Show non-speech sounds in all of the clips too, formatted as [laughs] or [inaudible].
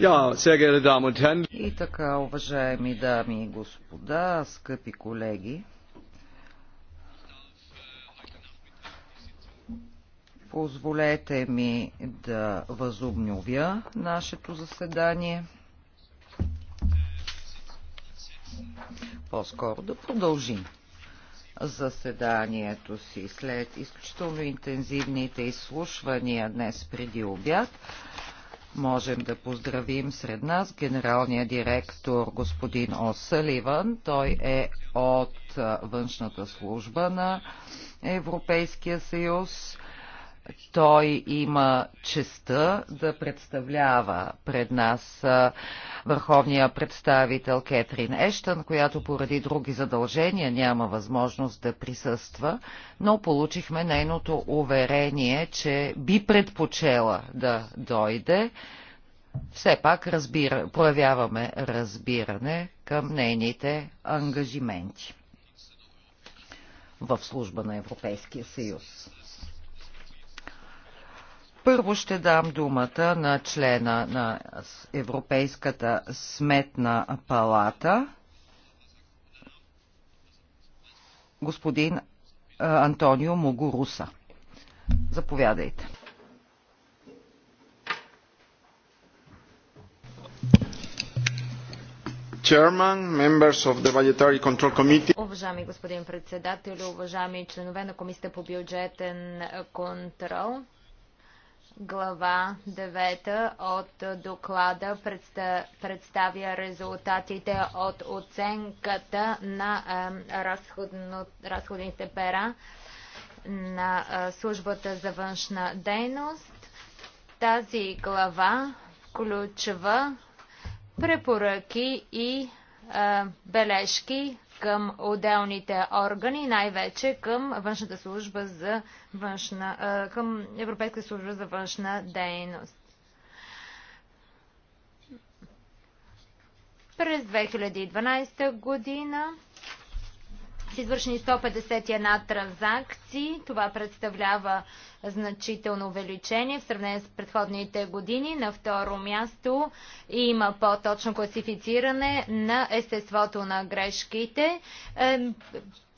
и така, уважаеми дами и господа, скъпи колеги, позволете ми да възобновя нашето заседание. По-скоро да продължим заседанието си след изключително интензивните изслушвания днес преди обяд можем да поздравим сред нас генералния директор господин Осаливан. Той е от външната служба на Европейския съюз. Той има честа да представлява пред нас върховния представител Кетрин Ештън, която поради други задължения няма възможност да присъства, но получихме нейното уверение, че би предпочела да дойде. Все пак разбира, проявяваме разбиране към нейните ангажименти в служба на Европейския съюз. Първо ще дам думата на члена на Европейската сметна палата, господин Антонио Могоруса. Заповядайте. Уважаеми господин председател, уважаеми членове на Комисията по бюджетен контрол, Глава 9 от доклада представя резултатите от оценката на разходните пера на е, службата за външна дейност. Тази глава включва препоръки и е, бележки към отделните органи, най-вече към външната служба за външна, към Европейска служба за външна дейност. През 2012 година са извършени 151 транзакции. Това представлява значително увеличение в сравнение с предходните години. На второ място има по-точно класифициране на естеството на грешките. Е,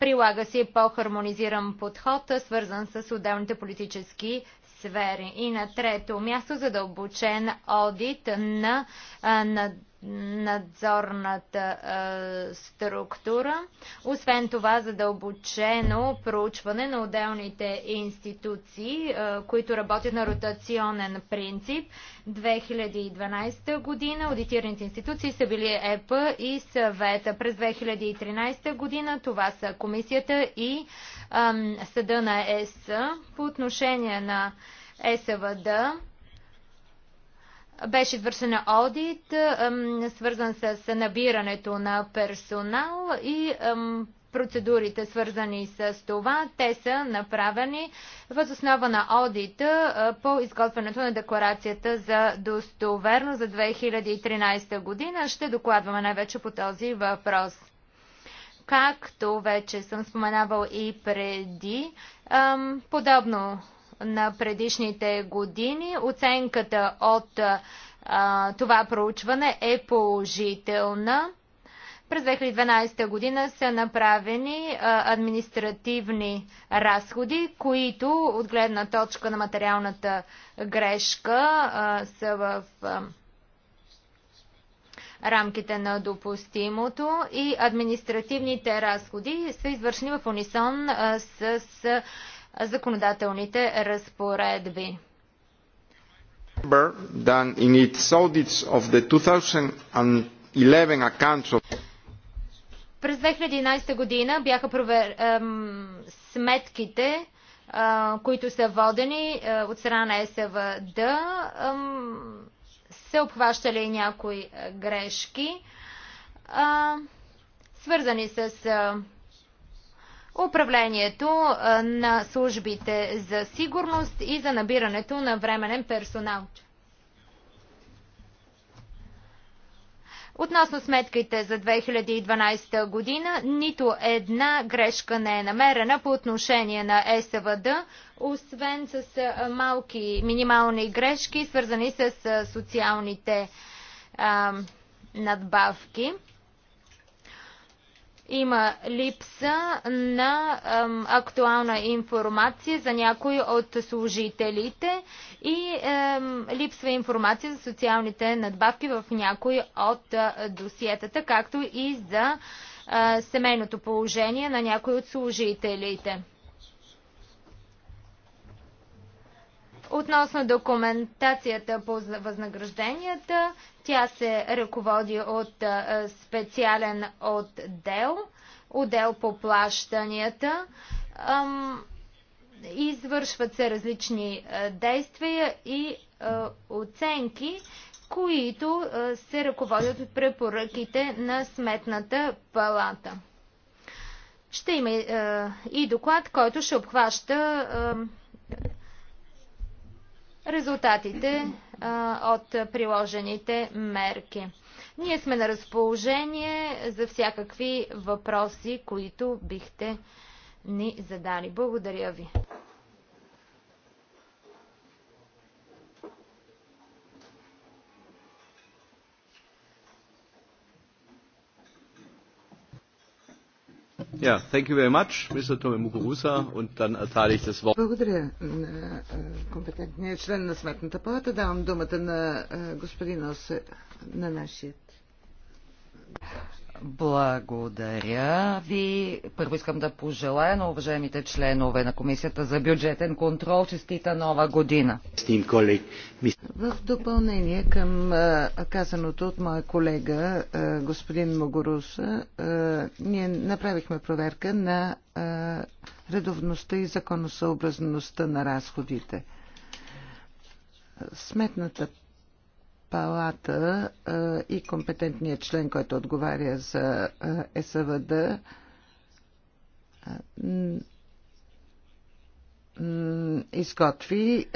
прилага се по-хармонизиран подход, свързан с отделните политически сфери. И на трето място задълбочен одит на, е, на надзорната е, структура. Освен това, задълбочено проучване на отделните институции, е, които работят на ротационен принцип. 2012 година аудитираните институции са били ЕПА и съвета. През 2013 година това са комисията и е, съда на ЕС по отношение на ЕСВД беше вършена аудит, свързан с набирането на персонал и процедурите, свързани с това. Те са направени въз основа на аудита по изготвянето на декларацията за достоверно за 2013 година. Ще докладваме най-вече по този въпрос. Както вече съм споменавал и преди, подобно на предишните години. Оценката от а, това проучване е положителна. През 2012 година са направени а, административни разходи, които от гледна точка на материалната грешка а, са в а, рамките на допустимото и административните разходи са извършени в унисон с законодателните разпоредби. През 2011 година бяха провер... ем, сметките, е, които са водени е, от страна на СВД, е, се обхващали някои грешки, е, свързани с е, управлението на службите за сигурност и за набирането на временен персонал. Относно сметките за 2012 година, нито една грешка не е намерена по отношение на СВД, освен с малки минимални грешки, свързани с социалните а, надбавки. Има липса на актуална информация за някои от служителите и липсва информация за социалните надбавки в някои от досиетата, както и за семейното положение на някои от служителите. Относно документацията по възнагражденията, тя се ръководи от специален отдел, отдел по плащанията. Извършват се различни действия и оценки, които се ръководят от препоръките на Сметната палата. Ще има и доклад, който ще обхваща резултатите а, от приложените мерки. Ние сме на разположение за всякакви въпроси, които бихте ни задали. Благодаря ви. Благодаря на компетентния член на Сметната палата. Давам думата на господина на нашия благодаря ви. Първо искам да пожелая на уважаемите членове на Комисията за бюджетен контрол честита нова година. В допълнение към казаното от моя колега господин Могоруса, ние направихме проверка на редовността и законосъобразността на разходите. Сметната палата и компетентният член, който отговаря за СВД, изготви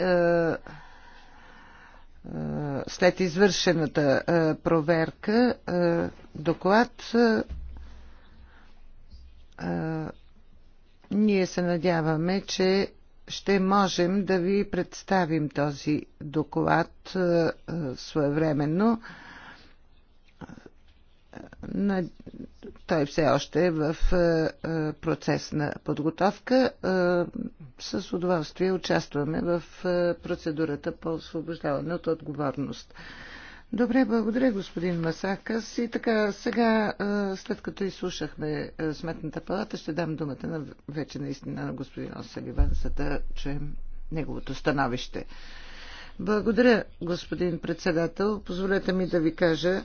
след извършената проверка доклад. Ние се надяваме, че ще можем да ви представим този доклад е, е, своевременно. Той все още е в е, процес на подготовка. С удоволствие участваме в процедурата по освобождаване от отговорност. Добре, благодаря господин Масакас. И така, сега, след като изслушахме Сметната палата, ще дам думата на, вече наистина на господин Осаливан, за да чуем неговото становище. Благодаря, господин председател. Позволете ми да ви кажа,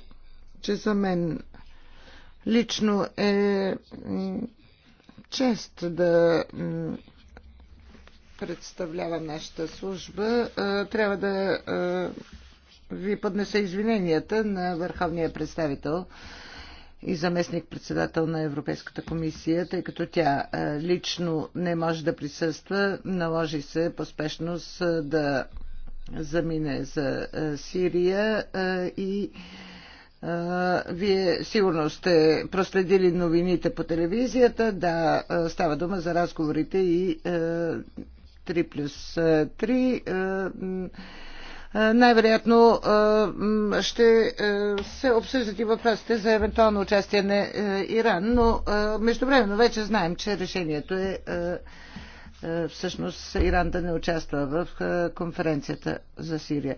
че за мен лично е чест да представлявам нашата служба. Трябва да ви поднеса извиненията на върховния представител и заместник-председател на Европейската комисия, тъй като тя е, лично не може да присъства. Наложи се поспешност е, да замине за е, Сирия и вие сигурно сте проследили новините по телевизията. Да, става дума за разговорите и 3 плюс 3 е, най-вероятно е, ще е, се обсъждат и въпросите за евентуално участие на Иран, но междувременно вече знаем, че решението е всъщност Иран да не участва в конференцията за Сирия.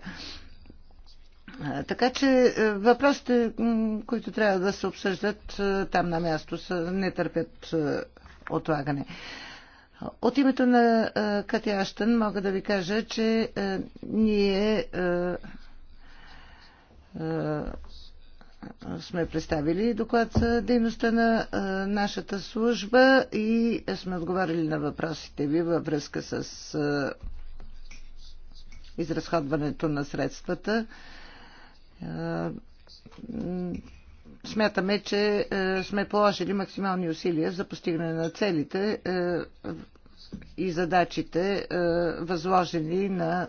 Така че въпросите, които трябва да се обсъждат там на място, не търпят отлагане. От името на Кати Аштън мога да ви кажа, че ние сме представили доклад за дейността на нашата служба и сме отговарили на въпросите ви във връзка с изразходването на средствата Смятаме, че е, сме положили максимални усилия за постигане на целите е, и задачите, е, възложени на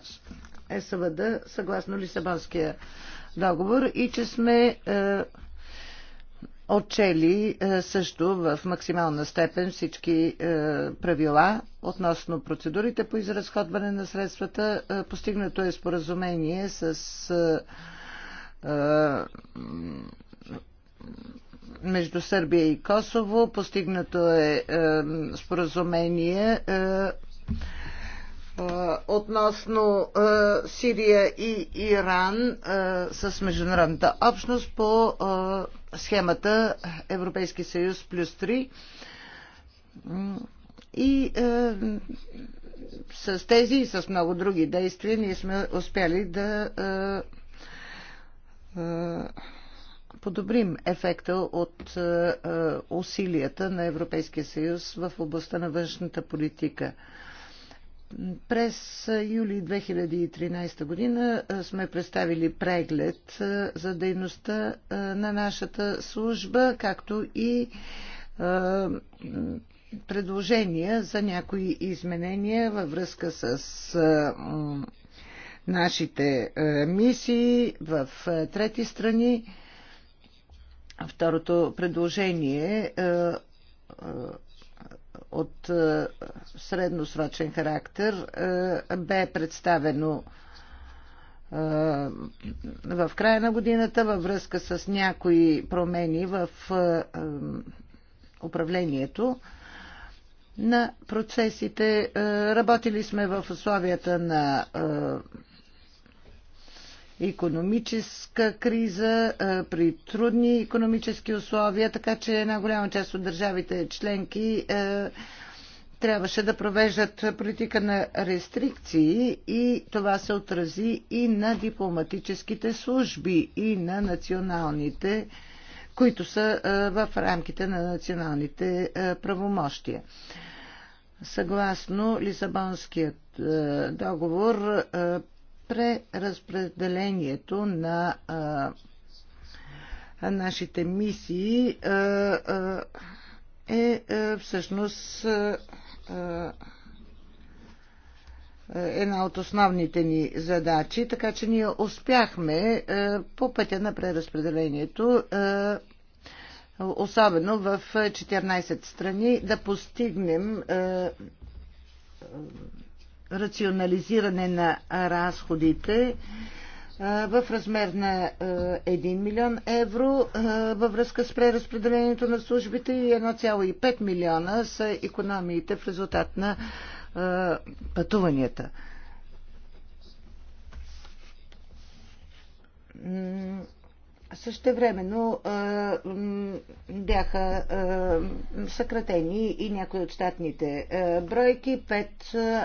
СВД съгласно Лисабонския договор и че сме отчели също в максимална степен всички правила относно процедурите по изразходване на средствата. Постигнато е споразумение с между Сърбия и Косово. Постигнато е, е споразумение е, е, относно е, Сирия и Иран е, с международната общност по е, схемата Европейски съюз плюс 3. И е, с тези и с много други действия ние сме успяли да е, е, подобрим ефекта от е, е, усилията на Европейския съюз в областта на външната политика. През юли 2013 година е, сме представили преглед за дейността на нашата служба, както и предложения за някои изменения във връзка с нашите мисии в трети страни. Второто предложение е, е, от е, средносрочен характер бе представено в края на годината във връзка с някои промени в управлението на процесите. Работили сме в условията на економическа криза, при трудни економически условия, така че една голяма част от държавите членки трябваше да провеждат политика на рестрикции и това се отрази и на дипломатическите служби и на националните, които са в рамките на националните правомощия. Съгласно Лисабонският договор, преразпределението на а, нашите мисии а, а, е а, всъщност а, една от основните ни задачи, така че ние успяхме по пътя на преразпределението, особено в 14 страни, да постигнем рационализиране на разходите в размер на 1 милион евро във връзка с преразпределението на службите и 1,5 милиона са економиите в резултат на пътуванията. Също времено бяха съкратени и някои от щатните бройки 5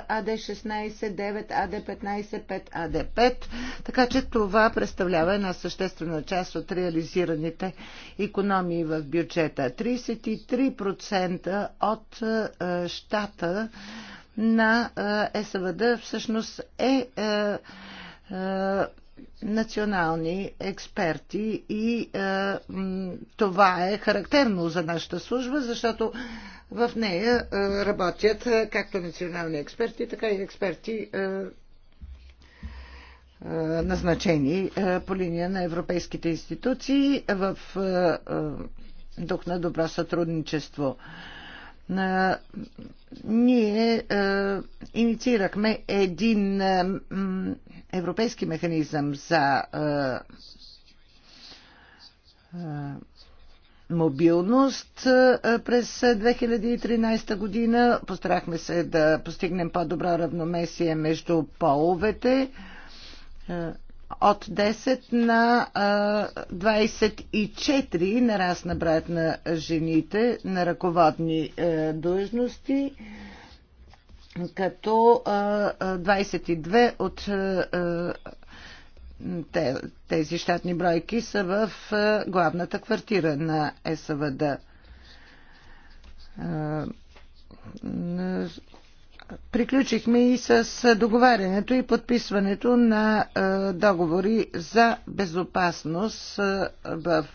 АД16, 9 АД15, 5 АД5, така че това представлява една съществена част от реализираните економии в бюджета. 33% от щата на СВД всъщност е е, национални експерти и е, това е характерно за нашата служба, защото в нея е, работят е, както национални експерти, така и експерти е, е, назначени е, по линия на европейските институции в е, е, дух на добро сътрудничество. Е, ние е, инициирахме един е, европейски механизъм за е, е, мобилност е, през 2013 година. Постарахме се да постигнем по-добро равномесие между половете от 10 на 24 нарасна броят на жените на ръководни длъжности като 22 от тези щатни бройки са в главната квартира на СВД. Приключихме и с договарянето и подписването на договори за безопасност в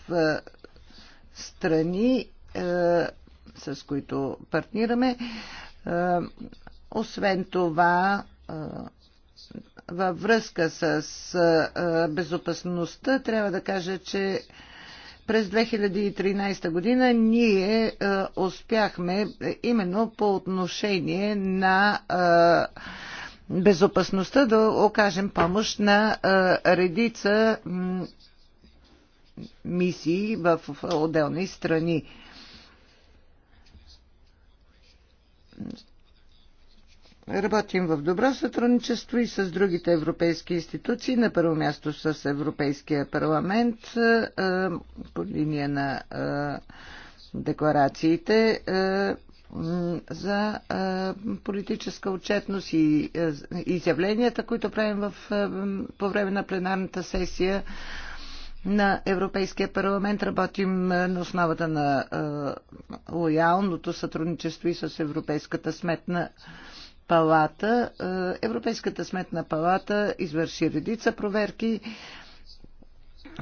страни, с които партнираме освен това, във връзка с безопасността, трябва да кажа, че през 2013 година ние успяхме именно по отношение на безопасността да окажем помощ на редица мисии в отделни страни Работим в добро сътрудничество и с другите европейски институции, на първо място с Европейския парламент е, по линия на е, декларациите е, за политическа отчетност и изявленията, които правим в, по време на пленарната сесия на Европейския парламент. Работим на основата на лоялното сътрудничество и с Европейската сметна палата, е, Европейската сметна палата извърши редица проверки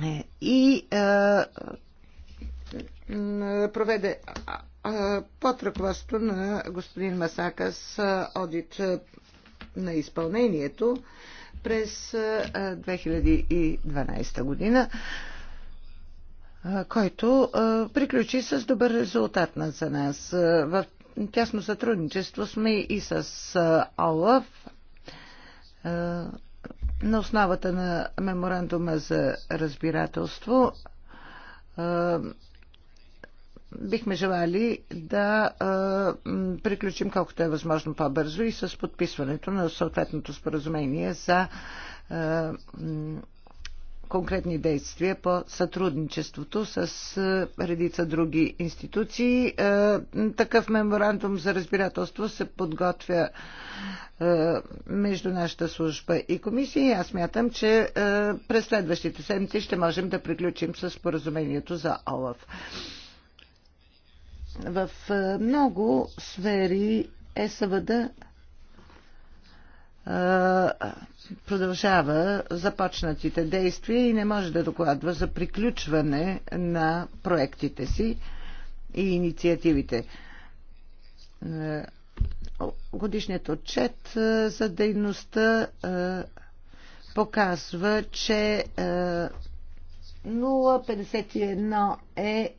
е, и е, проведе под ръководството на господин Масака с одит на изпълнението през 2012 година, който приключи с добър резултат за нас. В тясно сътрудничество сме и с ОЛАФ на основата на меморандума за разбирателство бихме желали да приключим колкото е възможно по-бързо и с подписването на съответното споразумение за конкретни действия по сътрудничеството с е, редица други институции. Е, такъв меморандум за разбирателство се подготвя е, между нашата служба и комисия и аз мятам, че през следващите седмици ще можем да приключим с поразумението за ОЛАФ. В много сфери ЕСВД продължава започнатите действия и не може да докладва за приключване на проектите си и инициативите. Годишният отчет за дейността показва, че 0,51 е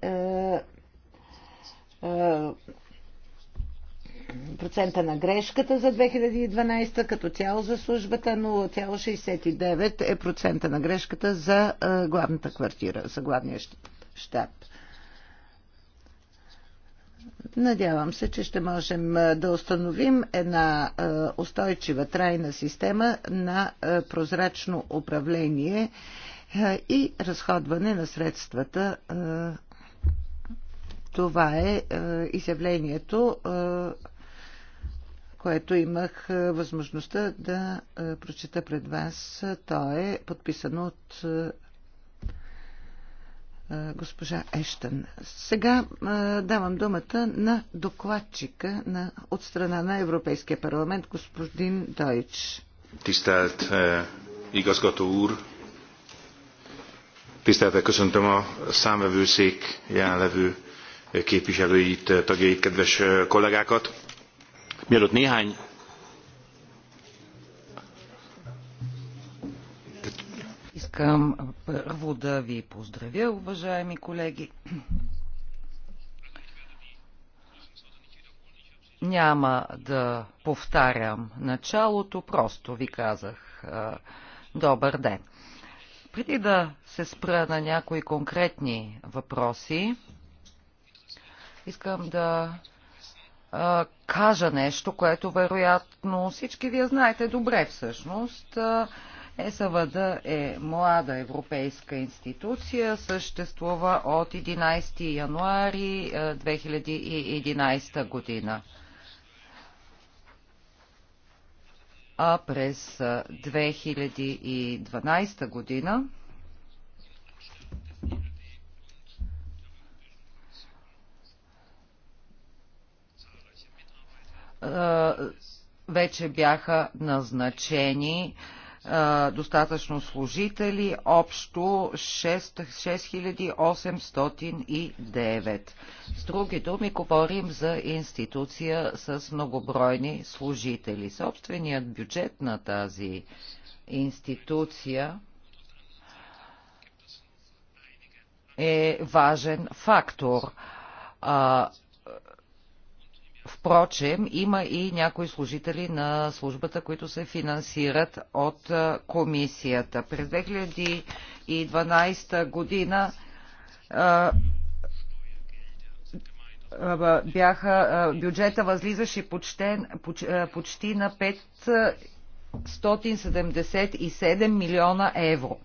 процента на грешката за 2012 като цяло за службата, 0,69 е процента на грешката за главната квартира, за главния щаб. Надявам се, че ще можем да установим една устойчива трайна система на прозрачно управление и разходване на средствата. Това е изявлението което имах е, възможността да е, прочета пред вас. То е подписано от е, госпожа Ештън. Сега давам думата на докладчика на, от страна на Европейския парламент, господин Дойч. Тистелт igazgató úr, tiszteltel köszöntöm a számvevőszék jelenlevő képviselőit, tagjait, kedves kollégákat Mielőtt néhány Искам първо да ви поздравя, уважаеми колеги. Няма да повтарям началото, просто ви казах добър ден. Преди да се спра на някои конкретни въпроси, искам да кажа нещо, което вероятно всички вие знаете добре всъщност. ЕСВД е млада европейска институция, съществува от 11 януари 2011 година. А през 2012 година вече бяха назначени достатъчно служители, общо 6809. С други думи, говорим за институция с многобройни служители. Собственият бюджет на тази институция е важен фактор. Впрочем, има и някои служители на службата, които се финансират от комисията. През 2012 година бяха, бюджета възлизаше почти, почти на 577 милиона евро.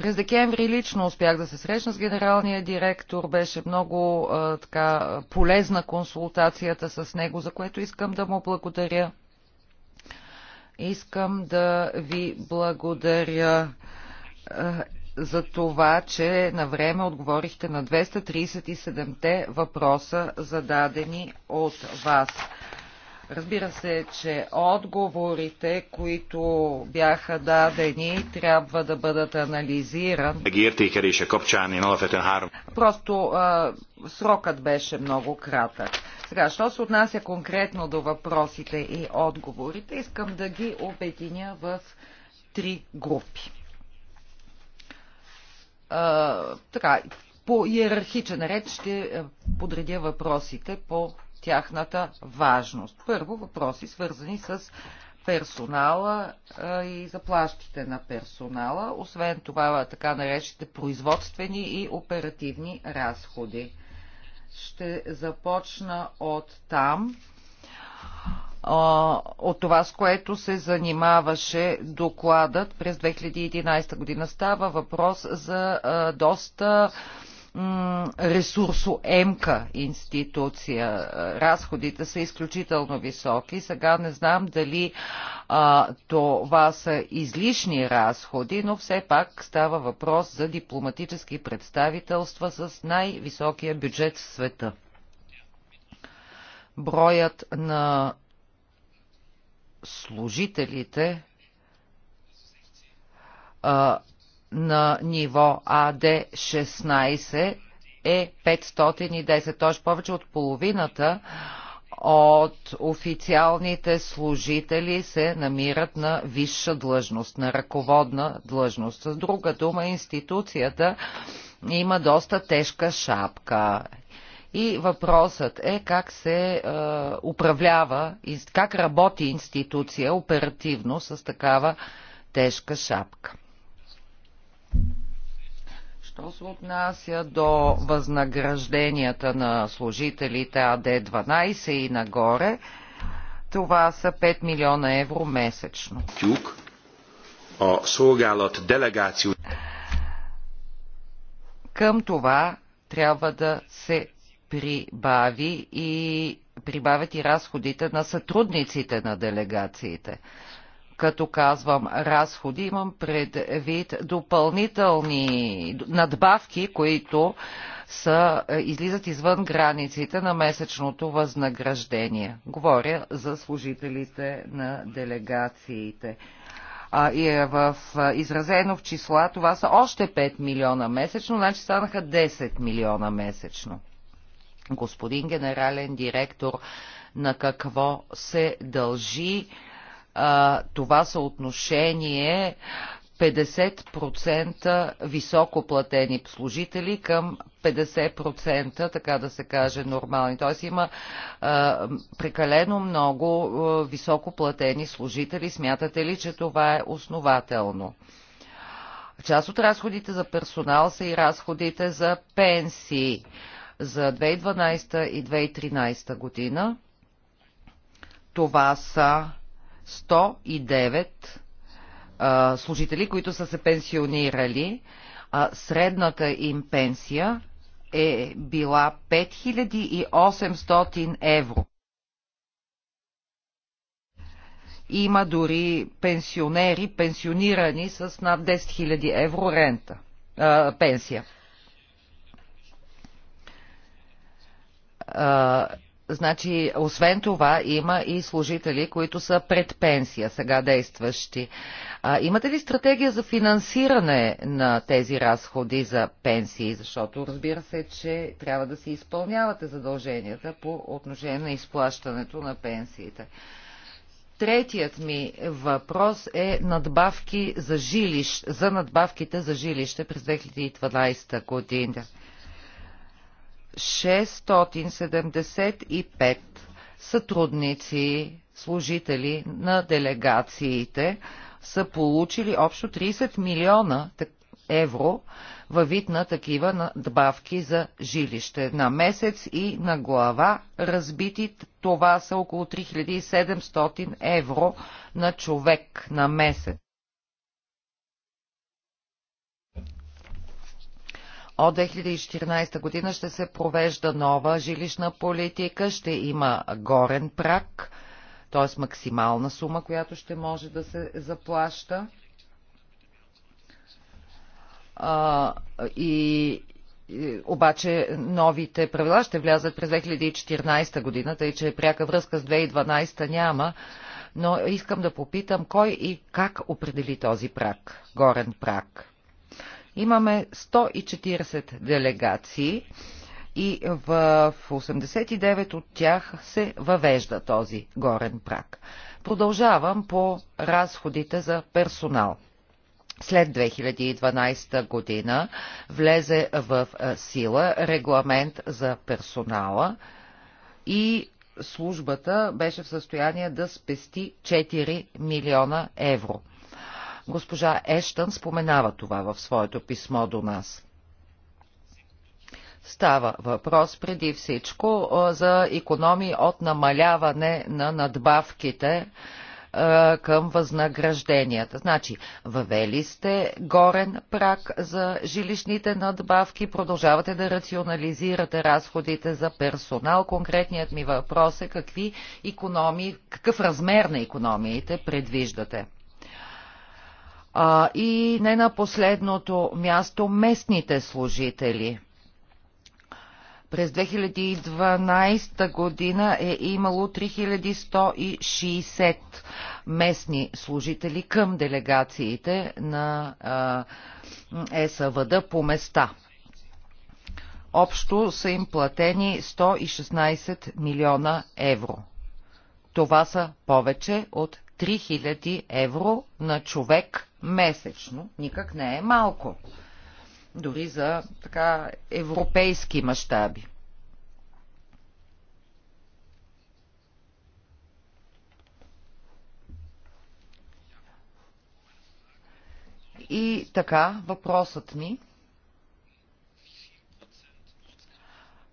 През декември лично успях да се срещна с генералния директор. Беше много а, така полезна консултацията с него, за което искам да му благодаря. Искам да ви благодаря а, за това, че на време отговорихте на 237-те въпроса, зададени от вас. Разбира се, че отговорите, които бяха дадени, трябва да бъдат анализирани. Просто а, срокът беше много кратък. Сега, що се отнася конкретно до въпросите и отговорите, искам да ги обединя в три групи. А, така, по иерархичен ред ще подредя въпросите по тяхната важност. Първо въпроси, свързани с персонала и заплащите на персонала, освен това така наречите производствени и оперативни разходи. Ще започна от там, от това, с което се занимаваше докладът през 2011 година. Става въпрос за доста ресурсоемка институция. Разходите са изключително високи. Сега не знам дали а, това са излишни разходи, но все пак става въпрос за дипломатически представителства с най-високия бюджет в света. Броят на служителите а, на ниво АД-16 е 510, т.е. повече от половината от официалните служители се намират на висша длъжност, на ръководна длъжност. С друга дума, институцията има доста тежка шапка. И въпросът е как се е, управлява, как работи институция оперативно с такава тежка шапка. Що се отнася до възнагражденията на служителите АД-12 и нагоре, това са 5 милиона евро месечно. Тюк, а солгалът делегацио... Към това трябва да се прибави и прибавят и разходите на сътрудниците на делегациите като казвам разходи, имам предвид допълнителни надбавки, които са, е, излизат извън границите на месечното възнаграждение. Говоря за служителите на делегациите. А, и е в, е, изразено в числа, това са още 5 милиона месечно, значи станаха 10 милиона месечно. Господин генерален директор, на какво се дължи а, това съотношение 50% високоплатени служители към 50%, така да се каже, нормални. Т.е. има а, прекалено много а, високоплатени служители. Смятате ли, че това е основателно? Част от разходите за персонал са и разходите за пенсии за 2012 и 2013 година. Това са 109 а, служители, които са се пенсионирали. А, средната им пенсия е била 5800 евро. Има дори пенсионери, пенсионирани с над 10 000 евро рента, а, пенсия. А, Значи, освен това, има и служители, които са пред пенсия, сега действащи. А, имате ли стратегия за финансиране на тези разходи за пенсии? Защото разбира се, че трябва да си изпълнявате задълженията по отношение на изплащането на пенсиите. Третият ми въпрос е надбавки за жилищ, за надбавките за жилище през 2012 година. 675 сътрудници, служители на делегациите са получили общо 30 милиона евро във вид на такива надбавки за жилище на месец и на глава разбити. Това са около 3700 евро на човек на месец. От 2014 година ще се провежда нова жилищна политика, ще има горен прак, т.е. максимална сума, която ще може да се заплаща. А, и обаче новите правила ще влязат през 2014 година, тъй че пряка връзка с 2012 няма, но искам да попитам кой и как определи този прак, горен прак. Имаме 140 делегации и в 89 от тях се въвежда този горен прак. Продължавам по разходите за персонал. След 2012 година влезе в сила регламент за персонала и службата беше в състояние да спести 4 милиона евро. Госпожа Ештън споменава това в своето писмо до нас. Става въпрос преди всичко за економии от намаляване на надбавките към възнагражденията. Значи, въвели сте горен прак за жилищните надбавки, продължавате да рационализирате разходите за персонал. Конкретният ми въпрос е какви економии, какъв размер на економиите предвиждате? А, и не на последното място местните служители. През 2012 година е имало 3160 местни служители към делегациите на СВД по места. Общо са им платени 116 милиона евро. Това са повече от 3000 евро на човек месечно никак не е малко. Дори за така европейски мащаби. И така, въпросът ми.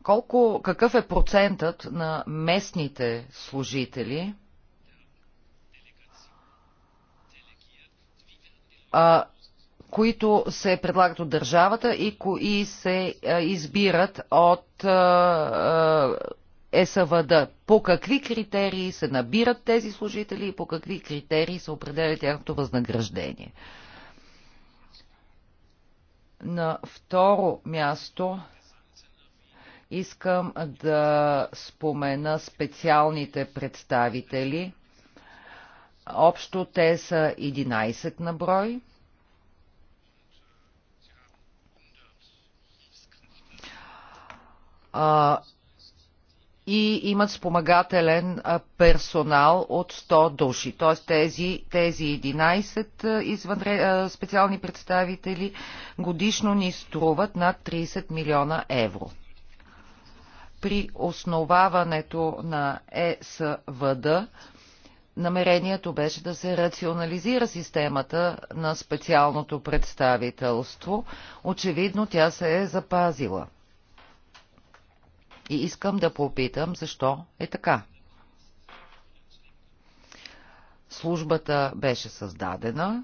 Колко, какъв е процентът на местните служители – а, които се предлагат от държавата и, кои се а, избират от а, По какви критерии се набират тези служители и по какви критерии се определя тяхното възнаграждение. На второ място искам да спомена специалните представители Общо те са 11 на брой. А, и имат спомагателен персонал от 100 души. Т.е. тези, тези 11 извън специални представители годишно ни струват над 30 милиона евро. При основаването на ЕСВД намерението беше да се рационализира системата на специалното представителство. Очевидно тя се е запазила. И искам да попитам защо е така. Службата беше създадена,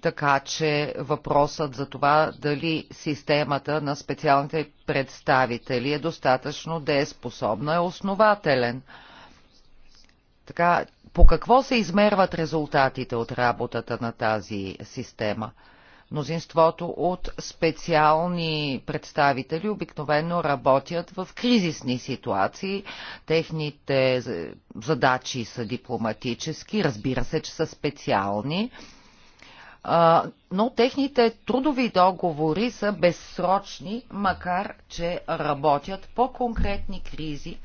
Така че въпросът за това дали системата на специалните представители е достатъчно дееспособна е основателен. Така, по какво се измерват резултатите от работата на тази система? Мнозинството от специални представители обикновено работят в кризисни ситуации. Техните задачи са дипломатически, разбира се, че са специални но техните трудови договори са безсрочни, макар че работят по конкретни кризи.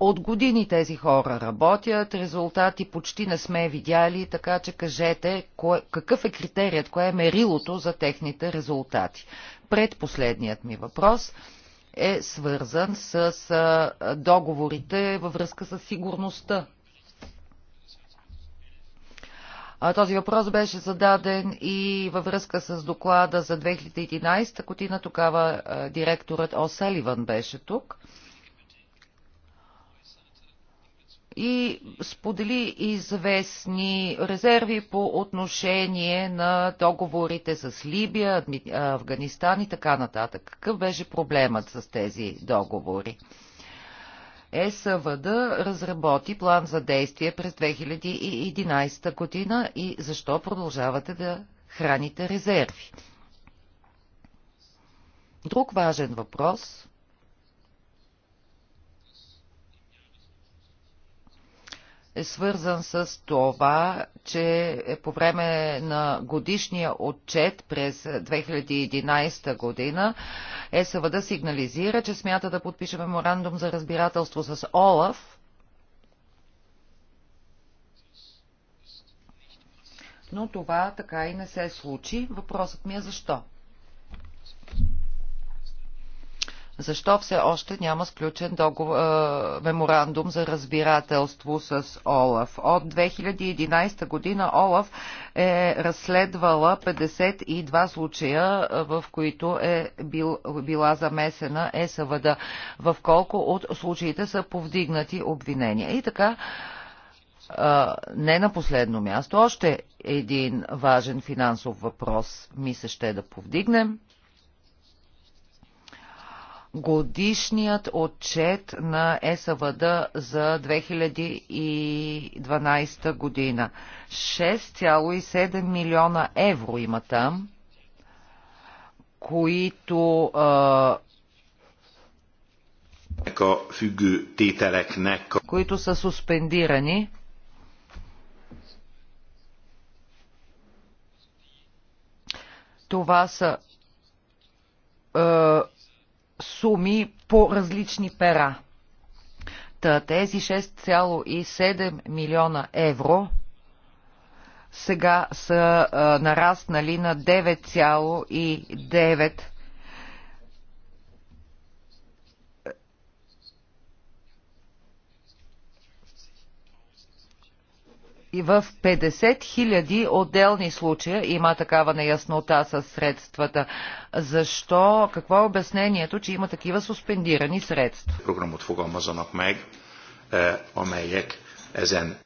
От години тези хора работят, резултати почти не сме видяли, така че кажете кое, какъв е критерият, кое е мерилото за техните резултати. Предпоследният ми въпрос е свързан с договорите във връзка с сигурността този въпрос беше зададен и във връзка с доклада за 2011 година. Тогава директорът О'Саливан беше тук. и сподели известни резерви по отношение на договорите с Либия, Афганистан и така нататък. Какъв беше проблемът с тези договори? ЕСВД разработи план за действие през 2011 година и защо продължавате да храните резерви? Друг важен въпрос е свързан с това, че по време на годишния отчет през 2011 година ЕСВД сигнализира, че смята да подпише меморандум за разбирателство с ОЛАФ, но това така и не се случи. Въпросът ми е защо? Защо все още няма сключен договор, е, меморандум за разбирателство с Олаф? От 2011 година Олаф е разследвала 52 случая, в които е бил, била замесена ЕСВД, в колко от случаите са повдигнати обвинения. И така, не на последно място, още един важен финансов въпрос ми се ще да повдигнем годишният отчет на СВД за 2012 година. 6,7 милиона евро има там, които които са суспендирани. Това са е, суми по различни пера. Та, тези 6,7 милиона евро сега са а, нараснали на 9,9 и в 50 000 отделни случая има такава неяснота с средствата. Защо? Какво е обяснението, че има такива суспендирани средства? Програмът fogalmazzanak meg, amelyek езен.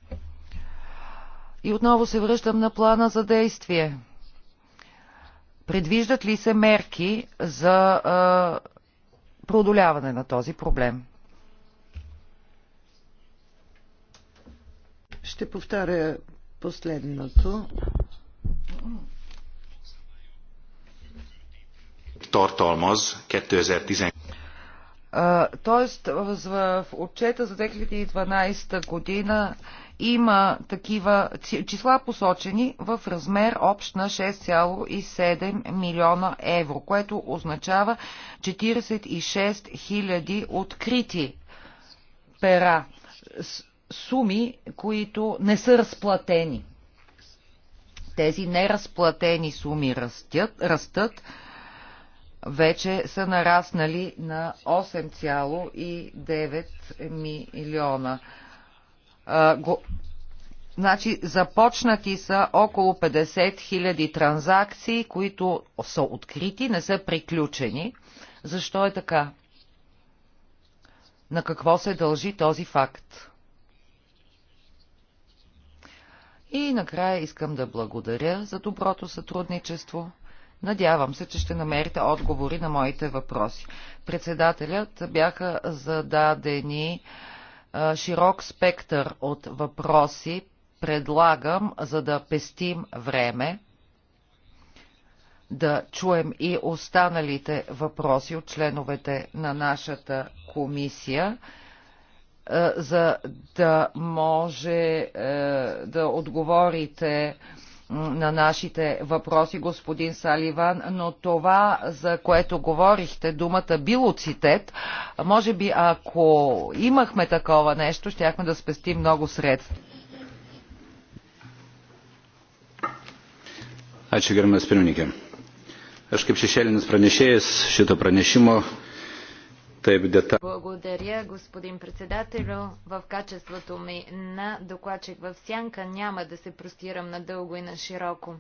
И отново се връщам на плана за действие. Предвиждат ли се мерки за а, е, продоляване на този проблем? Ще повторя последното. Тортолмоз, 2010 Тоест, в отчета за 2012 година има такива числа посочени в размер общ на 6,7 милиона евро, което означава 46 хиляди открити пера суми, които не са разплатени. Тези неразплатени суми растят, растат вече са нараснали на 8,9 милиона. А, го... Значи започнати са около 50 хиляди транзакции, които са открити, не са приключени. Защо е така? На какво се дължи този факт? И накрая искам да благодаря за доброто сътрудничество. Надявам се, че ще намерите отговори на моите въпроси. Председателят бяха зададени широк спектър от въпроси. Предлагам, за да пестим време, да чуем и останалите въпроси от членовете на нашата комисия. Е, за да може е, да отговорите на нашите въпроси, господин Саливан, но това, за което говорихте, думата билоцитет, може би ако имахме такова нещо, щяхме да спестим много средства. Ačiū gerbiamas pirmininkė. Aš kaip šešėlinis pranešėjas šito pranešimo е Благодаря, господин председател, В качеството ми на докладчик в Сянка няма да се простирам надълго и на широко.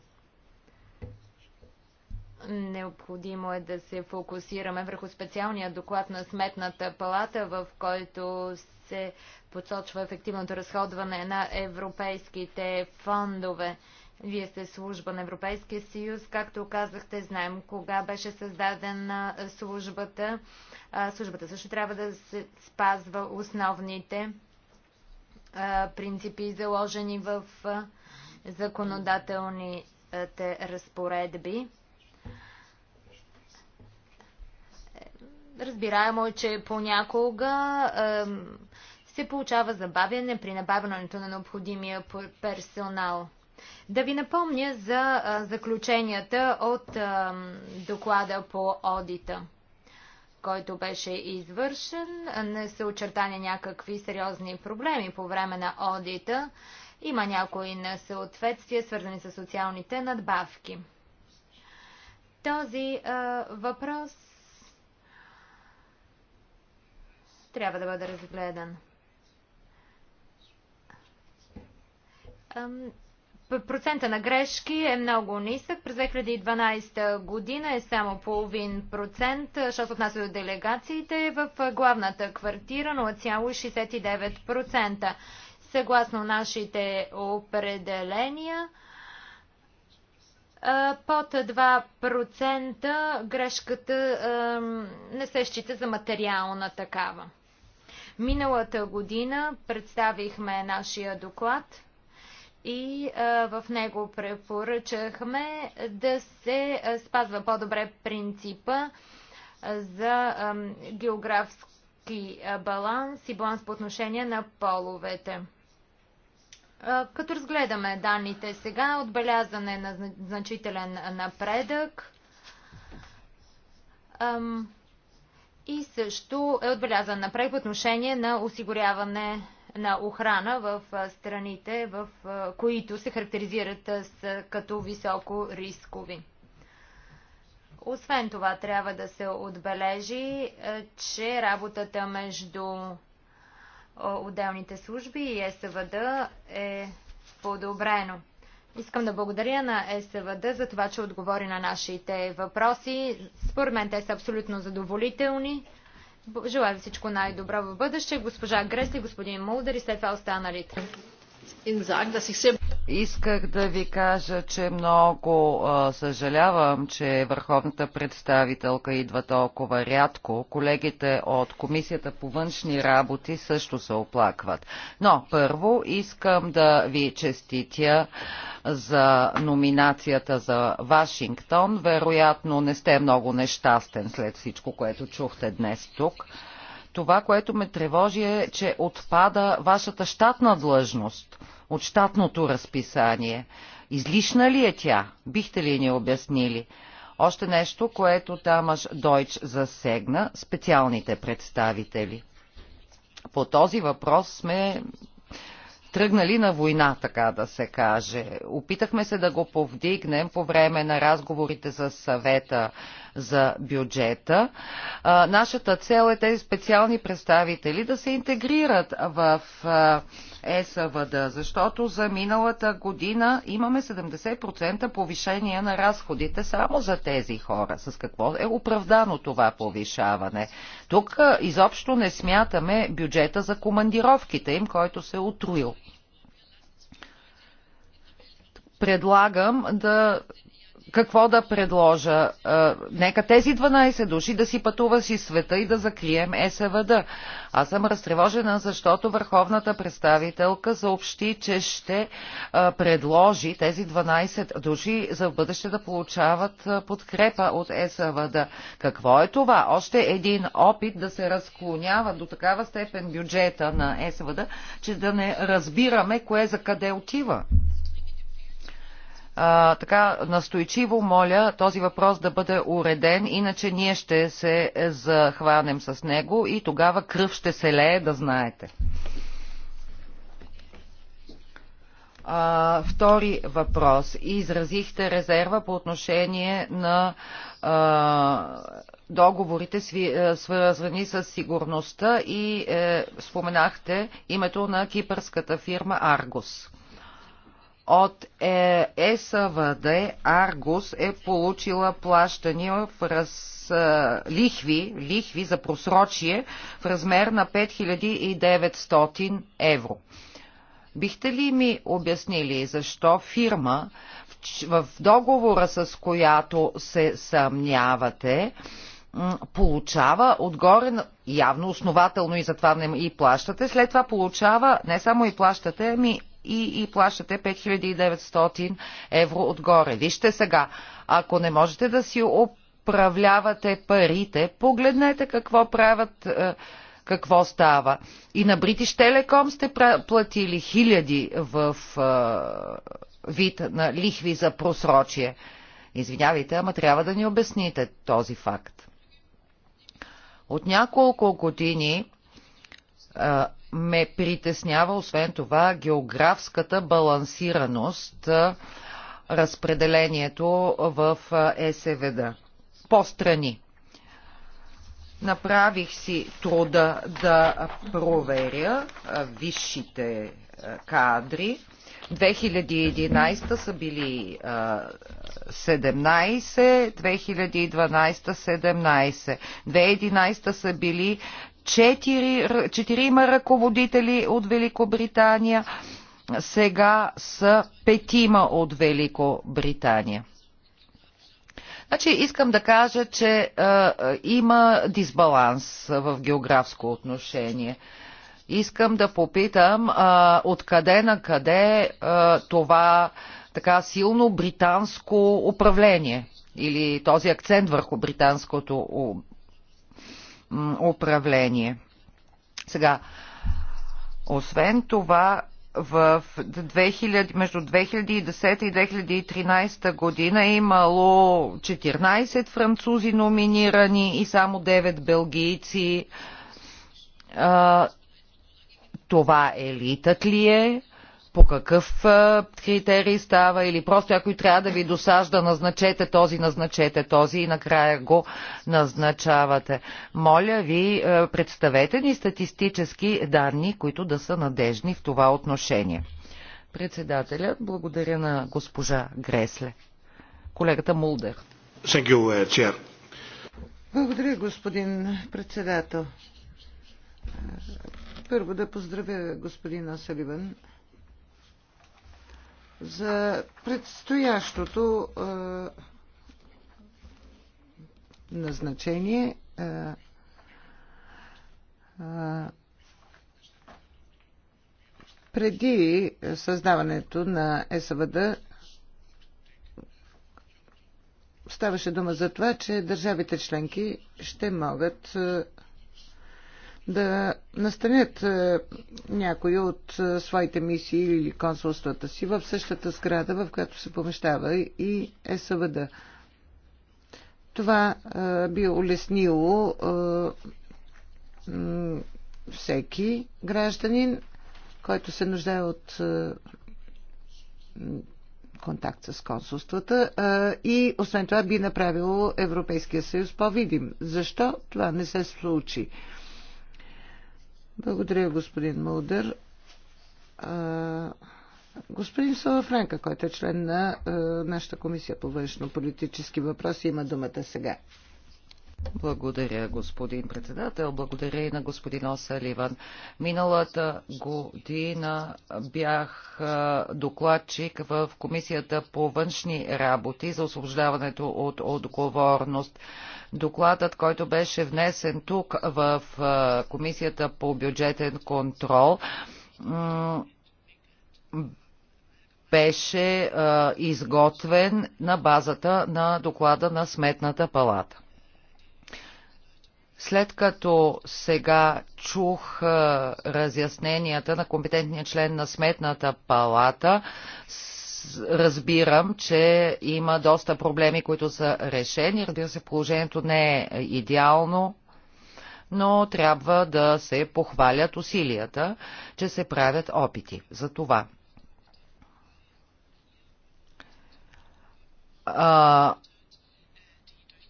Необходимо е да се фокусираме върху специалния доклад на Сметната палата, в който се подсочва ефективното разходване на европейските фондове. Вие сте служба на Европейския съюз. Както казахте, знаем кога беше създадена службата. Службата също трябва да се спазва основните принципи, заложени в законодателните разпоредби. Разбираемо е, че понякога се получава забавяне при набавянето на необходимия персонал. Да ви напомня за заключенията от доклада по одита който беше извършен. Не са очертани някакви сериозни проблеми по време на одита. Има някои несъответствия, свързани с социалните надбавки. Този въпрос трябва да бъде разгледан. Процента на грешки е много нисък. През 2012 година е само половин процент, що се отнася до делегациите в главната квартира 0,69%. Съгласно нашите определения, под 2% грешката не се счита за материална такава. Миналата година представихме нашия доклад – и в него препоръчахме да се спазва по-добре принципа за географски баланс и баланс по отношение на половете. Като разгледаме данните сега, отбелязане на значителен напредък и също е отбелязан напредък по отношение на осигуряване на охрана в страните, в които се характеризират с, като високо рискови. Освен това, трябва да се отбележи, че работата между отделните служби и СВД е подобрено. Искам да благодаря на СВД за това, че отговори на нашите въпроси. Според мен те са абсолютно задоволителни. Желая ви всичко най-добро в бъдеще. Госпожа Гресли, господин Мулдер и след това останалите. Исках да ви кажа, че много а, съжалявам, че върховната представителка идва толкова рядко. Колегите от Комисията по външни работи също се оплакват. Но първо искам да ви честитя за номинацията за Вашингтон. Вероятно не сте много нещастен след всичко, което чухте днес тук. Това, което ме тревожи е, че отпада вашата щатна длъжност – от щатното разписание. Излишна ли е тя? Бихте ли ни обяснили? Още нещо, което Тамаш Дойч засегна – специалните представители. По този въпрос сме тръгнали на война, така да се каже. Опитахме се да го повдигнем по време на разговорите с съвета за бюджета. А, нашата цел е тези специални представители да се интегрират в а, ЕСВД, защото за миналата година имаме 70% повишение на разходите само за тези хора. С какво е оправдано това повишаване? Тук а, изобщо не смятаме бюджета за командировките им, който се е отруил предлагам да какво да предложа. Нека тези 12 души да си пътува си света и да закрием СВД. Е Аз съм разтревожена, защото върховната представителка съобщи, че ще предложи тези 12 души за в бъдеще да получават подкрепа от СВД. Е какво е това? Още един опит да се разклонява до такава степен бюджета на СВД, е че да не разбираме кое за къде отива а, така настойчиво моля този въпрос да бъде уреден, иначе ние ще се захванем с него и тогава кръв ще се лее, да знаете. А, втори въпрос. Изразихте резерва по отношение на а, договорите, свързани с сигурността и е, споменахте името на кипърската фирма Аргос от е, ЕСВД Аргус е получила плащания в раз, лихви, лихви за просрочие в размер на 5900 евро. Бихте ли ми обяснили защо фирма в договора, с която се съмнявате, получава отгоре, явно основателно и затова не и плащате, след това получава, не само и плащате, ами и, и плащате 5900 евро отгоре. Вижте сега, ако не можете да си управлявате парите, погледнете какво правят е, какво става. И на British Telecom сте платили хиляди в е, вид на лихви за просрочие. Извинявайте, ама трябва да ни обясните този факт. От няколко години е, ме притеснява, освен това, географската балансираност, разпределението в ЕСВД. По страни. Направих си труда да проверя висшите кадри. 2011 са били 17, 2012 17, 2011 са били четири, четирима ръководители от Великобритания, сега са петима от Великобритания. Значи искам да кажа, че а, е, е, има дисбаланс в географско отношение. Искам да попитам а, е, откъде на къде а, е, това така силно британско управление или този акцент върху британското управление. Сега, освен това, в 2000, между 2010 и 2013 година е имало 14 французи номинирани и само 9 белгийци. А, това елитът ли е? по какъв критерий става или просто някой трябва да ви досажда, назначете този, назначете този и накрая го назначавате. Моля ви, представете ни статистически данни, които да са надежни в това отношение. Председателят, благодаря на госпожа Гресле. Колегата Мулдер. Uh, благодаря, господин председател. Първо да поздравя господина Саливан за предстоящото е, назначение. Е, е, преди създаването на СВД ставаше дума за това, че държавите членки ще могат е, да настанят е, някои от е, своите мисии или консулствата си в същата сграда, в която се помещава и СВД. Това е, би улеснило всеки гражданин, който се нуждае от контакт с консулствата и освен това би направило Европейския съюз по-видим. Защо това не се случи? Благодаря, господин Мълдър. Господин Салафранка, който е член на нашата комисия по външно-политически въпроси, има думата сега. Благодаря, господин председател. Благодаря и на господин Осаливан. Миналата година бях докладчик в Комисията по външни работи за освобождаването от отговорност. Докладът, който беше внесен тук в Комисията по бюджетен контрол, беше изготвен на базата на доклада на Сметната палата. След като сега чух разясненията на компетентния член на Сметната палата, разбирам, че има доста проблеми, които са решени. Разбира се, положението не е идеално, но трябва да се похвалят усилията, че се правят опити за това. А,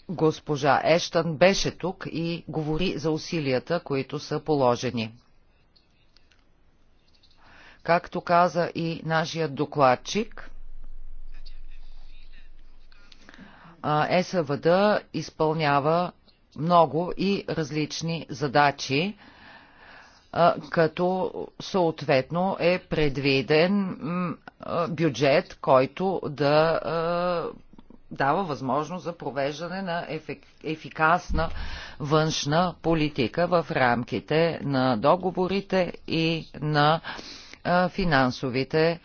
Госпожа Ештън беше тук и говори за усилията, които са положени. Както каза и нашият докладчик, СВД изпълнява много и различни задачи, като съответно е предвиден бюджет, който да дава възможност за провеждане на ефикасна външна политика в рамките на договорите и на финансовите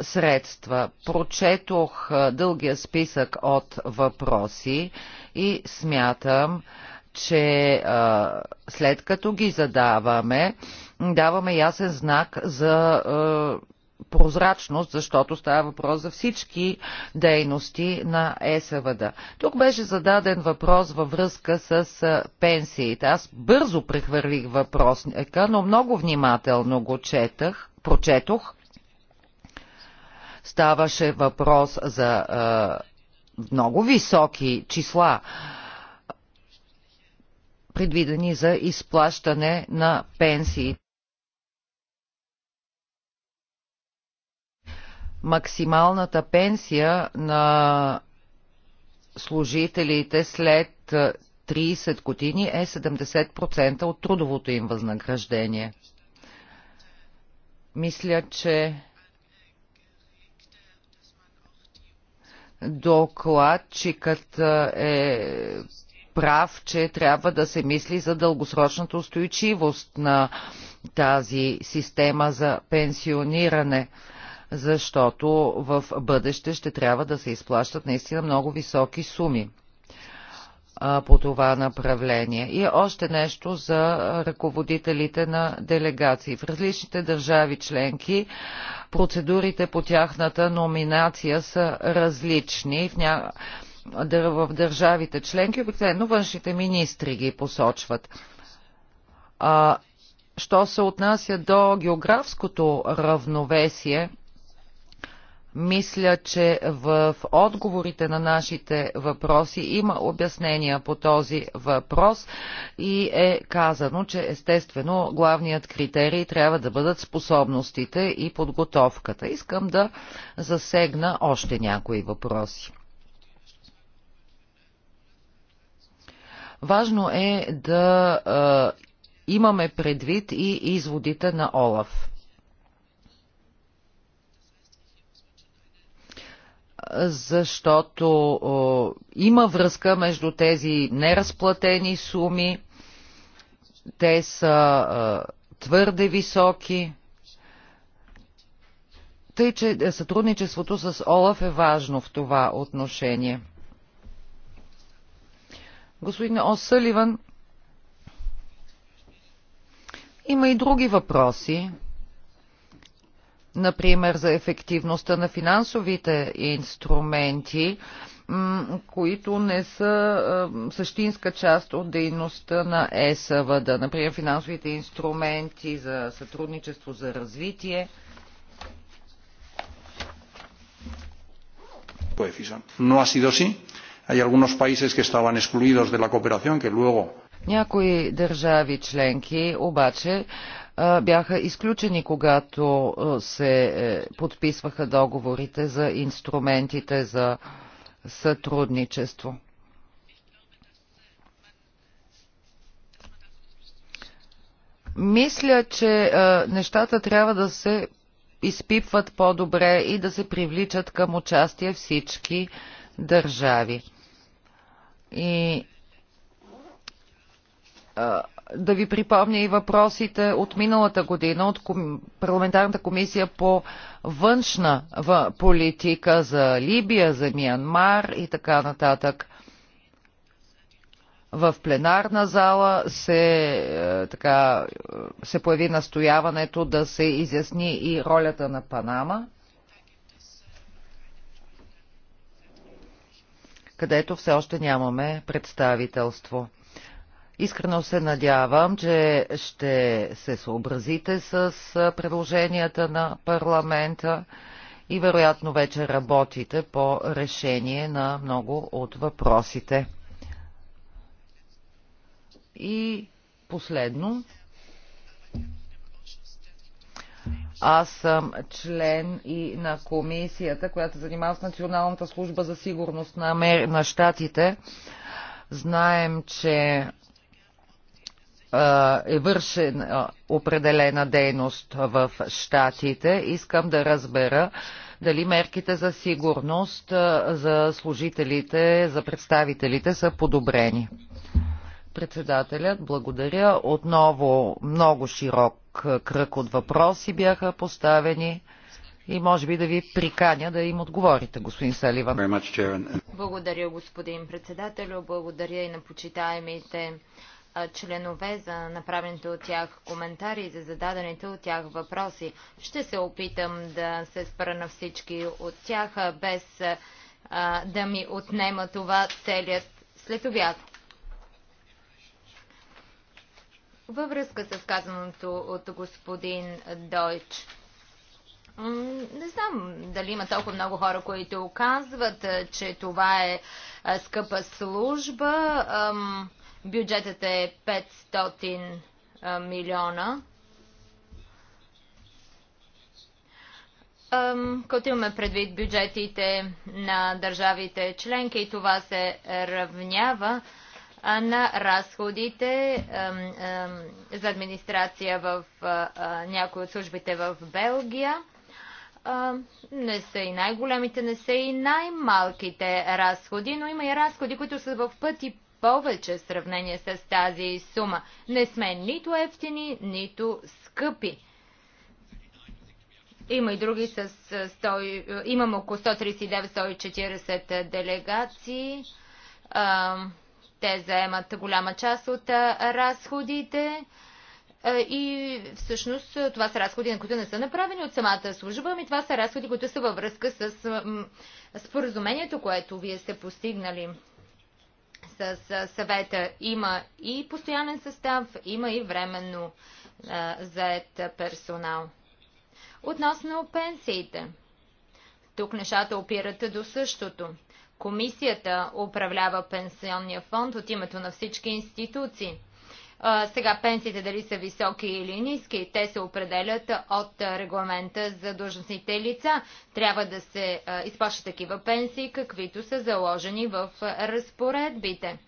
средства. Прочетох дългия списък от въпроси и смятам, че след като ги задаваме, даваме ясен знак за прозрачност, защото става въпрос за всички дейности на ЕСВД. Тук беше зададен въпрос във връзка с пенсиите. Аз бързо прехвърлих въпросника, но много внимателно го четах, прочетох. Ставаше въпрос за е, много високи числа предвидени за изплащане на пенсиите. максималната пенсия на служителите след 30 години е 70% от трудовото им възнаграждение. Мисля, че докладчикът е прав, че трябва да се мисли за дългосрочната устойчивост на тази система за пенсиониране защото в бъдеще ще трябва да се изплащат наистина много високи суми по това направление. И още нещо за ръководителите на делегации. В различните държави членки процедурите по тяхната номинация са различни. В, ня... в държавите членки обикновено външните министри ги посочват. А, що се отнася до географското равновесие, мисля, че в отговорите на нашите въпроси има обяснения по този въпрос и е казано, че естествено главният критерий трябва да бъдат способностите и подготовката. Искам да засегна още някои въпроси. Важно е да а, имаме предвид и изводите на Олаф. защото о, има връзка между тези неразплатени суми. Те са о, твърде високи. Тъй, че сътрудничеството с Олаф е важно в това отношение. Господин Осъливан, има и други въпроси, например за ефективността на финансовите инструменти, които не са същинска част от дейността на ЕСВД, например финансовите инструменти за сътрудничество за развитие. No ha sido así. Hay algunos países que estaban excluidos de la cooperación que luego някои държави членки обаче бяха изключени, когато се е, подписваха договорите за инструментите за сътрудничество. Мисля, че нещата трябва да се изпипват по-добре и да се привличат към участие всички държави. И да ви припомня и въпросите от миналата година от парламентарната комисия по външна политика за Либия, за Миянмар и така нататък. В пленарна зала се, е, така, е, се появи настояването да се изясни и ролята на Панама. където все още нямаме представителство. Искрено се надявам, че ще се съобразите с предложенията на парламента и вероятно вече работите по решение на много от въпросите. И последно, аз съм член и на комисията, която занимава с Националната служба за сигурност на, Амер... на щатите. Знаем, че е вършена определена дейност в щатите. Искам да разбера дали мерките за сигурност за служителите, за представителите са подобрени. Председателят, благодаря. Отново много широк кръг от въпроси бяха поставени и може би да ви приканя да им отговорите, господин Саливан. Благодаря, господин председател, Благодаря и на почитаемите членове за направените от тях коментари и за зададените от тях въпроси. Ще се опитам да се спра на всички от тях, без а, да ми отнема това целият следобяд. Във връзка с казаното от господин Дойч, не знам дали има толкова много хора, които оказват, че това е скъпа служба. Ам, Бюджетът е 500 милиона. Като имаме предвид бюджетите на държавите членки това се равнява на разходите за администрация в някои от службите в Белгия. Не са и най-големите, не са и най-малките разходи, но има и разходи, които са в пъти повече в сравнение с тази сума. Не сме нито ефтини, нито скъпи. Има и други с 100, имам около 139-140 делегации. Те заемат голяма част от разходите. И всъщност това са разходи, на които не са направени от самата служба, ами това са разходи, които са във връзка с споразумението, което вие сте постигнали с съвета има и постоянен състав, има и временно заед персонал. Относно пенсиите. Тук нещата опират до същото. Комисията управлява пенсионния фонд от името на всички институции. Сега пенсиите дали са високи или ниски, те се определят от регламента за длъжностните лица. Трябва да се изплащат такива пенсии, каквито са заложени в разпоредбите.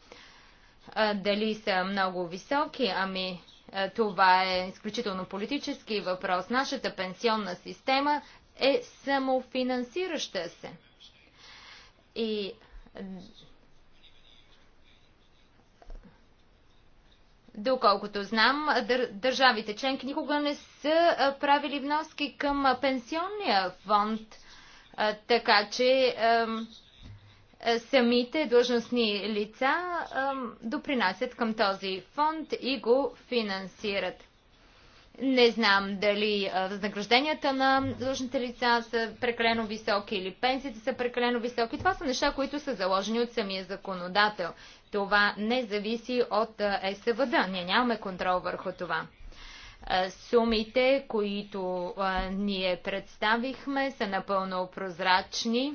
Дали са много високи? Ами това е изключително политически въпрос. Нашата пенсионна система е самофинансираща се. И Доколкото знам, дър държавите членки никога не са правили вноски към пенсионния фонд, така че самите длъжностни лица допринасят към този фонд и го финансират. Не знам дали възнагражденията на длъжните лица са прекалено високи или пенсиите са прекалено високи. Това са неща, които са заложени от самия законодател. Това не зависи от СВД. Ние нямаме контрол върху това. Сумите, които ние представихме, са напълно прозрачни.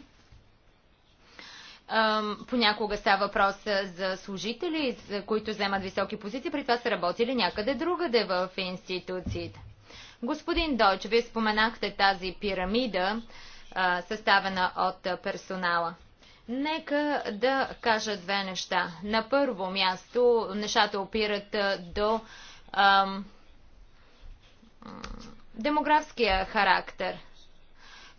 Понякога става въпрос за служители, за които вземат високи позиции, при това са работили някъде другаде в институциите. Господин Дойч, вие споменахте тази пирамида, съставена от персонала. Нека да кажа две неща. На първо място нещата опират до ам, демографския характер.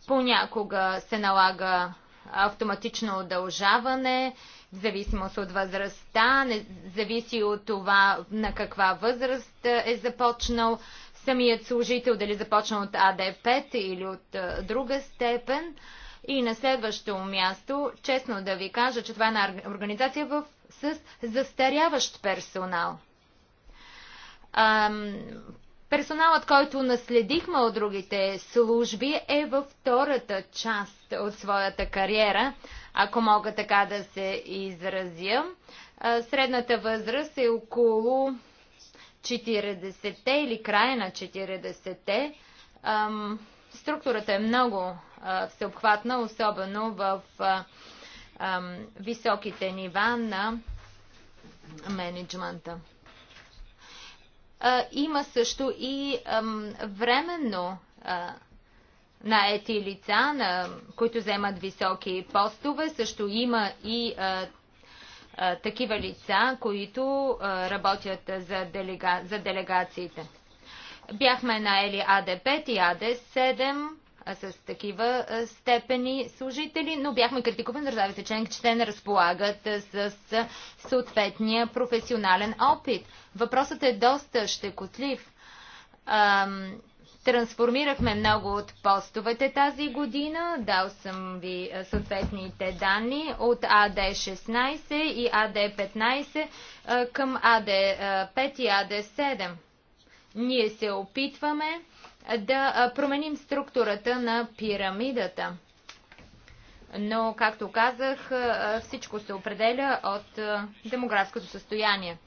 Понякога се налага автоматично удължаване, в зависимост от възрастта, не зависи от това на каква възраст е започнал самият служител, дали започна от АД5 или от друга степен. И на следващо място, честно да ви кажа, че това е една организация в, с застаряващ персонал. Персоналът, който наследихме от другите служби, е във втората част от своята кариера, ако мога така да се изразя. Средната възраст е около 40-те или края на 40-те. Структурата е много всеобхватна, особено в високите нива на менеджмента има също и временно на наети лица, на, които вземат високи постове. Също има и а, а, такива лица, които а, работят за, делега, за делегациите. Бяхме наели АД5 и АД7 с такива степени служители, но бяхме критикувани държавите членки, че те не разполагат с съответния професионален опит. Въпросът е доста щекотлив. Трансформирахме много от постовете тази година. Дал съм ви съответните данни от АД-16 и АД-15 към АД-5 и АД-7. Ние се опитваме да променим структурата на пирамидата. Но, както казах, всичко се определя от демографското състояние.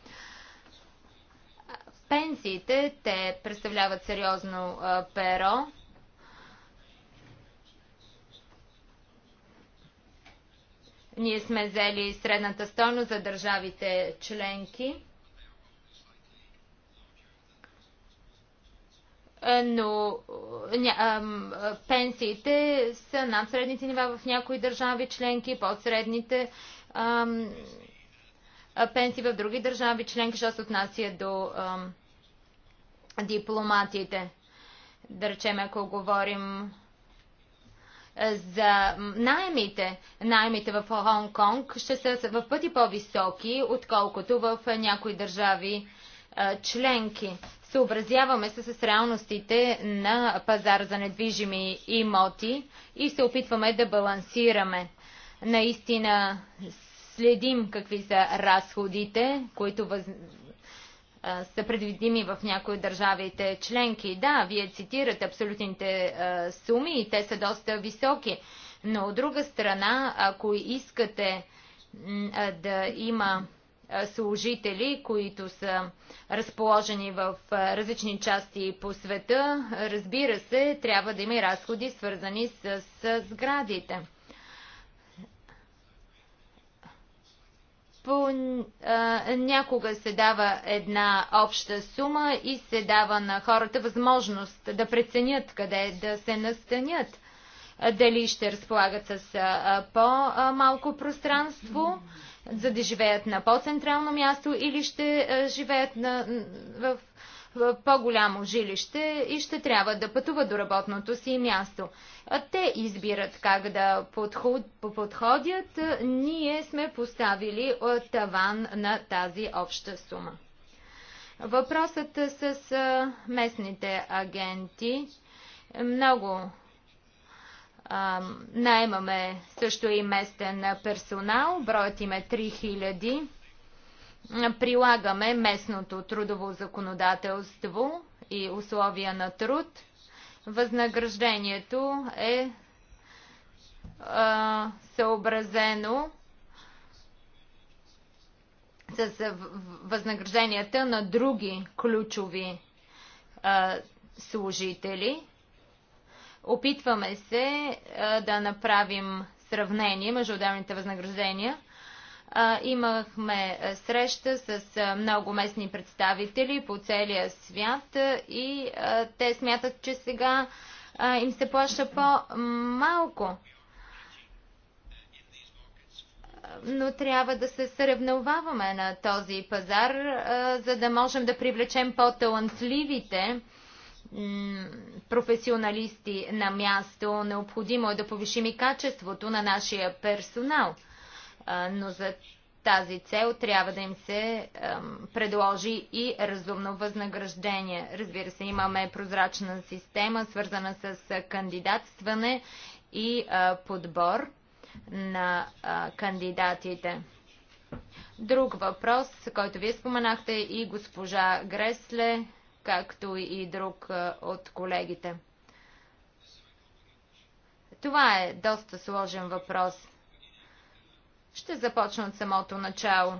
Пенсиите, те представляват сериозно перо. Ние сме взели средната стойност за държавите членки. но пенсиите са над средните нива в някои държави членки, под средните пенсии в други държави членки, що се отнася до дипломатите. Да речем, ако говорим за найемите. Найемите в Хонг-Конг ще са в пъти по-високи, отколкото в някои държави членки съобразяваме се с реалностите на пазара за недвижими имоти и се опитваме да балансираме. Наистина следим какви са разходите, които въз... са предвидими в някои от държавите членки. Да, вие цитирате абсолютните суми и те са доста високи, но от друга страна, ако искате да има е, служители, които са разположени в е, различни части по света. Разбира се, трябва да има и разходи, свързани с, сградите. По, а, е, някога се дава една обща сума и се дава на хората възможност да преценят къде да се настанят. Дали ще разполагат с по-малко пространство за да живеят на по-централно място или ще е, живеят на, в, в по-голямо жилище и ще трябва да пътуват до работното си място. Те избират как да подход, подходят. Ние сме поставили е, таван на тази обща сума. Въпросът с е, местните агенти много Наймаме също и местен персонал. Броят им е 3000. Прилагаме местното трудово законодателство и условия на труд. Възнаграждението е съобразено с възнагражденията на други ключови служители. Опитваме се да направим сравнение между отделните възнаграждения. Имахме среща с много местни представители по целия свят и те смятат, че сега им се плаща по-малко. Но трябва да се съревноваваме на този пазар, за да можем да привлечем по-талантливите професионалисти на място. Необходимо е да повишим и качеството на нашия персонал. Но за тази цел трябва да им се предложи и разумно възнаграждение. Разбира се, имаме прозрачна система, свързана с кандидатстване и подбор на кандидатите. Друг въпрос, който вие споменахте и госпожа Гресле – както и друг от колегите. Това е доста сложен въпрос. Ще започна от самото начало.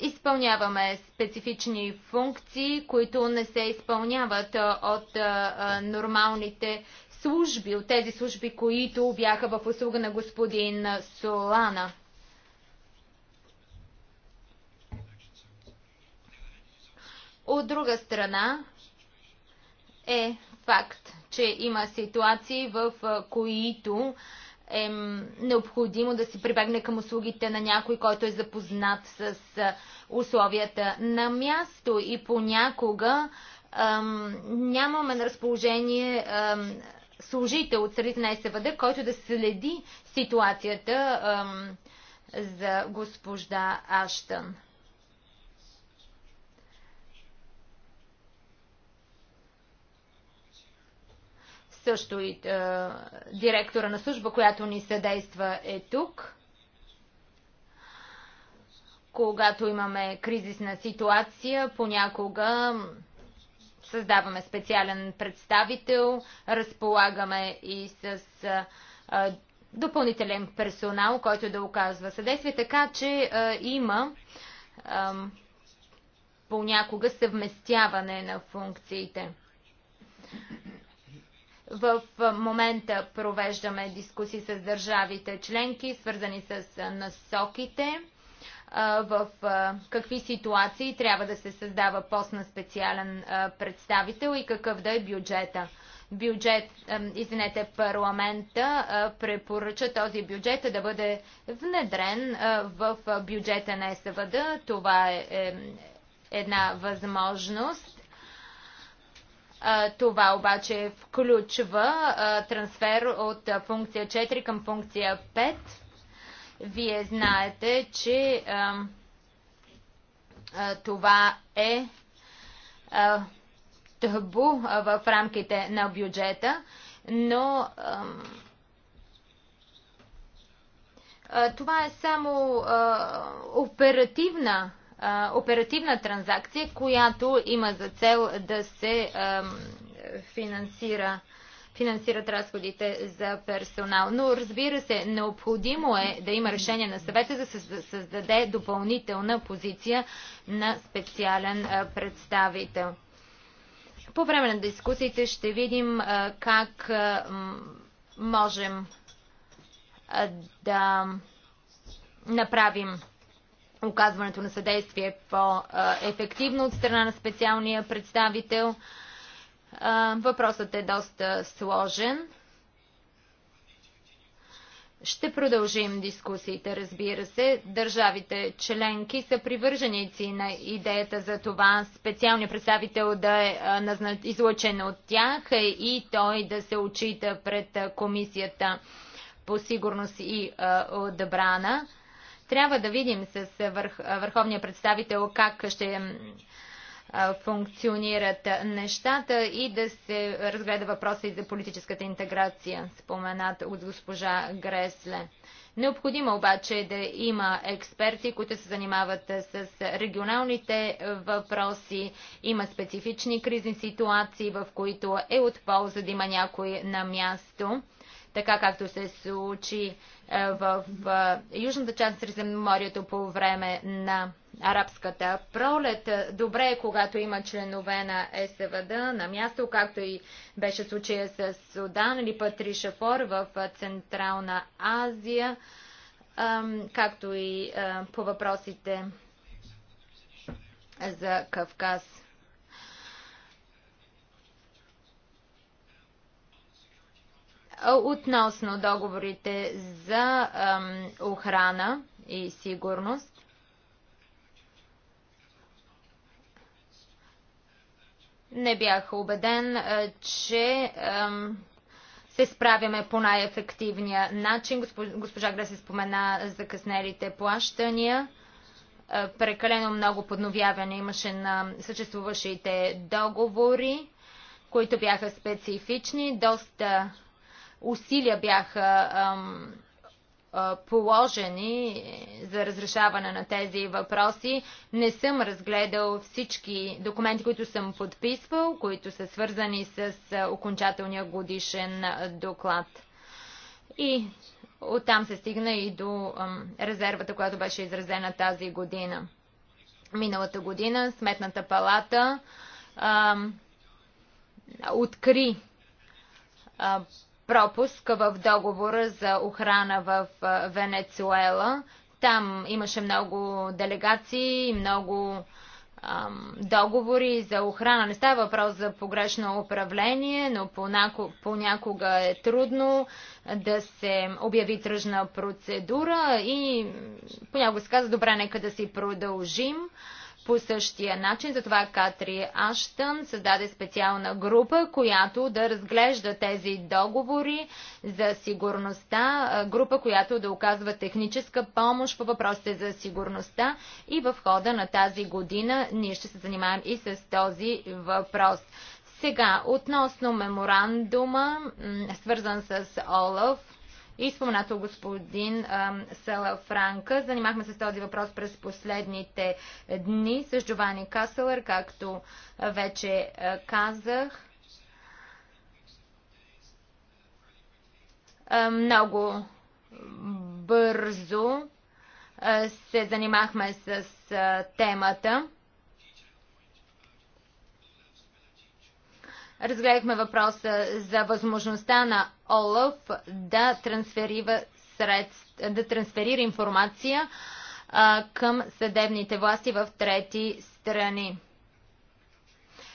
изпълняваме специфични функции, които не се изпълняват от нормалните служби, от тези служби, които бяха в услуга на господин Солана. От друга страна е факт, че има ситуации, в които е необходимо да се прибегне към услугите на някой, който е запознат с условията на място и понякога е, нямаме на разположение е, служител от средите на СВД, който да следи ситуацията е, за госпожда Аштън. Също и е, директора на служба, която ни съдейства е тук. Когато имаме кризисна ситуация, понякога създаваме специален представител, разполагаме и с е, е допълнителен персонал, който да оказва съдействие, така че е, има е, понякога съвместяване на функциите. В момента провеждаме дискусии с държавите членки, свързани с насоките, в какви ситуации трябва да се създава пост на специален представител и какъв да е бюджета. Бюджет, извинете, парламента препоръча този бюджет да бъде внедрен в бюджета на СВД. Това е, е една възможност това обаче включва трансфер от функция 4 към функция 5. Вие знаете, че това е тъбу в рамките на бюджета, но това е само оперативна оперативна транзакция, която има за цел да се а, финансира финансират разходите за персонал. Но разбира се, необходимо е да има решение на съвета да се създаде допълнителна позиция на специален представител. По време на дискусиите ще видим как можем да направим оказването на съдействие по-ефективно от страна на специалния представител. Въпросът е доста сложен. Ще продължим дискусиите, разбира се. Държавите членки са привърженици на идеята за това специалният представител да е излъчен от тях е, и той да се очита пред комисията по сигурност и отбрана. Трябва да видим с върх, върховния представител как ще функционират нещата и да се разгледа въпроса и за политическата интеграция, споменат от госпожа Гресле. Необходимо обаче да има експерти, които се занимават с регионалните въпроси. Има специфични кризни ситуации, в които е от полза да има някой на място, така както се случи е, в е, южната част на Средиземноморието по време на арабската пролет. Добре е, когато има членове на СВД на място, както и беше случая с Судан или Патри Шафор в е, Централна Азия, както и по въпросите за Кавказ. Относно договорите за охрана и сигурност, не бях убеден, че се справяме по най-ефективния начин. Госпожа Греси спомена закъснелите плащания. Прекалено много подновяване имаше на съществуващите договори, които бяха специфични. Доста усилия бяха ам, положени за разрешаване на тези въпроси. Не съм разгледал всички документи, които съм подписвал, които са свързани с окончателния годишен доклад. И оттам се стигна и до резервата, която беше изразена тази година. Миналата година Сметната палата откри пропуск в договора за охрана в Венецуела. Там имаше много делегации, и много ам, договори за охрана. Не става въпрос за погрешно управление, но понако, понякога е трудно да се обяви тръжна процедура и понякога се казва, добре, нека да си продължим. По същия начин, затова Катри Аштън създаде специална група, която да разглежда тези договори за сигурността, група, която да оказва техническа помощ по въпросите за сигурността и в хода на тази година ние ще се занимаем и с този въпрос. Сега, относно меморандума, свързан с ОЛАФ, и споменато господин Сала Франка. Занимахме се с този въпрос през последните дни с Джовани Каселър, както вече е, казах. Е, много бързо е, се занимахме с темата. Разгледахме въпроса за възможността на ОЛАФ да трансферира, средств, да трансферира информация а, към съдебните власти в трети страни.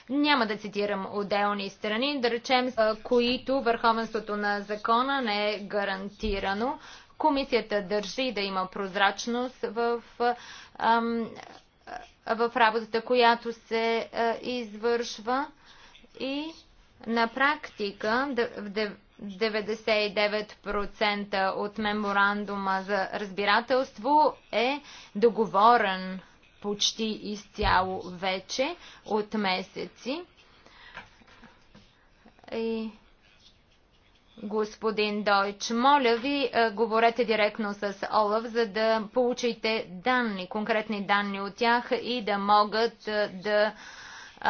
Няма да цитирам отделни страни, да речем, а, които върховенството на закона не е гарантирано. Комисията държи да има прозрачност в. в работата, която се извършва и на практика 99% от меморандума за разбирателство е договорен почти изцяло вече от месеци. И господин Дойч, моля ви, е, говорете директно с Олаф, за да получите данни, конкретни данни от тях и да могат е, да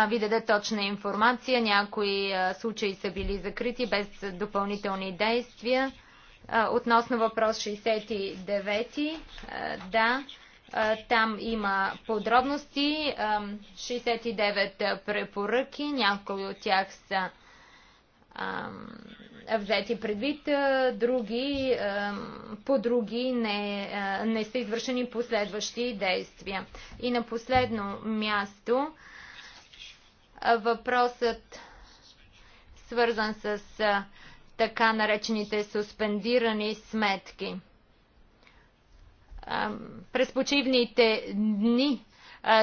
ви даде точна информация. Някои случаи са били закрити без допълнителни действия. Относно въпрос 69, да, там има подробности, 69 препоръки, някои от тях са взети предвид, други, по други не, не са извършени последващи действия. И на последно място, Въпросът свързан с така наречените суспендирани сметки. През почивните дни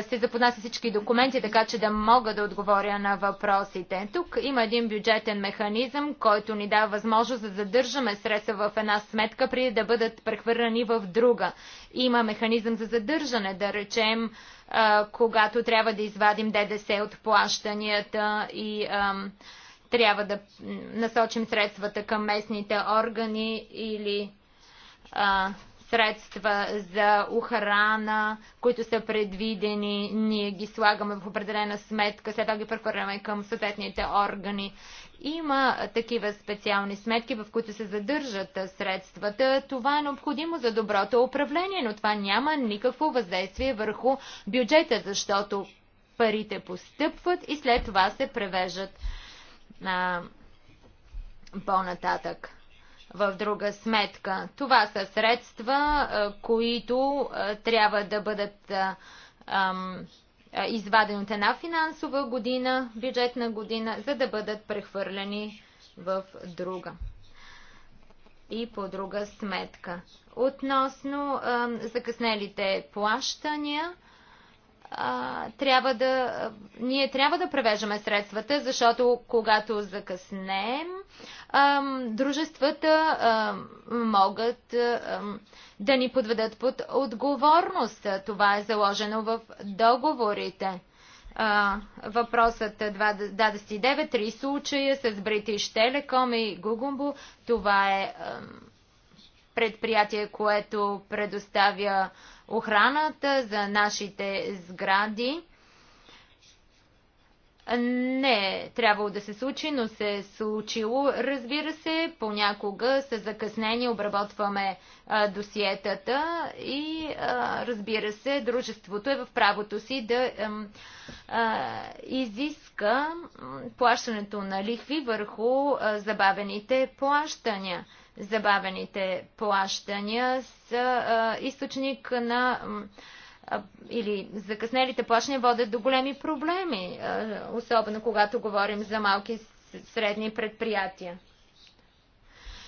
се запозна с всички документи, така че да мога да отговоря на въпросите. Тук има един бюджетен механизъм, който ни дава възможност да задържаме средства в една сметка, преди да бъдат прехвърлени в друга. Има механизъм за задържане, да речем, когато трябва да извадим ДДС от плащанията и трябва да насочим средствата към местните органи или средства за охрана, които са предвидени, ние ги слагаме в определена сметка, след това ги прехвърляме към съответните органи. Има такива специални сметки, в които се задържат средствата. Това е необходимо за доброто управление, но това няма никакво въздействие върху бюджета, защото парите постъпват и след това се превеждат по-нататък в друга сметка. Това са средства, които трябва да бъдат извадени от една финансова година, бюджетна година, за да бъдат прехвърлени в друга и по друга сметка. Относно закъснелите плащания, а, трябва да, ние трябва да превеждаме средствата, защото когато закъснем, а, дружествата а, могат а, да ни подведат под отговорност. Това е заложено в договорите. А, въпросът 29, 3 случая с British Telecom и Google, това е а, предприятие, което предоставя охраната за нашите сгради. Не е трябвало да се случи, но се е случило. Разбира се, понякога с закъснение обработваме а, досиетата и а, разбира се, дружеството е в правото си да а, изиска плащането на лихви върху забавените плащания забавените плащания са а, източник на а, или закъснелите плащания водят до големи проблеми, а, особено когато говорим за малки средни предприятия.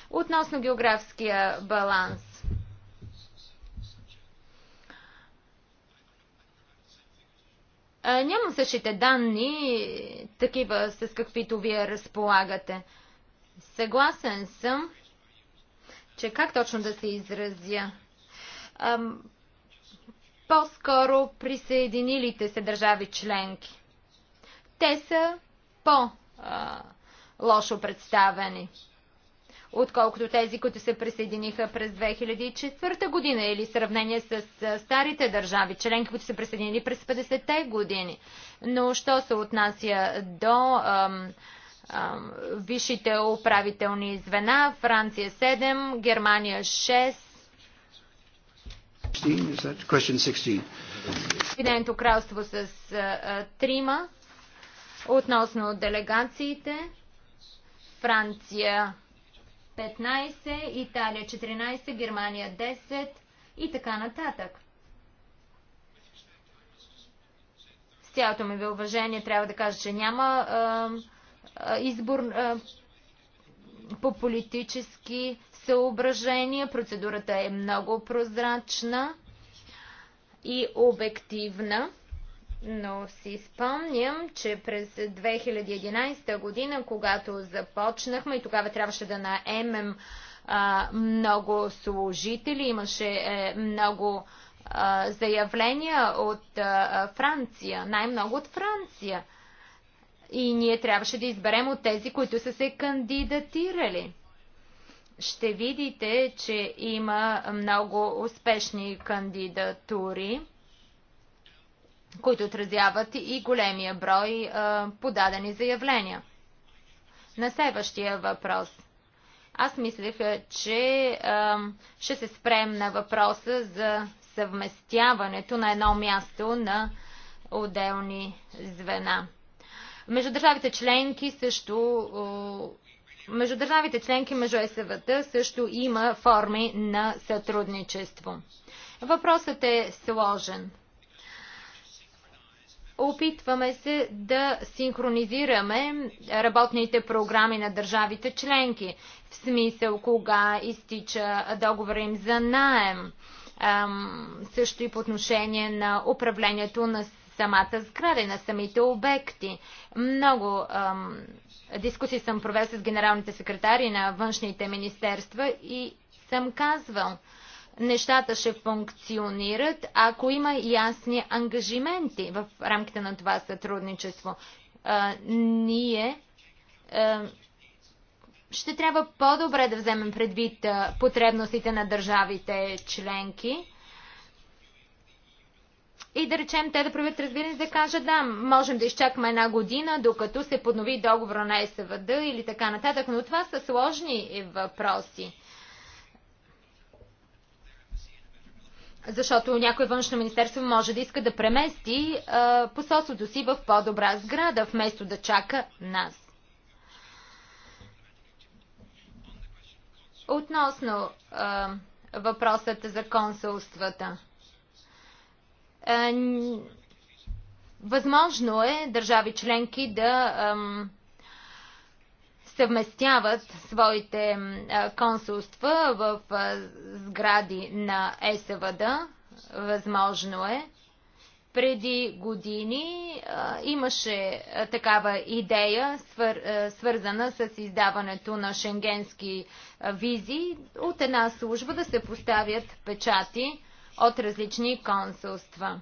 Относно географския баланс. Нямам същите данни, такива с каквито вие разполагате. Съгласен съм, че как точно да се изразя? По-скоро присъединилите се държави членки. Те са по-лошо представени, отколкото тези, които се присъединиха през 2004 година или сравнение с старите държави, членки, които се присъединили през 50-те години. Но що се отнася до... Ам, висшите управителни звена. Франция 7, Германия 6. Обединеното кралство с трима относно делегациите. Франция 15, Италия 14, Германия 10 и така нататък. С цялото ми уважение трябва да кажа, че няма е, избор по политически съображения. Процедурата е много прозрачна и обективна. Но си спомням, че през 2011 година, когато започнахме и тогава трябваше да наемем а, много служители, имаше е, много а, заявления от а, Франция, най-много от Франция – и ние трябваше да изберем от тези, които са се кандидатирали. Ще видите, че има много успешни кандидатури, които отразяват и големия брой а, подадени заявления. На следващия въпрос. Аз мислех, че а, ще се спрем на въпроса за съвместяването на едно място на отделни звена. Между държавите членки също между държавите членки, между ЕСВТ също има форми на сътрудничество. Въпросът е сложен. Опитваме се да синхронизираме работните програми на държавите членки. В смисъл кога изтича договор им за наем. Също и по отношение на управлението на самата сграда, на самите обекти. Много ам, дискусии съм провел с генералните секретари на външните министерства и съм казвал, нещата ще функционират, ако има ясни ангажименти в рамките на това сътрудничество. А, ние а, ще трябва по-добре да вземем предвид потребностите на държавите членки и да речем те да правят разбиране да кажат да, можем да изчакаме една година, докато се поднови договора на СВД или така нататък, но това са сложни въпроси. Защото някое външно министерство може да иска да премести а, посолството си в по-добра сграда, вместо да чака нас. Относно въпросът за консулствата. Е, възможно е държави членки да съвместяват своите консулства в сгради на ЕСВД. Възможно е. Преди години имаше такава идея, свър, свързана с издаването на шенгенски визи от една служба да се поставят печати от различни консулства.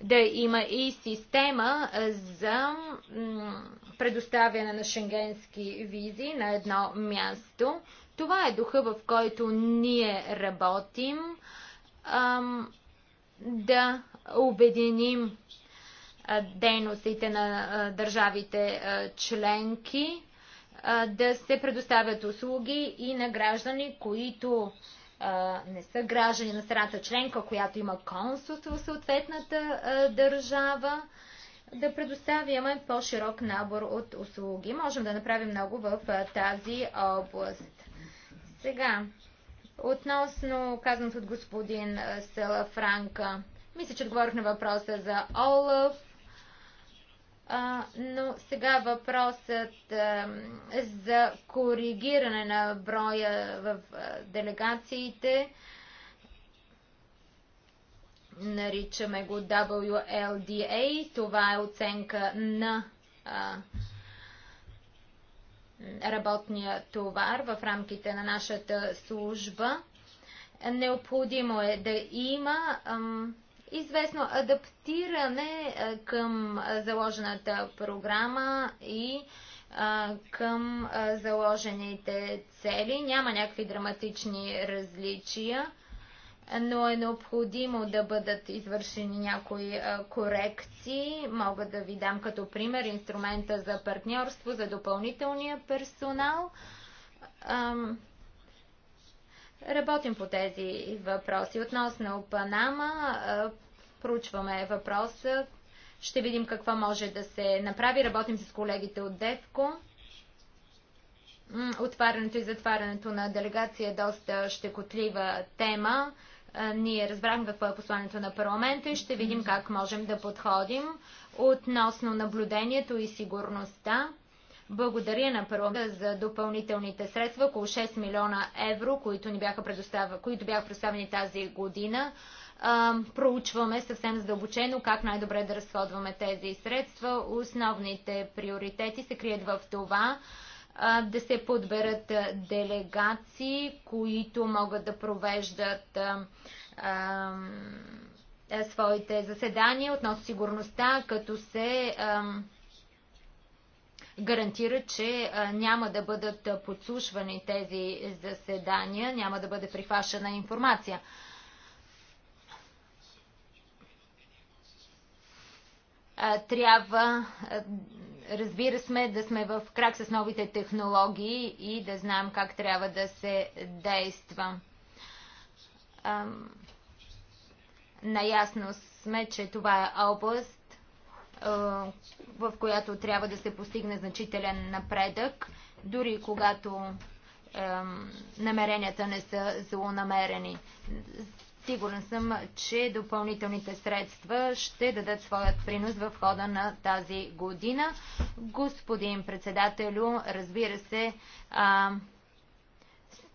Да има и система за предоставяне на шенгенски визи на едно място. Това е духа, в който ние работим. Да обединим дейностите на държавите членки, да се предоставят услуги и на граждани, които не са граждани на страната членка, която има консулство в съответната държава, да предоставяме по-широк набор от услуги. Можем да направим много в тази област. Сега, относно казаното от господин Села Франка, мисля, че отговорих на въпроса за Олаф но сега въпросът за коригиране на броя в делегациите, наричаме го WLDA, това е оценка на работния товар в рамките на нашата служба. Необходимо е да има известно адаптиране към заложената програма и към заложените цели. Няма някакви драматични различия, но е необходимо да бъдат извършени някои корекции. Мога да ви дам като пример инструмента за партньорство, за допълнителния персонал. Работим по тези въпроси. Относно Панама, проучваме въпроса. Ще видим какво може да се направи. Работим с колегите от ДЕВКО. Отварянето и затварянето на делегация е доста щекотлива тема. Ние разбрахме какво е посланието на парламента и ще видим как можем да подходим относно наблюдението и сигурността. Благодаря на първо за допълнителните средства, около 6 милиона евро, които, ни бяха, предостав... които бяха предоставени тази година. А, проучваме съвсем задълбочено как най-добре да разходваме тези средства. Основните приоритети се крият в това а, да се подберат делегации, които могат да провеждат а, своите заседания относно сигурността, като се ам, гарантира, че няма да бъдат подслушвани тези заседания, няма да бъде прихващана информация. Трябва, разбира сме, да сме в крак с новите технологии и да знаем как трябва да се действа наясно сме, че това е област, в която трябва да се постигне значителен напредък, дори когато намеренията не са злонамерени. Сигурен съм, че допълнителните средства ще дадат своят принос в хода на тази година. Господин председателю, разбира се, а,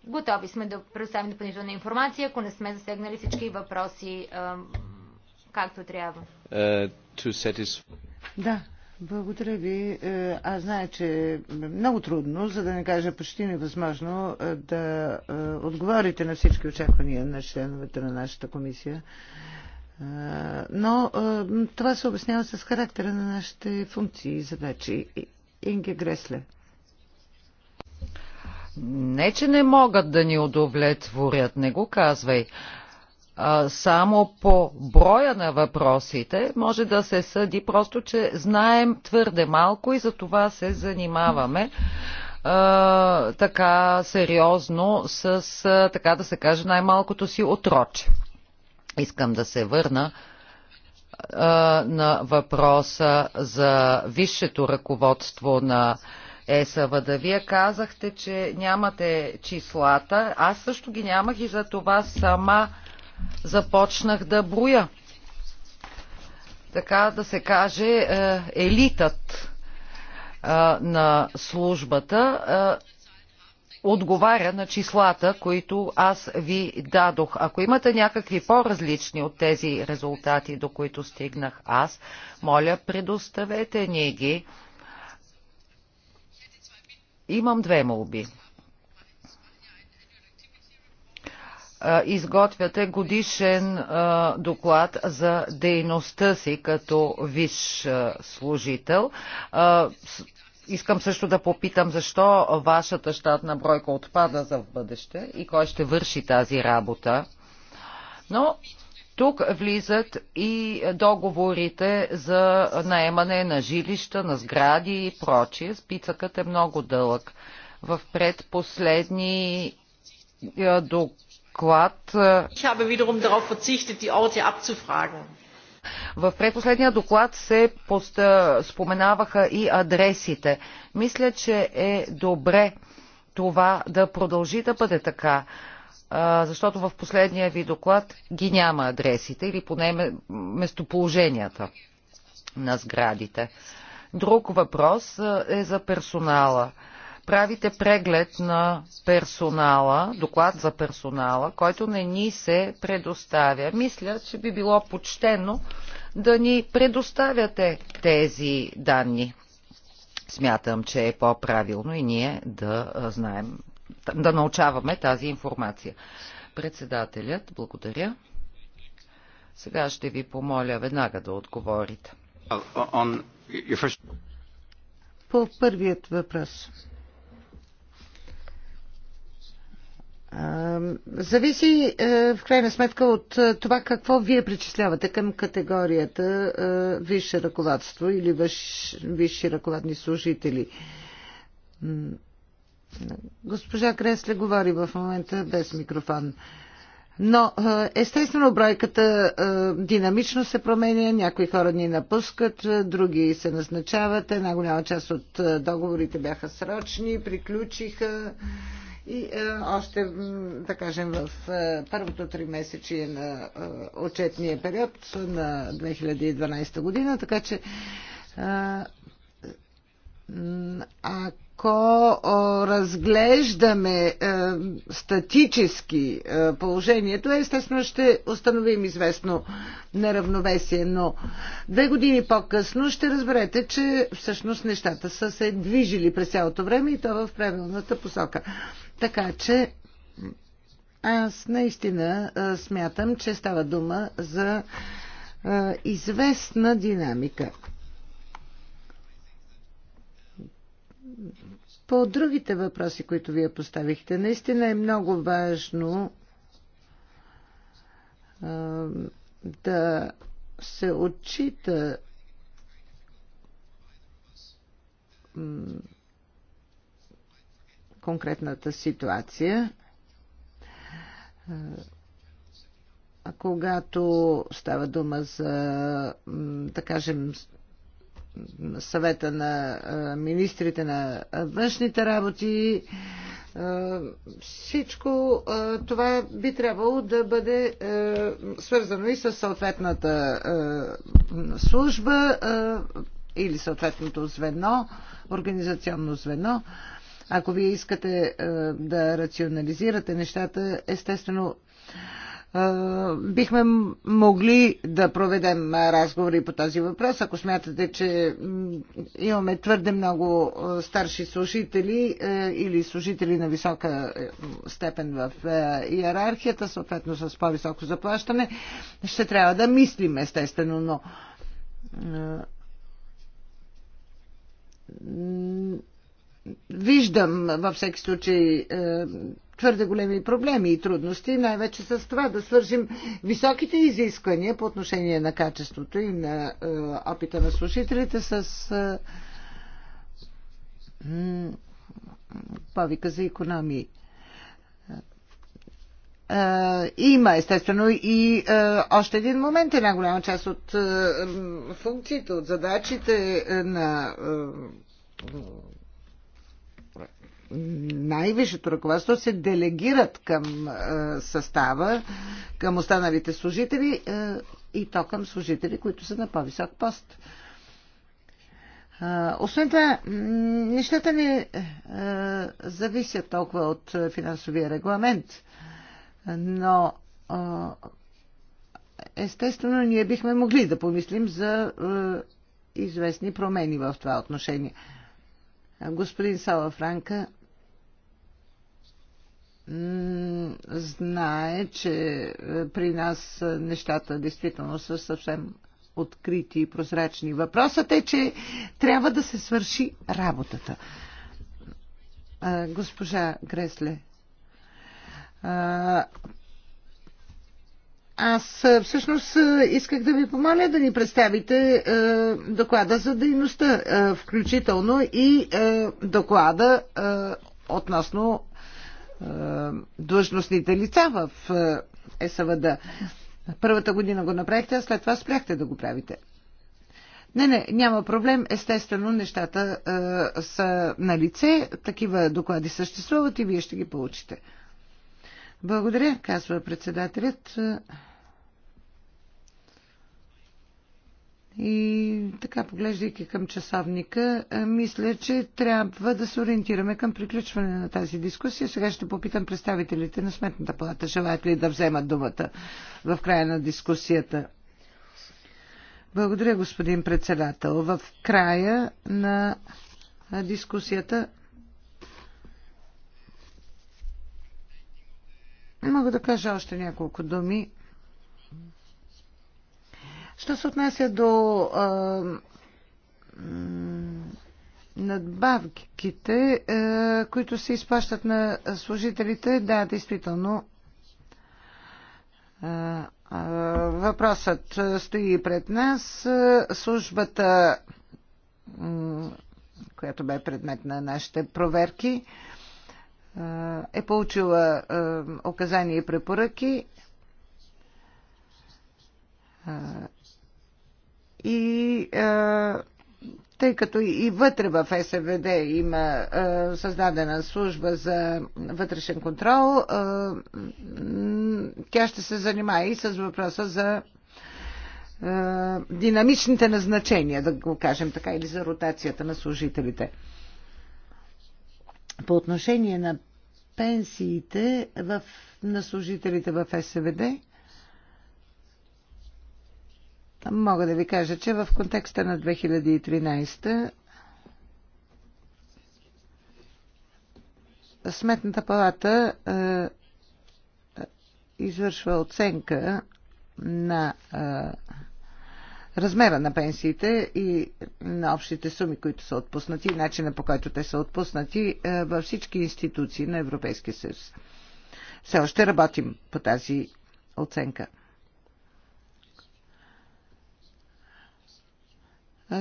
готови сме да предоставим допълнителна информация, ако не сме засегнали всички въпроси а, както трябва. Е, to satisfy. Да, благодаря ви. Е, аз знае, че е много трудно, за да не кажа почти невъзможно, е, да отговорите на всички очаквания на членовете на нашата комисия. Но това се обяснява с характера на нашите функции и задачи. Инге Гресле. Не, че не могат да ни удовлетворят, не го казвай само по броя на въпросите може да се съди просто, че знаем твърде малко и за това се занимаваме така сериозно с, така да се каже, най-малкото си отроче. Искам да се върна на въпроса за висшето ръководство на Да Вие казахте, че нямате числата. Аз също ги нямах и за това сама започнах да броя. Така да се каже, е, елитът е, на службата е, отговаря на числата, които аз ви дадох. Ако имате някакви по-различни от тези резултати, до които стигнах аз, моля, предоставете ни ги. Имам две молби. изготвяте годишен доклад за дейността си като виш служител. Искам също да попитам защо вашата щатна бройка отпада за в бъдеще и кой ще върши тази работа. Но тук влизат и договорите за наемане на жилища, на сгради и прочие. Списъкът е много дълъг. В предпоследни доклади доклад. В предпоследния доклад се споменаваха и адресите. Мисля, че е добре това да продължи да бъде така, защото в последния ви доклад ги няма адресите или поне местоположенията на сградите. Друг въпрос е за персонала правите преглед на персонала, доклад за персонала, който не ни се предоставя. Мисля, че би било почтено да ни предоставяте тези данни. Смятам, че е по-правилно и ние да знаем, да научаваме тази информация. Председателят, благодаря. Сега ще ви помоля веднага да отговорите. По първият въпрос. Зависи е, в крайна сметка от е, това какво вие причислявате към категорията е, висше ръководство или висши ръководни служители. Госпожа Кресле говори в момента без микрофон. Но естествено бройката динамично се променя, някои хора ни напускат, други се назначават, една голяма част от договорите бяха срочни, приключиха. И е, още, да кажем, в е, първото три месечие на е, отчетния период на 2012 година, така че а ако разглеждаме статически положението, естествено ще установим известно неравновесие, но две години по-късно ще разберете, че всъщност нещата са се движили през цялото време и то в правилната посока. Така че аз наистина смятам, че става дума за известна динамика. По другите въпроси, които вие поставихте, наистина е много важно да се отчита конкретната ситуация. А когато става дума за, да кажем, съвета на министрите на външните работи. Всичко това би трябвало да бъде свързано и с съответната служба или съответното звено, организационно звено. Ако вие искате да рационализирате нещата, естествено Бихме могли да проведем разговори по този въпрос. Ако смятате, че имаме твърде много старши служители или служители на висока степен в иерархията, съответно с по-високо заплащане, ще трябва да мислим, естествено, но виждам във всеки случай твърде големи проблеми и трудности, най-вече с това да свържим високите изисквания по отношение на качеството и на е, опита на служителите с е, повика за економии. Е, има, естествено, и е, още един момент. Една голяма част от е, функциите, от задачите на най-висшето ръководство се делегират към е, състава, към останалите служители е, и то към служители, които са на по-висок пост. Е, освен това, нещата не зависят толкова от финансовия регламент, но естествено ние бихме могли да помислим за известни промени в това отношение. Господин Сала Франка знае, че е, при нас е, нещата действително са съвсем открити и прозрачни. Въпросът е, че трябва да се свърши работата. Е, госпожа Гресле, аз всъщност исках да ви помоля да ни представите доклада за дейността, включително и доклада относно е, длъжностните лица в е, СВД. Първата година го направихте, а след това спряхте да го правите. Не, не, няма проблем. Естествено, нещата е, са на лице. Такива доклади съществуват и вие ще ги получите. Благодаря, казва председателят. И така, поглеждайки към часовника, е, мисля, че трябва да се ориентираме към приключване на тази дискусия. Сега ще попитам представителите на Сметната палата, желаят ли да вземат думата в края на дискусията. Благодаря, господин председател. В края на дискусията мога да кажа още няколко думи Що се отнася до а, надбавките, а, които се изплащат на служителите, да, действително. А, а, въпросът стои пред нас. Службата, която бе предмет на нашите проверки, е получила указания и препоръки и е, тъй като и вътре в СВД има а, е, създадена служба за вътрешен контрол, а, е, тя ще се занимава и с въпроса за а, динамичните назначения, да го кажем така, или за ротацията на служителите. По отношение на пенсиите в, на служителите в СВД, Мога да ви кажа, че в контекста на 2013 Сметната палата е, извършва оценка на е, размера на пенсиите и на общите суми, които са отпуснати и начина по който те са отпуснати е, във всички институции на Европейския съюз. Все още работим по тази оценка.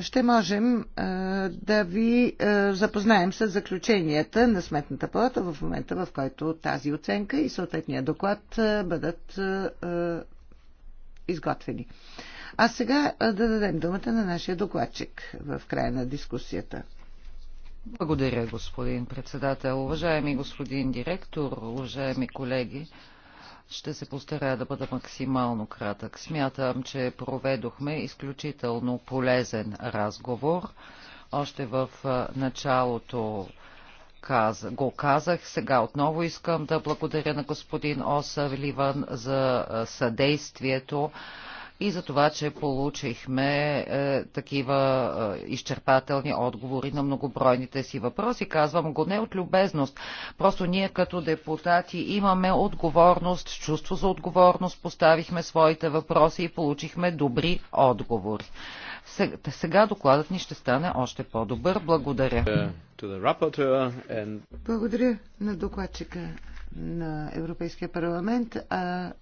ще можем е, да ви е, запознаем с заключенията на Сметната палата в момента, в който тази оценка и съответния доклад е, бъдат изготвени. А сега да дадем думата на нашия докладчик в края на дискусията. Благодаря, господин председател. Уважаеми господин директор, уважаеми колеги, ще се постарая да бъда максимално кратък. Смятам, че проведохме изключително полезен разговор. Още в началото каз... го казах. Сега отново искам да благодаря на господин Оса Ливан за съдействието и за това, че получихме е, такива е, изчерпателни отговори на многобройните си въпроси. Казвам го не от любезност. Просто ние като депутати имаме отговорност, чувство за отговорност, поставихме своите въпроси и получихме добри отговори. Сега докладът ни ще стане още по-добър. Благодаря. Uh, Благодаря на докладчика на Европейския парламент. А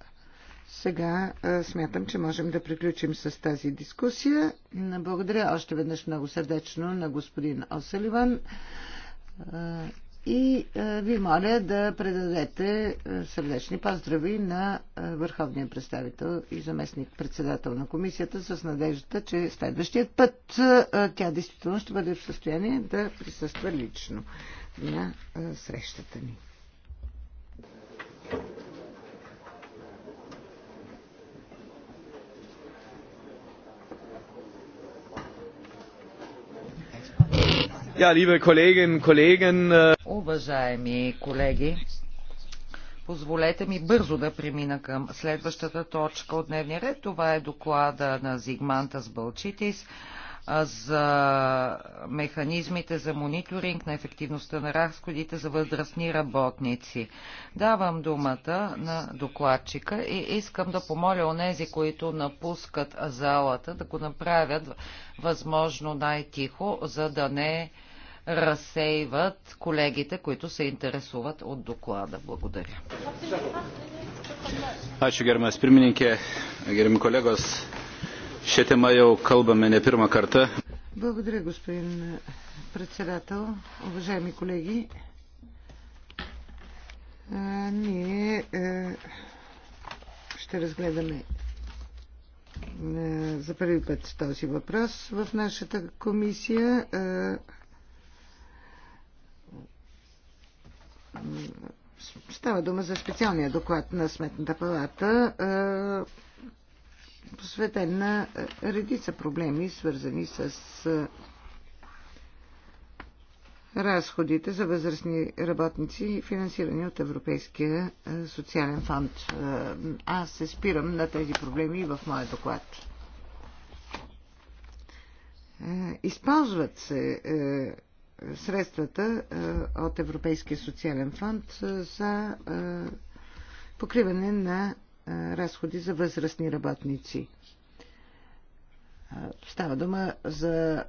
сега смятам, че можем да приключим с тази дискусия. Благодаря още веднъж много сърдечно на господин Оселиван и ви моля да предадете сърдечни поздрави на върховния представител и заместник председател на комисията с надеждата, че следващият път тя действително ще бъде в състояние да присъства лично на срещата ни. Kolleginnen und Kollegen, äh, Уважаеми колеги, позволете ми бързо да премина към следващата точка от дневния ред. Това е доклада на Зигманта с Бълчитис за механизмите за мониторинг на ефективността на разходите за възрастни работници. Давам думата на докладчика и искам да помоля онези, които напускат залата, да го направят възможно най-тихо, за да не разсейват колегите, които се интересуват от доклада. Благодаря. Ačiū gerbiamas pirmininkė, gerbiami kolegos. Šią temą jau kalbame ne pirmą kartą. Благодаря, господин председател. Уважаеми колеги, а, ние а, ще разгледаме а, за първи път този въпрос в нашата комисия. А, Става дума за специалния доклад на Сметната палата, посветен на редица проблеми, свързани с разходите за възрастни работници, финансирани от Европейския социален фонд. Аз се спирам на тези проблеми и в моя доклад. Използват се средствата е, от Европейския социален фонд е, за е, покриване на разходи за възрастни работници. Става дума за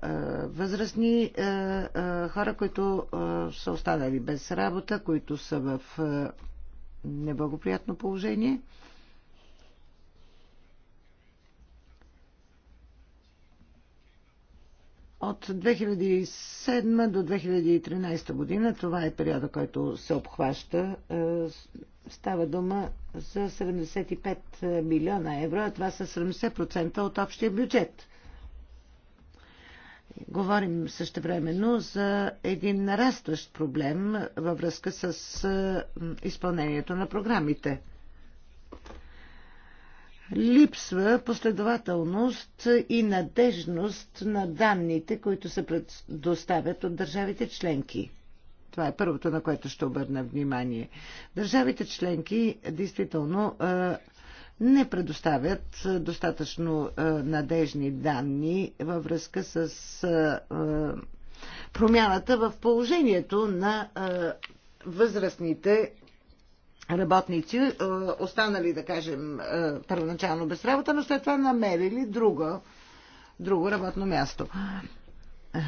възрастни хора, които са останали без работа, които са в неблагоприятно положение – От 2007 до 2013 година, това е периода, който се обхваща, е, става дума за 75 милиона евро, а това са 70% от общия бюджет. Говорим също времено за един нарастващ проблем във връзка с е, изпълнението на програмите липсва последователност и надежност на данните, които се предоставят от държавите членки. Това е първото, на което ще обърна внимание. Държавите членки е, действително е, не предоставят е, достатъчно надежни данни във връзка с промяната в положението на възрастните работници, е, останали, да кажем, е, първоначално без работа, но след това намерили друго, друго работно място. Е,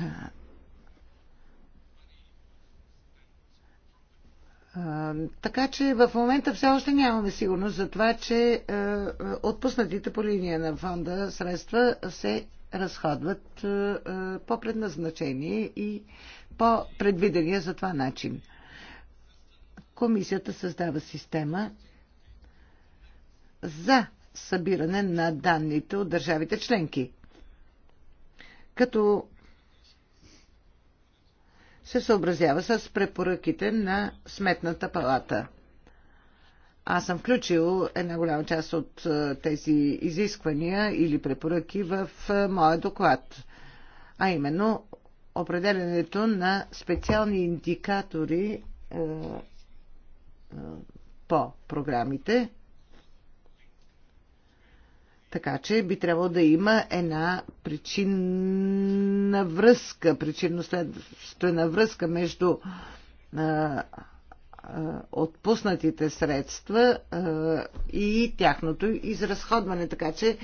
така че в момента все още нямаме сигурност за това, че отпуснатите по линия на фонда средства се разходват по предназначение и по предвидения за това начин комисията създава система за събиране на данните от държавите членки. Като се съобразява с препоръките на Сметната палата. Аз съм включил една голяма част от тези изисквания или препоръки в моя доклад, а именно определенето на специални индикатори по програмите. Така че би трябвало да има една причинна връзка, причинно-следствена връзка между а, а, отпуснатите средства а, и тяхното изразходване. Така че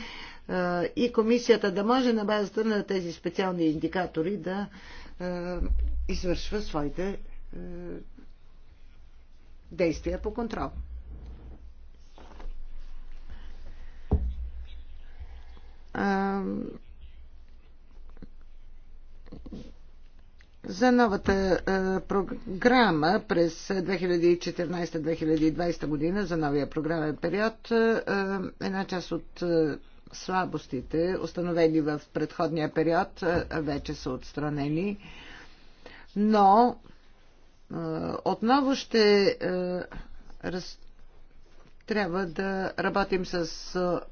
а, и комисията да може на базата на тези специални индикатори да а, извършва своите а, действия по контрол. За новата програма през 2014-2020 година, за новия програмен период, една част от слабостите, установени в предходния период, вече са отстранени. Но е, отново ще е, раз... трябва да работим с е,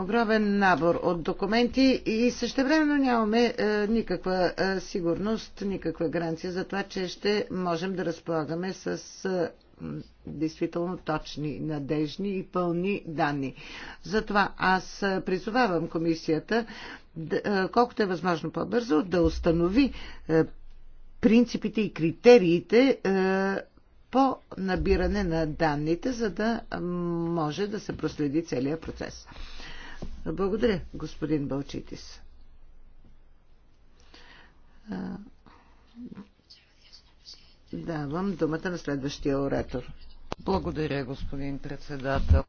огромен набор от документи и същевременно нямаме никаква сигурност, никаква гаранция за това, че ще можем да разполагаме с действително точни, надежни и пълни данни. Затова аз призовавам комисията, колкото е възможно по-бързо, да установи принципите и критериите е, по набиране на данните, за да може да се проследи целият процес. Благодаря, господин Балчитис. Е, давам думата на следващия оратор. Благодаря, господин председател.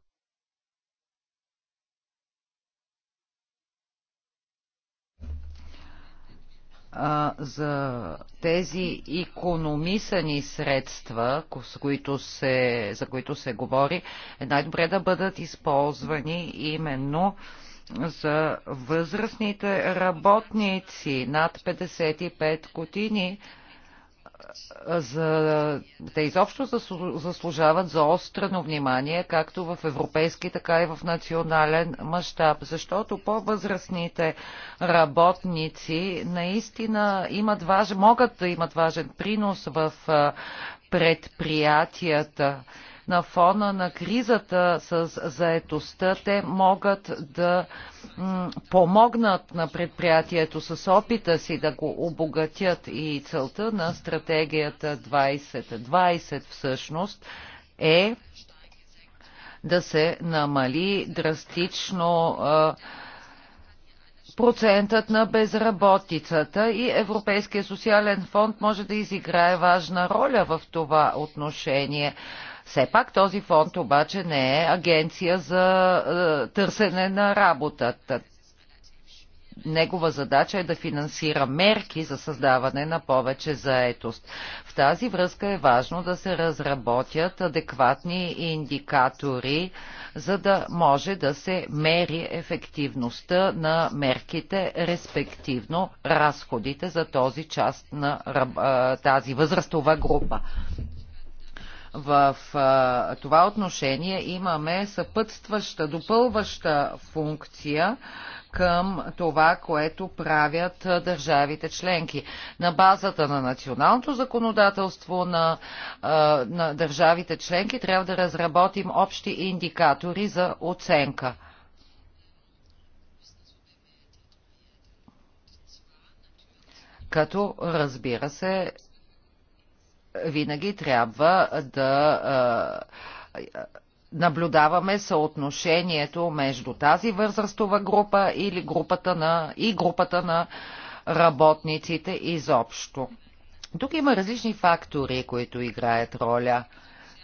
а, за тези економисани средства, с които се, за които се говори, е най-добре да бъдат използвани именно за възрастните работници над 55 години, за, те изобщо заслужават заострено внимание, както в европейски, така и в национален мащаб, защото по-възрастните работници наистина имат важен, могат да имат важен принос в предприятията на фона на кризата с заетостта, те могат да помогнат на предприятието с опита си да го обогатят и целта на стратегията 2020 20 всъщност е да се намали драстично процентът на безработицата и Европейския социален фонд може да изиграе важна роля в това отношение. Все пак този фонд обаче не е агенция за е, търсене на работата. Негова задача е да финансира мерки за създаване на повече заетост. В тази връзка е важно да се разработят адекватни индикатори, за да може да се мери ефективността на мерките, респективно разходите за този част на е, тази възрастова група. В а, това отношение имаме съпътстваща, допълваща функция към това, което правят държавите членки. На базата на националното законодателство на, а, на държавите членки трябва да разработим общи индикатори за оценка. Като, разбира се, винаги трябва да наблюдаваме съотношението между тази възрастова група или групата на, и групата на работниците изобщо. Тук има различни фактори, които играят роля.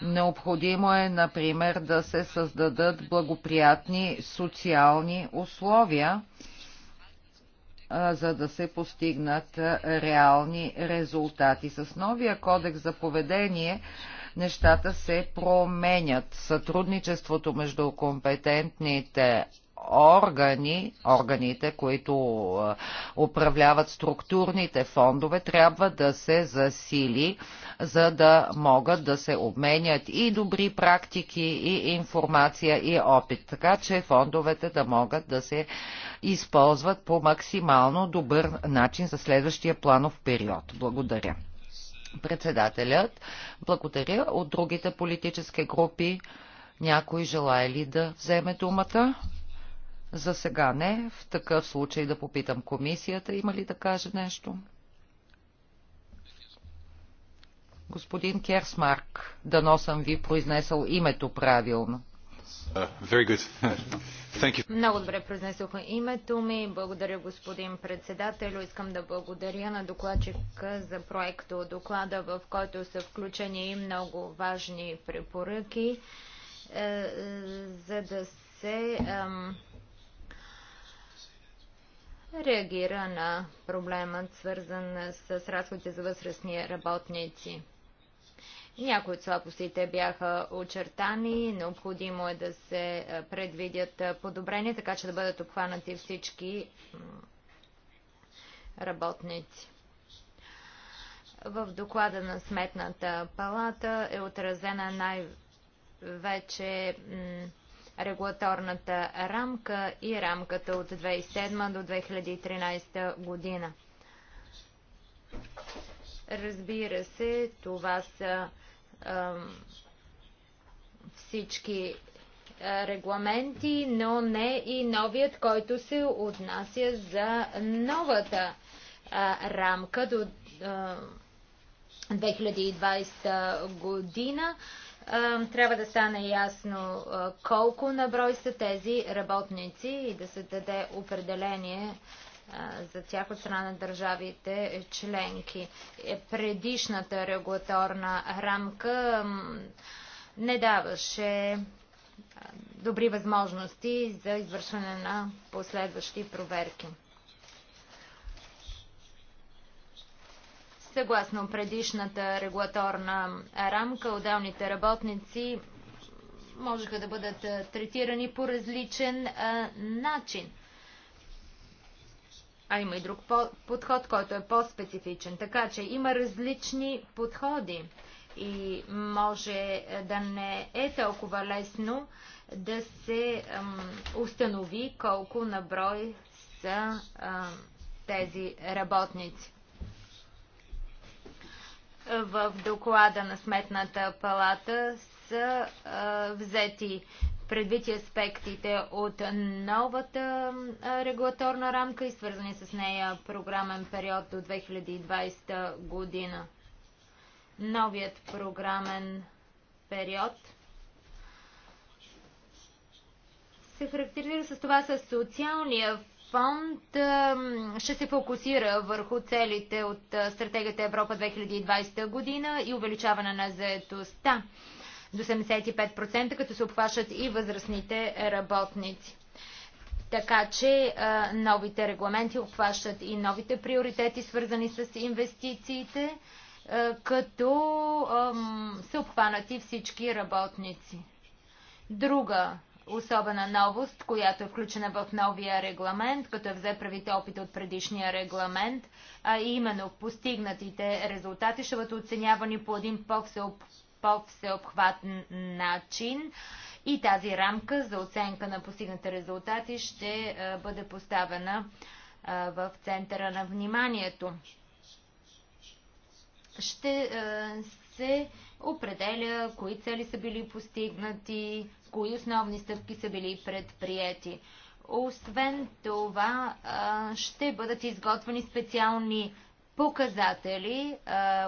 Необходимо е, например, да се създадат благоприятни социални условия за да се постигнат реални резултати. С новия кодекс за поведение нещата се променят. Сътрудничеството между компетентните органи, органите, които управляват структурните фондове, трябва да се засили, за да могат да се обменят и добри практики, и информация, и опит, така че фондовете да могат да се използват по максимално добър начин за следващия планов период. Благодаря. Председателят, благодаря от другите политически групи. Някой желая ли да вземе думата? За сега не. В такъв случай да попитам комисията, има ли да каже нещо? Господин Керсмарк, дано съм ви произнесъл името правилно. Uh, [laughs] много добре произнесоха името ми. Благодаря, господин председател. Искам да благодаря на докладчика за проекто доклада, в който са включени и много важни препоръки, е, е, за да се реагира на проблемът, свързан с разходите за възрастни работници. Някои от слабостите бяха очертани. Необходимо е да се предвидят подобрения, така че да бъдат обхванати всички работници. В доклада на Сметната палата е отразена най-вече регулаторната рамка и рамката от 2007 до 2013 година. Разбира се, това са всички регламенти, но не и новият, който се отнася за новата рамка до 2020 година трябва да стане ясно колко наброй са тези работници и да се даде определение за тях от страна на държавите членки. Е, предишната регулаторна рамка не даваше добри възможности за извършване на последващи проверки. Съгласно предишната регулаторна рамка, отделните работници можеха да бъдат третирани по различен а, начин. А има и друг по подход, който е по-специфичен. Така че има различни подходи и може да не е толкова лесно да се ам, установи колко наброй са ам, тези работници в доклада на Сметната палата са а, взети предвид аспектите от новата регулаторна рамка и свързани с нея програмен период до 2020 година. Новият програмен период се характеризира с това с социалния фонд ще се фокусира върху целите от стратегията Европа 2020 година и увеличаване на заетостта до 75%, като се обхващат и възрастните работници. Така че новите регламенти обхващат и новите приоритети, свързани с инвестициите, като са обхванати всички работници. Друга особена новост, която е включена в новия регламент, като е взе правите опит от предишния регламент, а именно постигнатите резултати ще бъдат оценявани по един по-всеоб, по-всеобхватен начин и тази рамка за оценка на постигнатите резултати ще бъде поставена в центъра на вниманието. Ще се определя кои цели са били постигнати, кои основни стъпки са били предприяти. Освен това, ще бъдат изготвени специални показатели,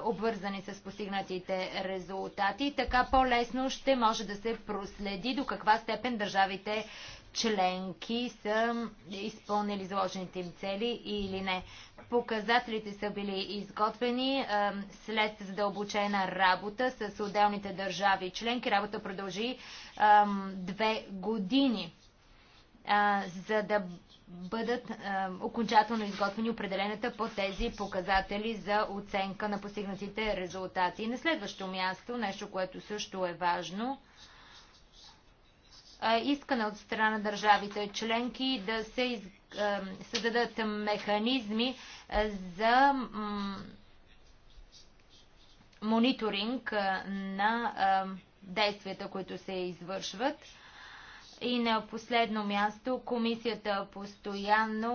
обвързани с постигнатите резултати. Така по-лесно ще може да се проследи до каква степен държавите членки са изпълнили заложените им цели или не. Показателите са били изготвени след задълбочена работа с отделните държави членки. Работа продължи две години, за да бъдат окончателно изготвени определената по тези показатели за оценка на постигнатите резултати. на следващо място, нещо, което също е важно, искане от страна на държавите членки да се изготвят създадат механизми за мониторинг на действията, които се извършват. И на последно място комисията постоянно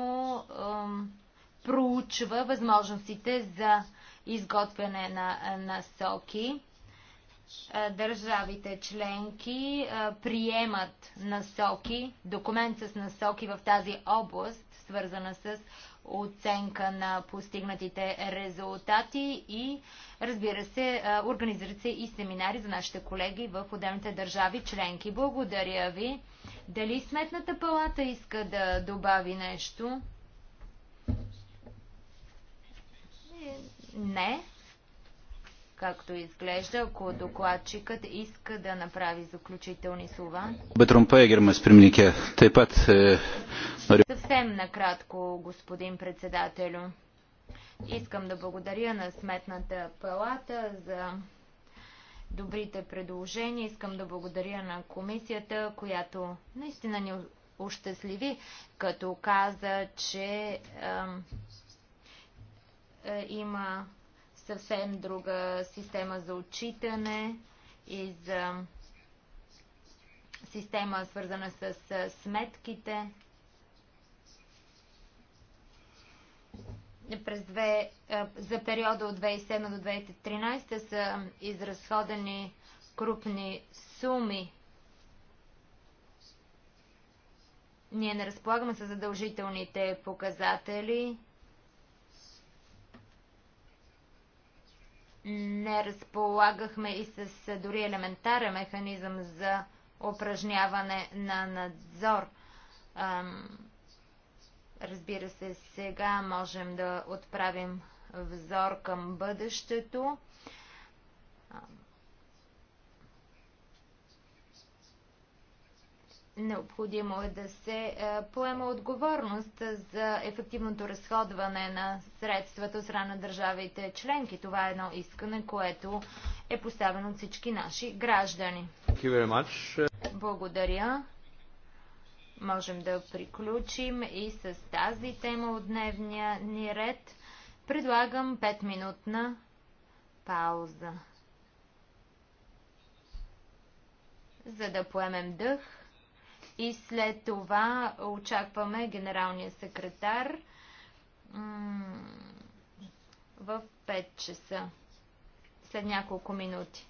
проучва възможностите за изготвяне на насоки. Е, държавите членки е, приемат насоки, документ с насоки в тази област, свързана с оценка на постигнатите резултати и разбира се, е, организират се и семинари за нашите колеги в отделните държави членки. Благодаря ви. Дали Сметната палата иска да добави нещо? Не както изглежда, ако докладчикът иска да направи заключителни слова. Е, Съвсем накратко, господин председателю. Искам да благодаря на Сметната палата за добрите предложения. Искам да благодаря на комисията, която наистина ни ощастливи, като каза, че е, е, има съвсем друга система за отчитане и за система свързана с сметките. През две, за периода от 2007 до 2013 са изразходени крупни суми. Ние не разполагаме с задължителните показатели. не разполагахме и с дори елементарен механизъм за упражняване на надзор. Разбира се, сега можем да отправим взор към бъдещето. Необходимо е да се е, поема отговорност за ефективното разходване на средствата от страна на държавите членки. Това е едно искане, което е поставено от всички наши граждани. Благодаря. Можем да приключим и с тази тема от дневния ни ред. Предлагам 5-минутна пауза. За да поемем дъх и след това очакваме генералния секретар в 5 часа след няколко минути.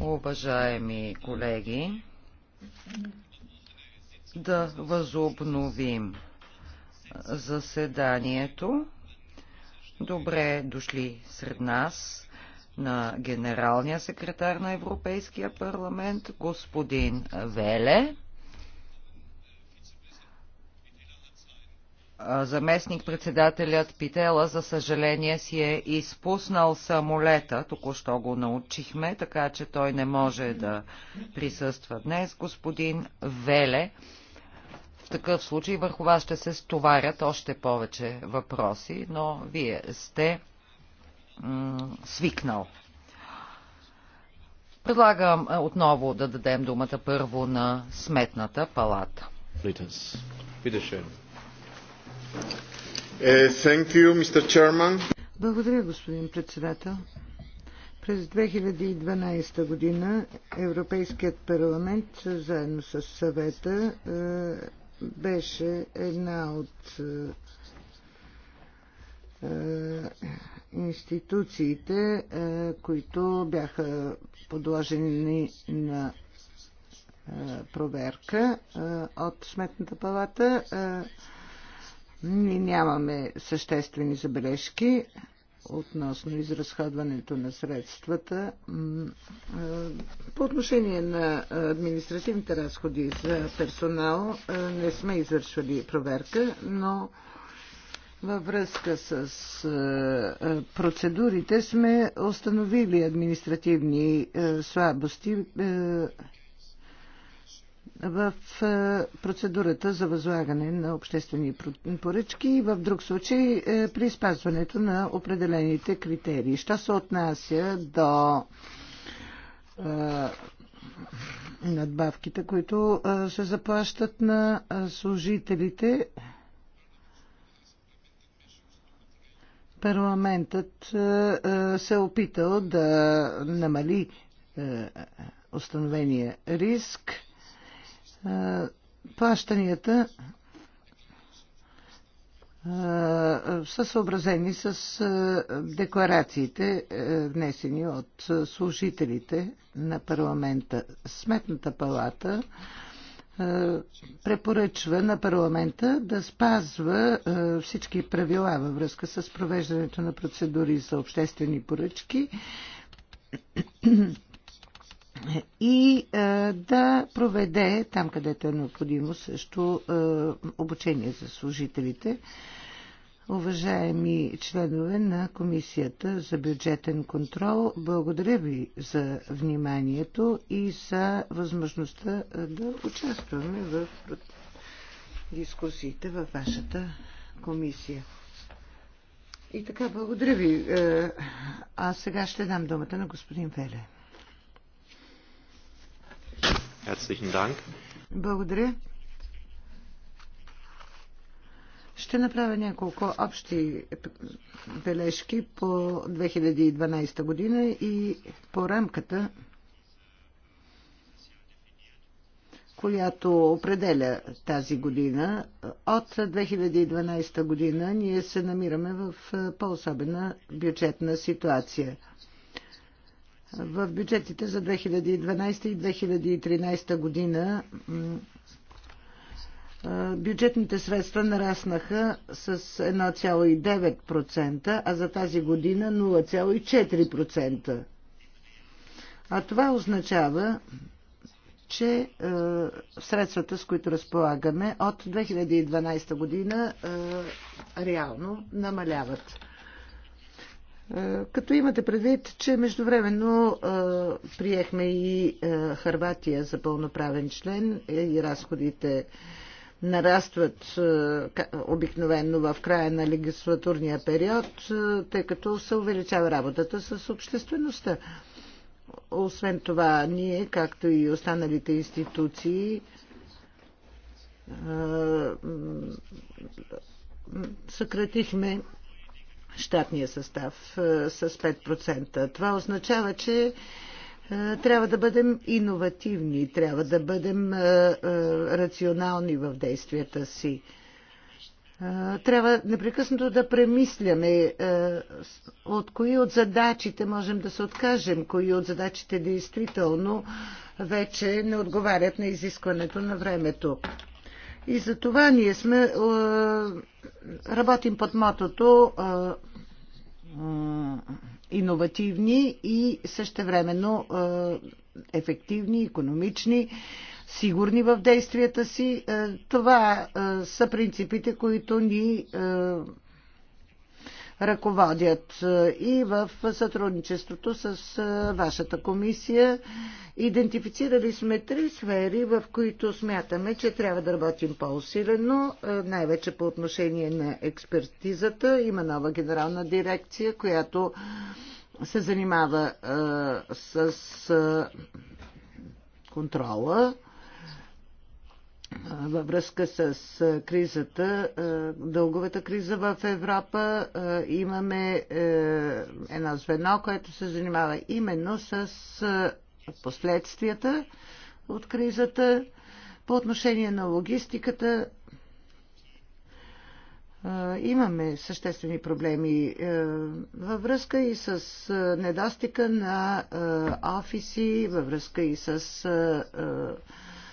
Уважаеми колеги, да възобновим заседанието. Добре дошли сред нас на генералния секретар на Европейския парламент, господин Веле. заместник председателят Питела, за съжаление, си е изпуснал самолета, току-що го научихме, така че той не може да присъства днес. Господин Веле, в такъв случай върху вас ще се стоварят още повече въпроси, но вие сте свикнал. Предлагам отново да дадем думата първо на Сметната палата. Питаше. Uh, you, Благодаря, господин председател. През 2012 година Европейският парламент заедно с съвета uh, беше една от uh, институциите, които бяха подложени на проверка от Сметната палата. Ние нямаме съществени забележки относно изразходването на средствата. По отношение на административните разходи за персонал не сме извършвали проверка, но във връзка с процедурите сме установили административни слабости в е, процедурата за възлагане на обществени поръчки и в друг случай е, при спазването на определените критерии. Що се отнася до е, надбавките, които се заплащат на служителите, парламентът се е опитал да намали установения риск плащанията са съобразени с декларациите, внесени от служителите на парламента. Сметната палата препоръчва на парламента да спазва всички правила във връзка с провеждането на процедури за обществени поръчки и е, да проведе там, където е необходимо, също е, обучение за служителите. Уважаеми членове на Комисията за бюджетен контрол, благодаря ви за вниманието и за възможността е, да участваме в дискусиите във вашата комисия. И така, благодаря ви. А сега ще дам думата на господин Веле. Благодаря. Ще направя няколко общи бележки по 2012 година и по рамката, която определя тази година. От 2012 година ние се намираме в по-особена бюджетна ситуация – в бюджетите за 2012 и 2013 година бюджетните средства нараснаха с 1,9%, а за тази година 0,4%. А това означава, че средствата, с които разполагаме от 2012 година, реално намаляват. Е, като имате предвид, че междувременно е, приехме и е, Харватия за пълноправен член и разходите нарастват обикновенно в края на легислатурния период, тъй като се увеличава работата с обществеността. Освен това, ние, както и останалите институции, съкратихме щатния състав с 5%. Това означава, че трябва да бъдем иновативни, трябва да бъдем рационални в действията си. Трябва непрекъснато да премисляме от кои от задачите можем да се откажем, кои от задачите действително вече не отговарят на изискването на времето. И за това ние сме, е, работим под мотото е, е, иновативни и същевременно е, ефективни, економични, сигурни в действията си. Е, това е, са принципите, които ни е, ръководят е, и в сътрудничеството с е, вашата комисия. Идентифицирали сме три сфери, в които смятаме, че трябва да работим по-усилено, е, най-вече по отношение на експертизата. Има нова генерална дирекция, която се занимава с контрола във връзка с кризата, дълговата криза в Европа. Имаме е, едно звено, което се занимава именно с последствията от кризата по отношение на логистиката. Имаме съществени проблеми е, във връзка и с недостига на офиси, във връзка и с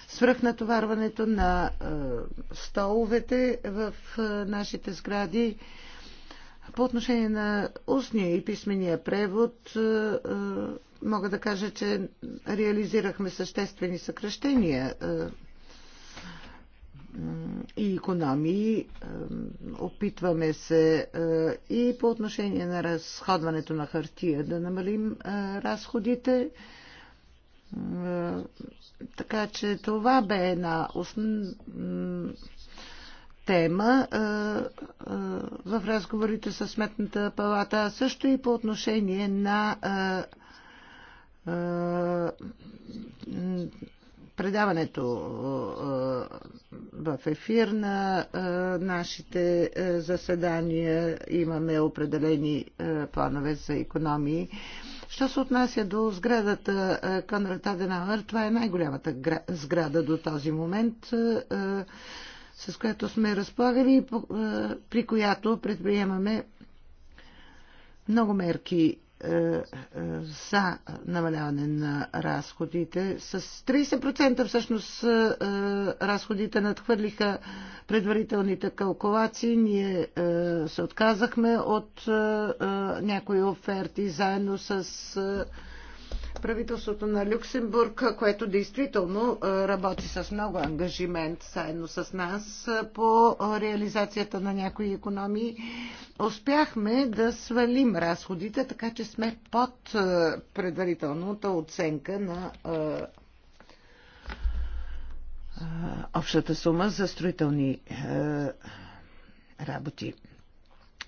свръхнатоварването на е, столовете в е, нашите сгради. По отношение на устния и писмения превод, е, мога да кажа, че реализирахме съществени съкръщения и економии. Опитваме се и по отношение на разходването на хартия да намалим разходите. Така че това бе една основ... тема в разговорите с Сметната палата, а също и по отношение на предаването в ефир на нашите заседания имаме определени планове за економии. Що се отнася до сградата е, Конрад Аденауер, това е най-голямата сграда до този момент, е, е, с която сме разполагали и при която предприемаме много мерки е, е, за намаляване на разходите. С 30% всъщност е, разходите надхвърлиха предварителните калкулации. Ние се отказахме от някои оферти заедно с правителството на Люксембург, което действително работи с много ангажимент, заедно с нас, по реализацията на някои економии, успяхме да свалим разходите, така че сме под предварителната оценка на общата сума за строителни работи.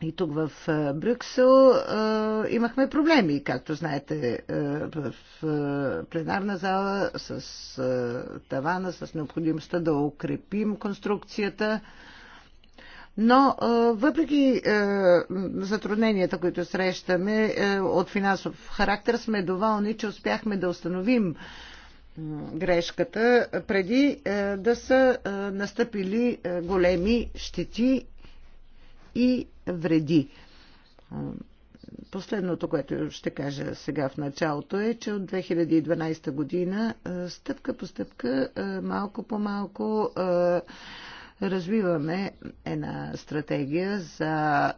И тук в Брюксел имахме проблеми, както знаете, в пленарна зала с тавана, с необходимостта да укрепим конструкцията. Но въпреки затрудненията, които срещаме от финансов характер, сме доволни, че успяхме да установим грешката преди да са настъпили големи щети и вреди. Последното, което ще кажа сега в началото е, че от 2012 година стъпка по стъпка, малко по малко развиваме една стратегия за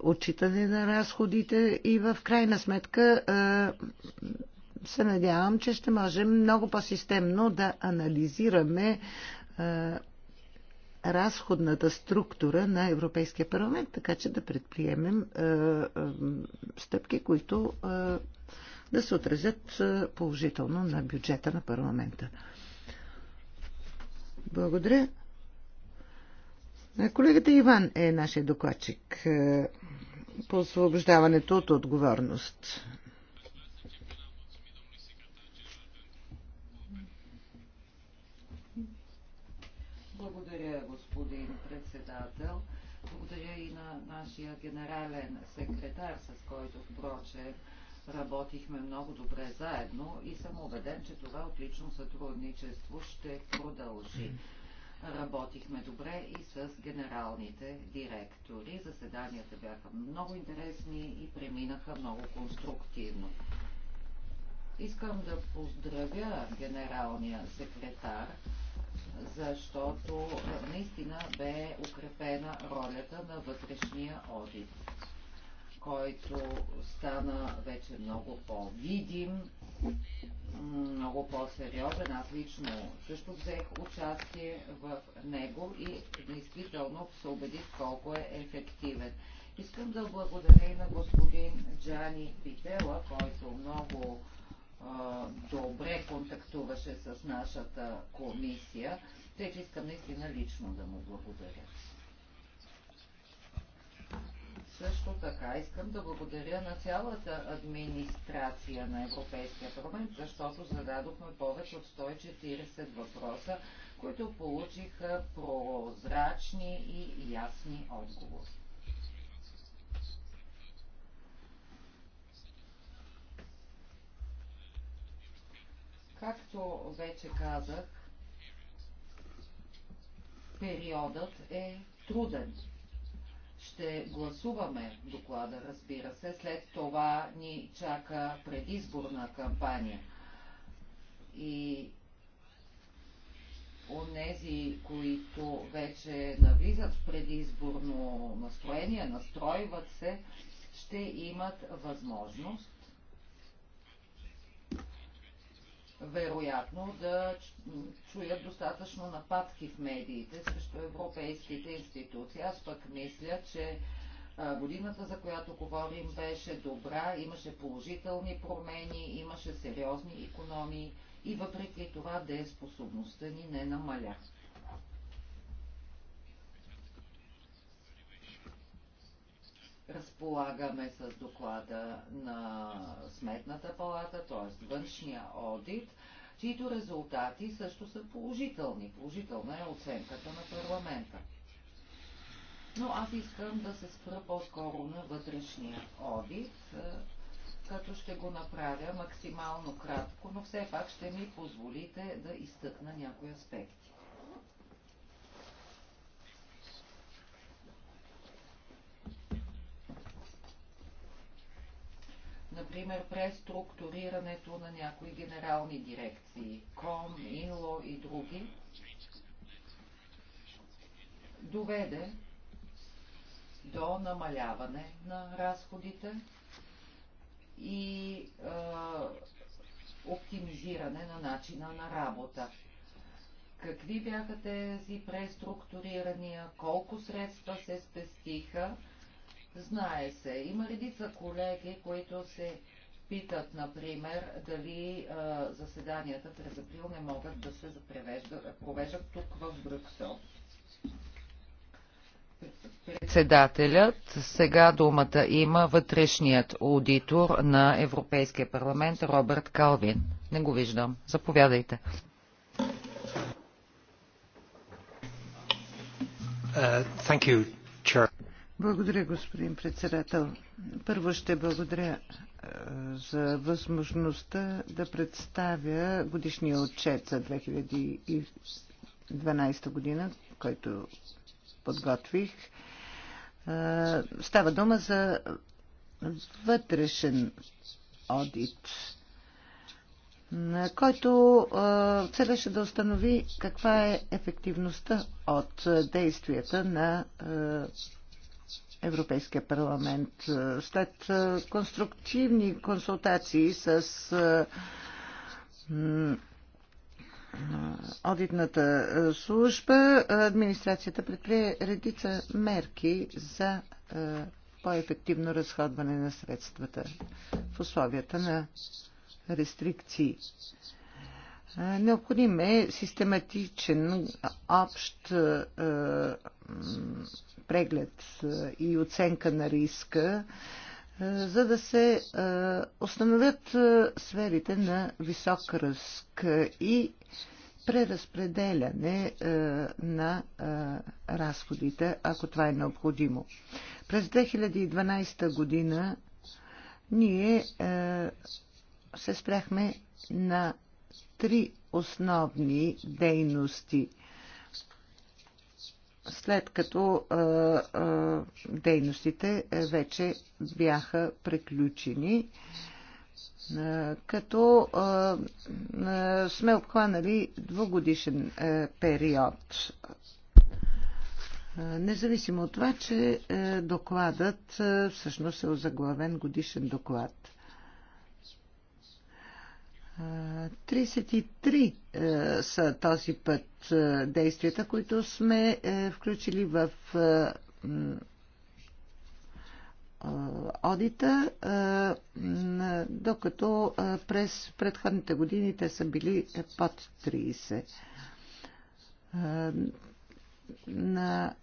отчитане на разходите и в крайна сметка се надявам, че ще можем много по-системно да анализираме разходната структура на Европейския парламент, така че да предприемем е, е, стъпки, които е, да се отразят положително на бюджета на парламента. Благодаря. Колегата Иван е нашия докладчик по освобождаването от отговорност. Благодаря, господин председател. Благодаря и на нашия генерален секретар, с който, впрочем, работихме много добре заедно и съм убеден, че това отлично сътрудничество ще продължи. Работихме добре и с генералните директори. Заседанията бяха много интересни и преминаха много конструктивно. Искам да поздравя генералния секретар защото наистина бе укрепена ролята на вътрешния одит, който стана вече много по-видим, много по-сериозен. Аз лично също взех участие в него и действително се убедих колко е ефективен. Искам да благодаря и на господин Джани Питела, който много добре контактуваше с нашата комисия, тъй че искам наистина лично да му благодаря. Също така искам да благодаря на цялата администрация на Европейския парламент, защото зададохме повече от 140 въпроса, които получиха прозрачни и ясни отговори. Както вече казах, периодът е труден. Ще гласуваме доклада, разбира се. След това ни чака предизборна кампания. И онези, които вече навлизат в предизборно настроение, настройват се, ще имат възможност вероятно да чуят достатъчно нападки в медиите срещу европейските институции. Аз пък мисля, че годината, за която говорим, беше добра, имаше положителни промени, имаше сериозни економии и въпреки това дееспособността ни не намаля. разполагаме с доклада на Сметната палата, т.е. външния одит, чието резултати също са положителни. Положителна е оценката на парламента. Но аз искам да се спра по-скоро на вътрешния одит, е, като ще го направя максимално кратко, но все пак ще ми позволите да изтъкна някои аспекти. Например, преструктурирането на някои генерални дирекции, КОМ, ИНЛО и други, доведе до намаляване на разходите и е, оптимизиране на начина на работа. Какви бяха тези преструктурирания, колко средства се спестиха Знае се, има редица колеги, които се питат, например, дали а, заседанията през април не могат да се провеждат тук в Брюксел. Председателят сега думата има вътрешният аудитор на Европейския парламент Робърт Калвин. Не го виждам. Заповядайте. Uh, thank you, Chair. Благодаря, господин председател. Първо ще благодаря е, за възможността да представя годишния отчет за 2012 година, който подготвих. Е, става дума за вътрешен одит, който е, целеше да установи каква е ефективността от действията на Европейския парламент. Е, След е, конструктивни консултации с е, Одитната служба, администрацията предприе редица мерки за по-ефективно разходване на средствата в условията на рестрикции. Необходим е систематичен общ преглед и оценка на риска, за да се установят сферите на висок ръск и преразпределяне на разходите, ако това е необходимо. През 2012 година ние се спряхме на три основни дейности след като а, а, дейностите е, вече бяха приключени, а, като а, а, сме обхванали двугодишен а, е, период. А, независимо от това, че а, е, докладът а, всъщност е озаглавен годишен доклад. 33 е, са този път е, действията, които сме е, включили в одита, докато през предходните години те са били под 30. На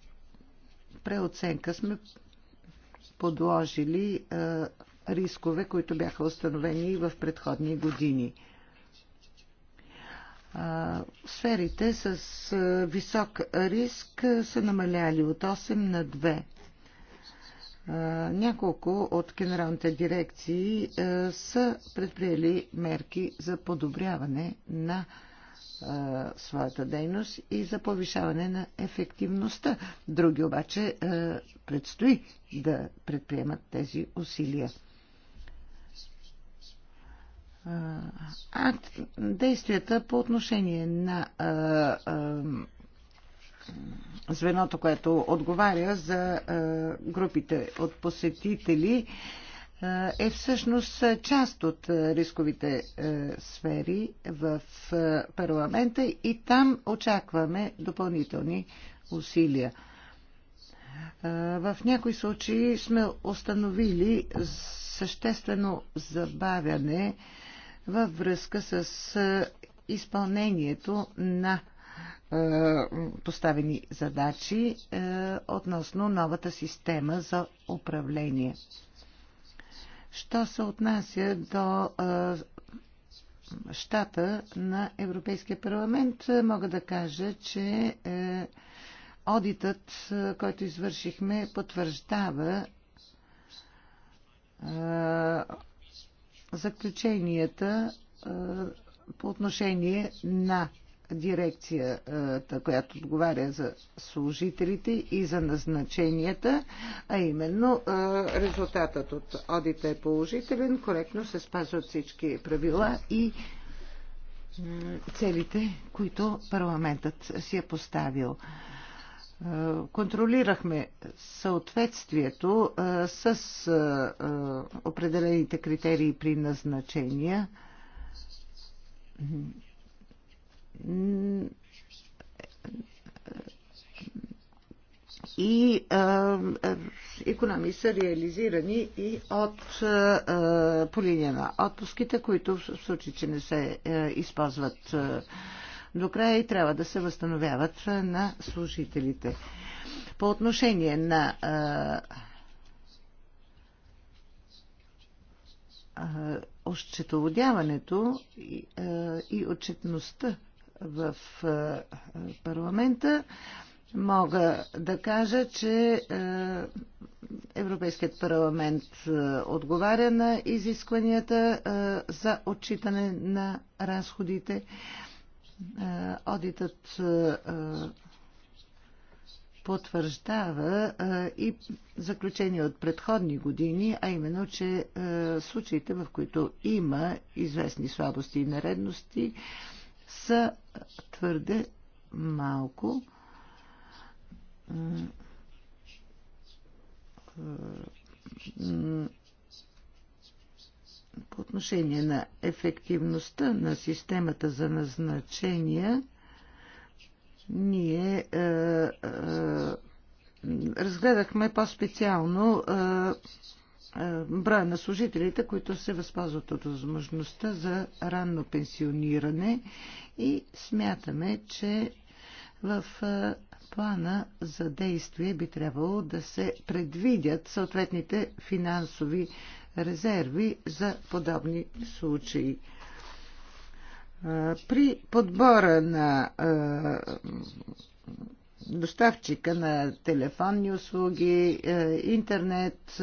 преоценка сме подложили рискове, които бяха установени и в предходни години. Сферите с висок риск са намаляли от 8 на 2. Няколко от генералните дирекции са предприели мерки за подобряване на своята дейност и за повишаване на ефективността. Други обаче предстои да предприемат тези усилия а, действията по отношение на а, а, звеното, което отговаря за а, групите от посетители, а, е всъщност част от рисковите а, сфери в а, парламента и там очакваме допълнителни усилия. В някои случаи сме установили съществено забавяне а, във връзка с изпълнението на поставени задачи относно новата система за управление. Що се отнася до щата на Европейския парламент, мога да кажа, че е, одитът, е, който извършихме, потвърждава е, заключенията по отношение на дирекцията, която отговаря за служителите и за назначенията, а именно резултатът от одита е положителен, коректно се спазват всички правила и целите, които парламентът си е поставил. Е, контролирахме съответствието е, с е, определените критерии при назначения. И економии са реализирани и от, по линия на отпуските, които в случай, че не се използват до края и трябва да се възстановяват на служителите. По отношение на Ощетоводяването и, и отчетността в парламента мога да кажа, че Европейският парламент отговаря на изискванията за отчитане на разходите. Е, одитът е, е, потвърждава и заключение от предходни години, а именно, че случаите, в които има известни слабости и наредности, са твърде малко по отношение на ефективността на системата за назначения, ние а, е, а, е, разгледахме по-специално е, броя на служителите, които се възползват от възможността за ранно пенсиониране и смятаме, че в а, плана за действие би трябвало да се предвидят съответните финансови резерви за подобни случаи. При подбора на доставчика на телефонни услуги, интернет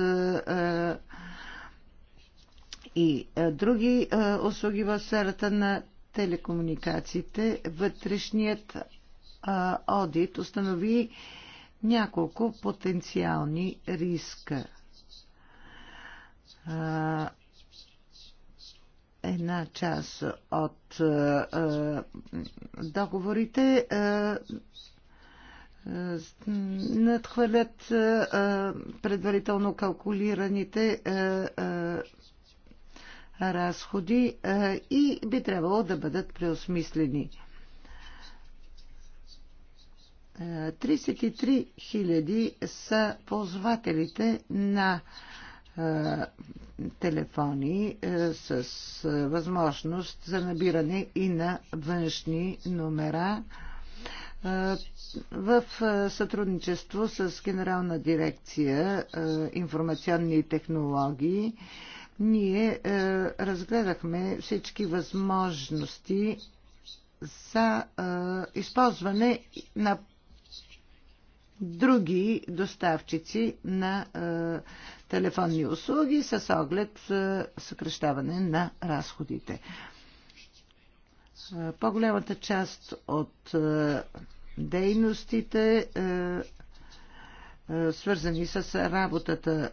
и други услуги в сферата на телекомуникациите, вътрешният одит установи няколко потенциални риска една част от договорите надхвърлят предварително калкулираните разходи и би трябвало да бъдат преосмислени. 33 000 са ползвателите на телефони с възможност за набиране и на външни номера в сътрудничество с Генерална дирекция информационни технологии. Ние разгледахме всички възможности за използване на други доставчици на телефонни услуги с оглед съкрещаване на разходите. По-голямата част от дейностите свързани с работата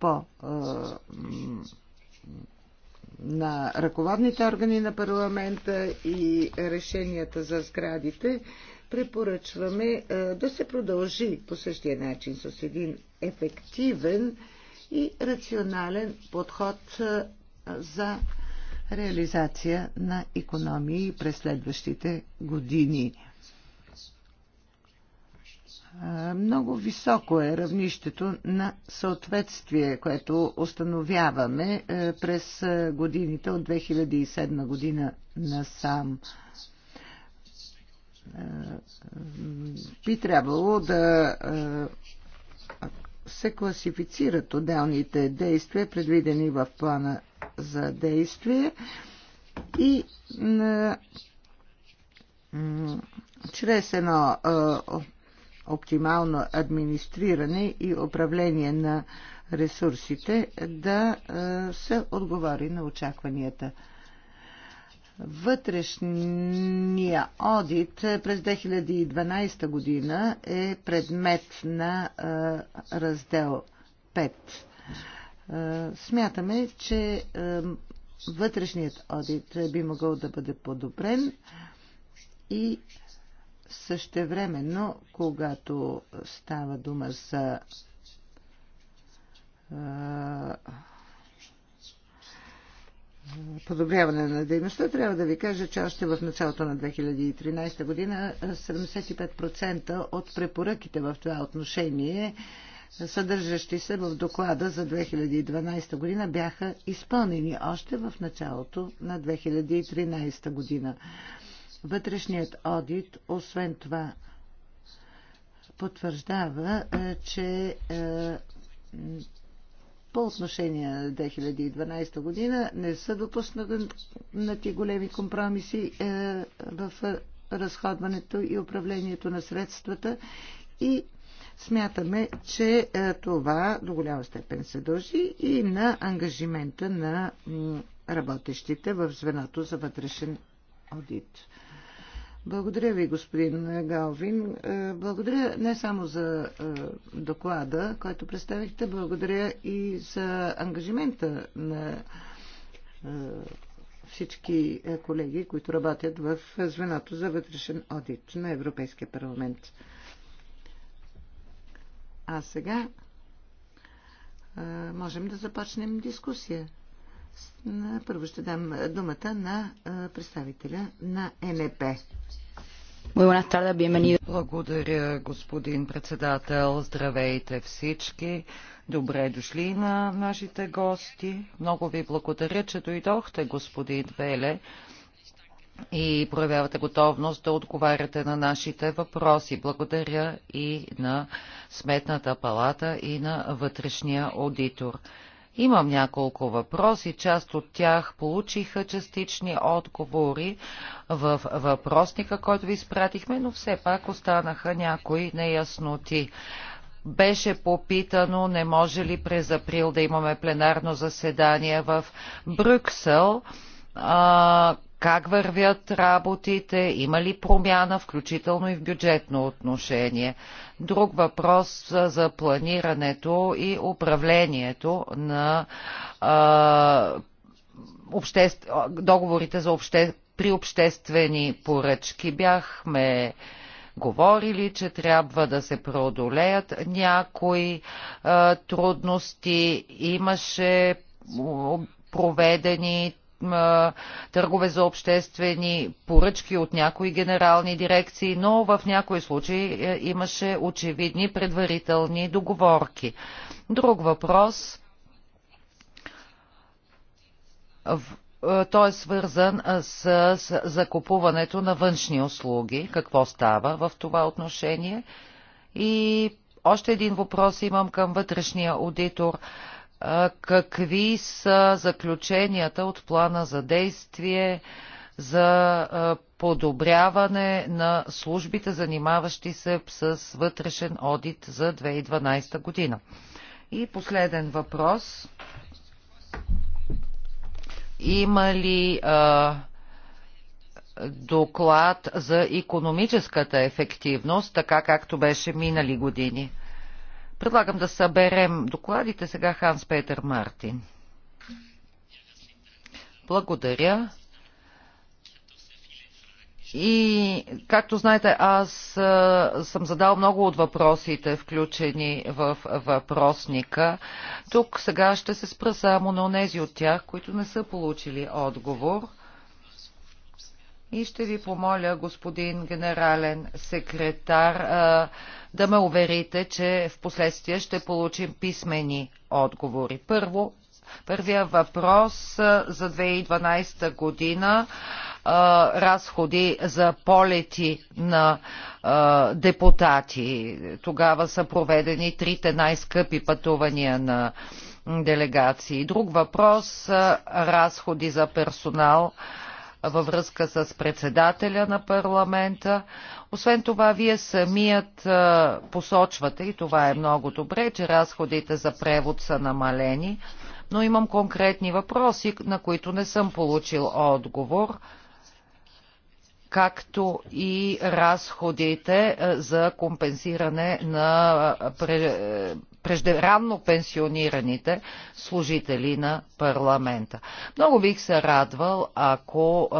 по на ръководните органи на парламента и решенията за сградите препоръчваме да се продължи по същия начин с един ефективен и рационален подход за реализация на економии през следващите години. Много високо е равнището на съответствие, което установяваме през годините от 2007 година насам. сам. Е, би трябвало да е, се класифицират отделните действия, предвидени в плана за действие и чрез едно е, оптимално администриране и управление на ресурсите да се отговори на очакванията. Вътрешния одит през 2012 година е предмет на раздел 5. Смятаме, че вътрешният одит би могъл да бъде подобрен и същевременно, когато става дума за подобряване на дейността, трябва да ви кажа, че още в началото на 2013 година 75% от препоръките в това отношение, съдържащи се в доклада за 2012 година, бяха изпълнени още в началото на 2013 година. Вътрешният одит, освен това, потвърждава, че по отношение на 2012 година не са допуснати големи компромиси е, в разходването и управлението на средствата и смятаме, че е, това до голяма степен се дължи и на ангажимента на работещите в звеното за вътрешен аудит. Благодаря ви, господин Галвин. Е, благодаря не само за е, доклада, който представихте, благодаря и за ангажимента на е, всички колеги, които работят в звеното за вътрешен одит на Европейския парламент. А сега можем да започнем дискусия. Първо ще дам думата на представителя на НП. Благодаря, господин председател. Здравейте всички. Добре дошли на нашите гости. Много ви благодаря, че дойдохте, господин Веле и проявявате готовност да отговаряте на нашите въпроси. Благодаря и на Сметната палата и на вътрешния аудитор. Имам няколко въпроси, част от тях получиха частични отговори в въпросника, който ви изпратихме, но все пак останаха някои неясноти. Беше попитано, не може ли през април да имаме пленарно заседание в Брюксел, а, как вървят работите, има ли промяна, включително и в бюджетно отношение. Друг въпрос за планирането и управлението на а, обществ... договорите за обще... при обществени поръчки. Бяхме говорили, че трябва да се преодолеят някои а, трудности. Имаше проведени търгове за обществени поръчки от някои генерални дирекции, но в някои случаи е, имаше очевидни предварителни договорки. Друг въпрос е, той е свързан с, закупуването на външни услуги. Какво става в това отношение? И още един въпрос имам към вътрешния аудитор какви са заключенията от плана за действие за подобряване на службите, занимаващи се с вътрешен одит за 2012 година. И последен въпрос. Има ли а, доклад за економическата ефективност, така както беше минали години? Предлагам да съберем докладите сега Ханс Петър Мартин. Благодаря. И, както знаете, аз а, съм задал много от въпросите, включени в въпросника. Тук сега ще се спра само на онези от тях, които не са получили отговор. И ще ви помоля, господин генерален секретар, да ме уверите, че в последствие ще получим писмени отговори. Първо, първия въпрос за 2012 година разходи за полети на депутати. Тогава са проведени трите най-скъпи пътувания на делегации. Друг въпрос – разходи за персонал – във връзка с председателя на парламента. Освен това, вие самият посочвате, и това е много добре, че разходите за превод са намалени, но имам конкретни въпроси, на които не съм получил отговор както и разходите за компенсиране на преждеранно пенсионираните служители на парламента. Много бих се радвал, ако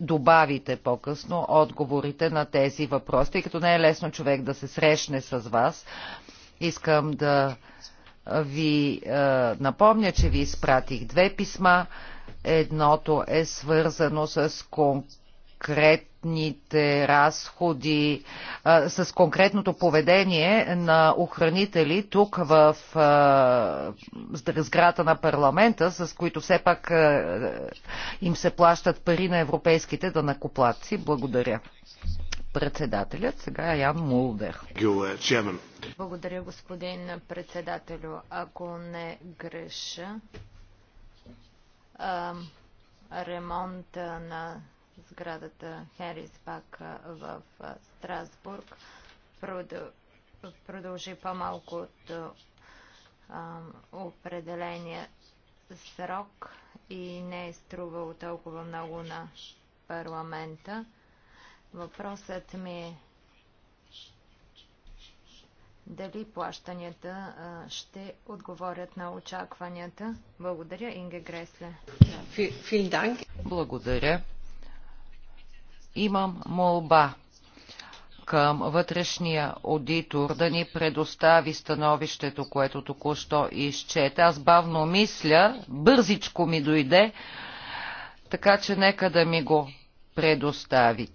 добавите по-късно отговорите на тези въпроси, тъй като не е лесно човек да се срещне с вас. Искам да ви е, напомня, че ви изпратих две писма. Едното е свързано с конкурс конкретните разходи, а, с конкретното поведение на охранители тук в а, сграда на парламента, с които все пак а, им се плащат пари на европейските данакоплатци. Благодаря. Председателят сега е Ян Мулдер. Благодаря, господин председателю. Ако не греша, ремонта на сградата Херис пак в Страсбург продължи по-малко от определения срок и не е струвал толкова много на парламента. Въпросът ми е дали плащанията ще отговорят на очакванията. Благодаря, Инге Гресле. Благодаря. Имам молба към вътрешния аудитор да ни предостави становището, което току-що изчете. Аз бавно мисля, бързичко ми дойде, така че нека да ми го предостави.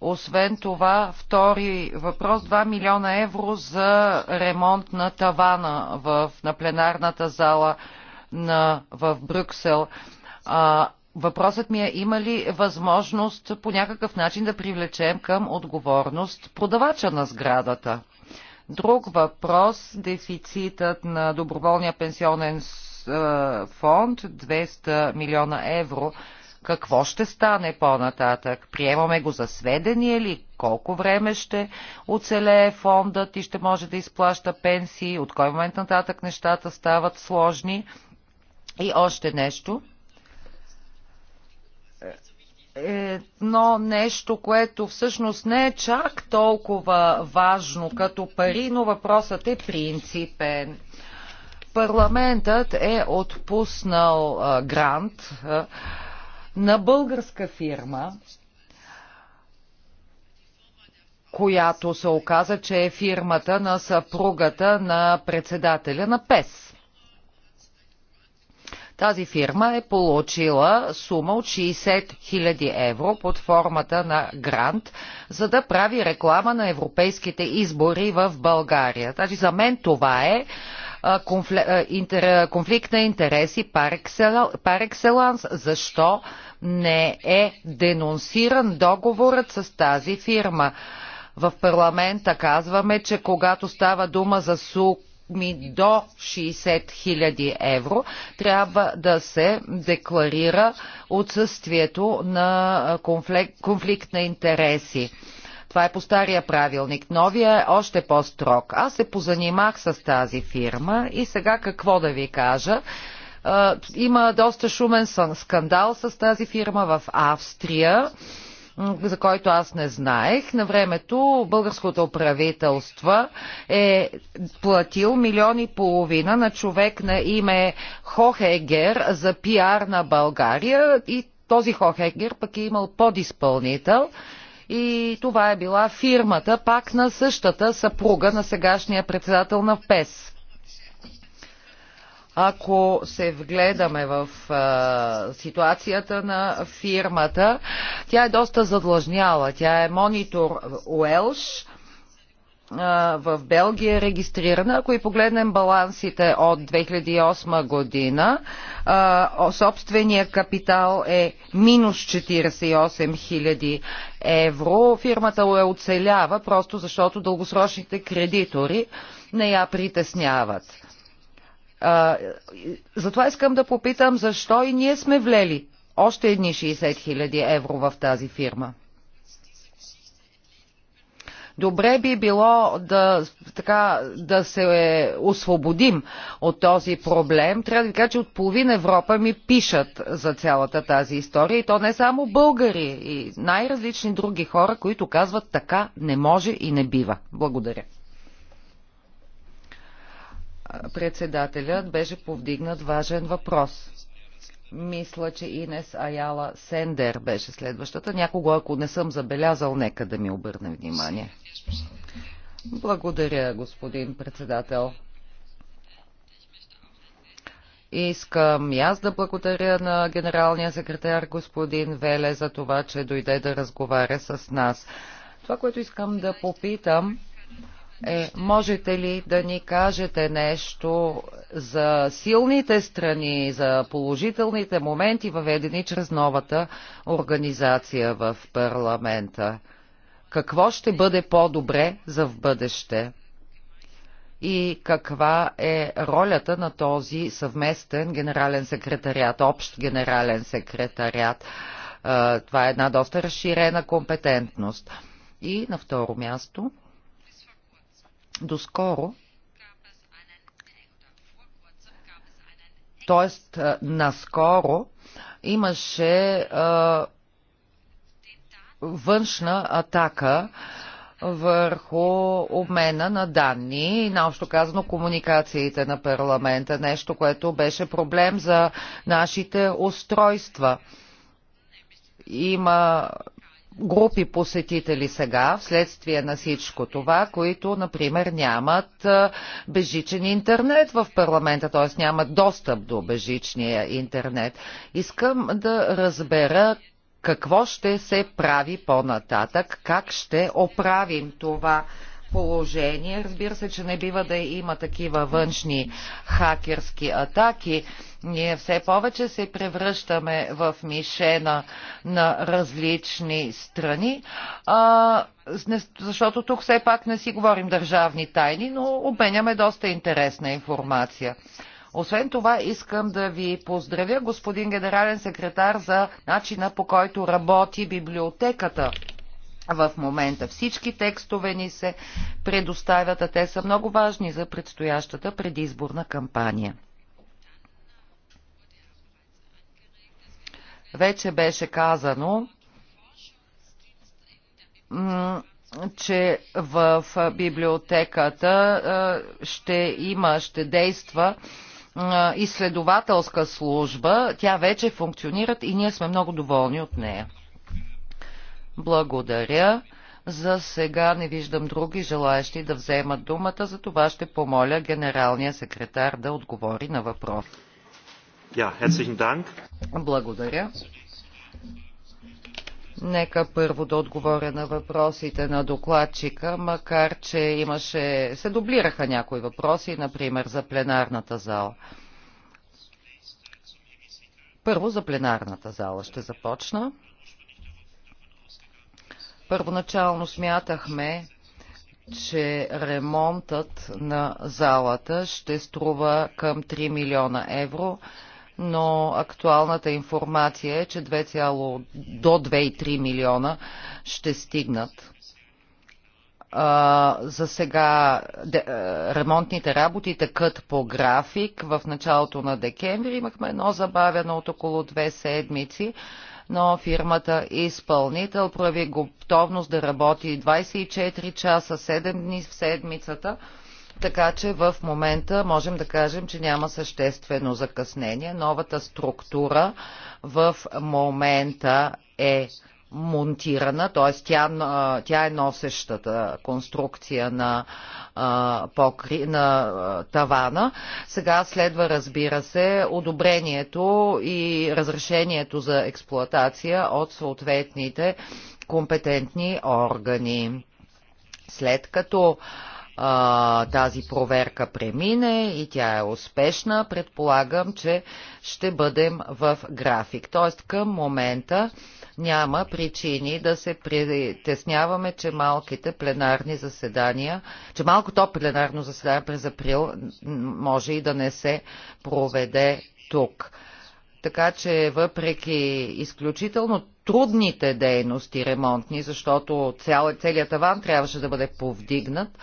Освен това, втори въпрос, 2 милиона евро за ремонт на тавана в, на пленарната зала на, в Брюксел. А, Въпросът ми е има ли възможност по някакъв начин да привлечем към отговорност продавача на сградата. Друг въпрос – дефицитът на доброволния пенсионен е, фонд 200 милиона евро. Какво ще стане по-нататък? Приемаме го за сведение ли? Колко време ще оцелее фондът и ще може да изплаща пенсии? От кой момент нататък нещата стават сложни? И още нещо – едно нещо, което всъщност не е чак толкова важно като пари, но въпросът е принципен. Парламентът е отпуснал а, грант а, на българска фирма, която се оказа, че е фирмата на съпругата на председателя на ПЕС. Тази фирма е получила сума от 60 000 евро под формата на грант, за да прави реклама на европейските избори в България. Значи за мен това е конфликт на интереси пар екселанс. Защо не е денонсиран договорът с тази фирма? В парламента казваме, че когато става дума за сук ми до 60 000 евро, трябва да се декларира отсъствието на конфликт, конфликт на интереси. Това е по стария правилник. Новия е още по-строг. Аз се позанимах с тази фирма и сега какво да ви кажа? Има доста шумен скандал с тази фирма в Австрия за който аз не знаех. На времето българското правителство е платил милион и половина на човек на име Хохегер за пиар на България и този Хохегер пък е имал подизпълнител и това е била фирмата пак на същата съпруга на сегашния председател на ПЕС ако се вгледаме в а, ситуацията на фирмата, тя е доста задлъжняла. Тя е монитор Уелш в Белгия е регистрирана. Ако и погледнем балансите от 2008 година, собственият капитал е минус 48 000 евро. Фирмата е оцелява просто защото дългосрочните кредитори не я притесняват. А, затова искам да попитам, защо и ние сме влели още едни 60 000 евро в тази фирма. Добре би било да, така, да се освободим от този проблем. Трябва да ви кажа, че от половина Европа ми пишат за цялата тази история и то не само българи и най-различни други хора, които казват така не може и не бива. Благодаря председателят беше повдигнат важен въпрос. Мисля, че Инес Аяла Сендер беше следващата. Някого, ако не съм забелязал, нека да ми обърне внимание. Благодаря, господин председател. Искам и аз да благодаря на генералния секретар господин Веле за това, че дойде да разговаря с нас. Това, което искам да попитам, е, можете ли да ни кажете нещо за силните страни, за положителните моменти, въведени чрез новата организация в парламента? Какво ще бъде по-добре за в бъдеще? И каква е ролята на този съвместен генерален секретарят, общ генерален секретарят? Е, това е една доста разширена компетентност. И на второ място – доскоро, т.е. наскоро, имаше а, външна атака върху обмена на данни и наобщо казано комуникациите на парламента, нещо, което беше проблем за нашите устройства. Има групи посетители сега, вследствие на всичко това, които, например, нямат бежичен интернет в парламента, т.е. нямат достъп до бежичния интернет. Искам да разбера какво ще се прави по-нататък, как ще оправим това положение. Разбира се, че не бива да има такива външни хакерски атаки. Ние все повече се превръщаме в мишена на различни страни, а, защото тук все пак не си говорим държавни тайни, но обменяме доста интересна информация. Освен това, искам да ви поздравя, господин генерален секретар, за начина по който работи библиотеката. В момента всички текстове ни се предоставят, а те са много важни за предстоящата предизборна кампания. Вече беше казано, че в библиотеката ще има, ще действа изследователска служба. Тя вече функционира и ние сме много доволни от нея. Благодаря. За сега не виждам други желаящи да вземат думата, за това ще помоля генералния секретар да отговори на въпрос. Dank. Благодаря. Нека първо да отговоря на въпросите на докладчика, макар че имаше, се дублираха някои въпроси, например за пленарната зала. Първо за пленарната зала ще започна. Първоначално смятахме, че ремонтът на залата ще струва към 3 милиона евро, но актуалната информация е, че 2, до 2,3 милиона ще стигнат. А, за сега де, ремонтните работи тъкат по график. В началото на декември имахме едно забавено от около две седмици но фирмата изпълнител прояви готовност да работи 24 часа, 7 дни в седмицата, така че в момента можем да кажем, че няма съществено закъснение. Новата структура в момента е монтирана, т.е. Тя, тя е носещата конструкция на, покри, на тавана. Сега следва, разбира се, одобрението и разрешението за експлоатация от съответните компетентни органи. След като а, тази проверка премине и тя е успешна, предполагам, че ще бъдем в график. Тоест към момента няма причини да се притесняваме, че малките пленарни заседания, че малкото пленарно заседание през април може и да не се проведе тук. Така че въпреки изключително трудните дейности ремонтни, защото цял, целият таван трябваше да бъде повдигнат,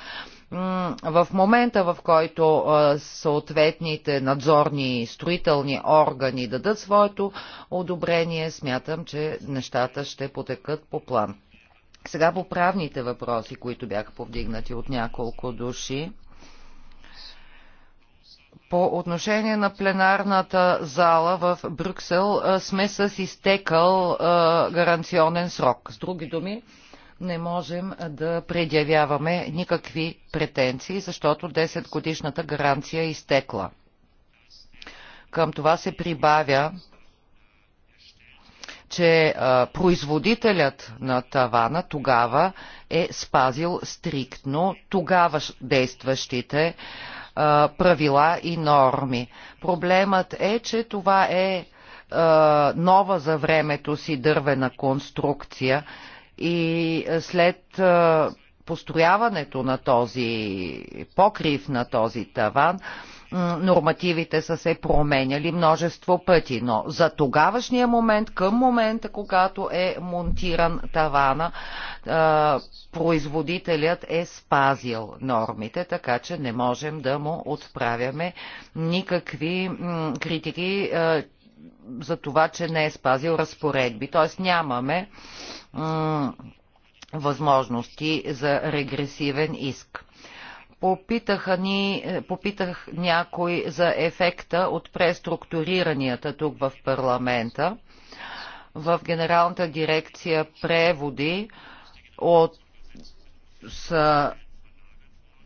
в момента, в който съответните надзорни строителни органи дадат своето одобрение, смятам, че нещата ще потекат по план. Сега по правните въпроси, които бяха повдигнати от няколко души. По отношение на пленарната зала в Брюксел сме с изтекал гаранционен срок. С други думи, не можем да предявяваме никакви претенции, защото 10 годишната гаранция е изтекла. Към това се прибавя, че а, производителят на тавана тогава е спазил стриктно тогава действащите а, правила и норми. Проблемът е, че това е а, нова за времето си дървена конструкция, и е, след е, построяването на този покрив, на този таван, нормативите са се променяли множество пъти, но за тогавашния момент, към момента, когато е монтиран тавана, е, производителят е спазил нормите, така че не можем да му отправяме никакви критики, за това, че не е спазил разпоредби. Т.е. нямаме възможности за регресивен иск. Попитаха ни, е, попитах някой за ефекта от преструктуриранията тук в парламента. В Генералната дирекция преводи от са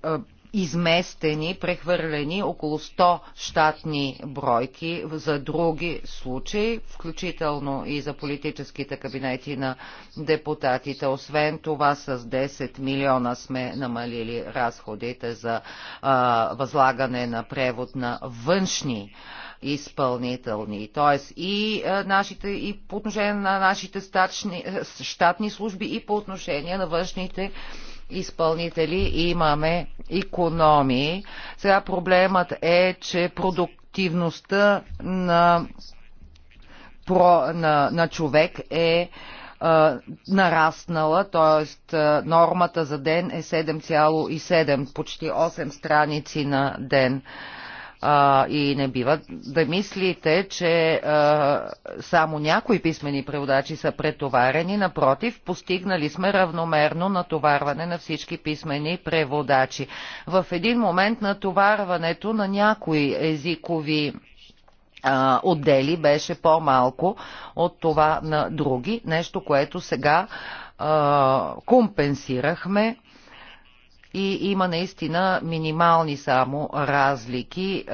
е, изместени, прехвърлени около 100 щатни бройки за други случаи, включително и за политическите кабинети на депутатите. Освен това с 10 милиона сме намалили разходите за а, възлагане на превод на външни изпълнителни. Тоест и, нашите, и по отношение на нашите стачни, щатни служби, и по отношение на външните изпълнители имаме економии. Сега проблемът е, че продуктивността на, про, на, на човек е а, нараснала, т.е. нормата за ден е 7,7, почти 8 страници на ден. А, а, и не бива да мислите, че а, само някои писмени преводачи са претоварени. Напротив, постигнали сме равномерно натоварване на всички писмени преводачи. В един момент натоварването на някои езикови отдели беше по-малко от това на други, нещо, което сега а, компенсирахме и има наистина минимални само разлики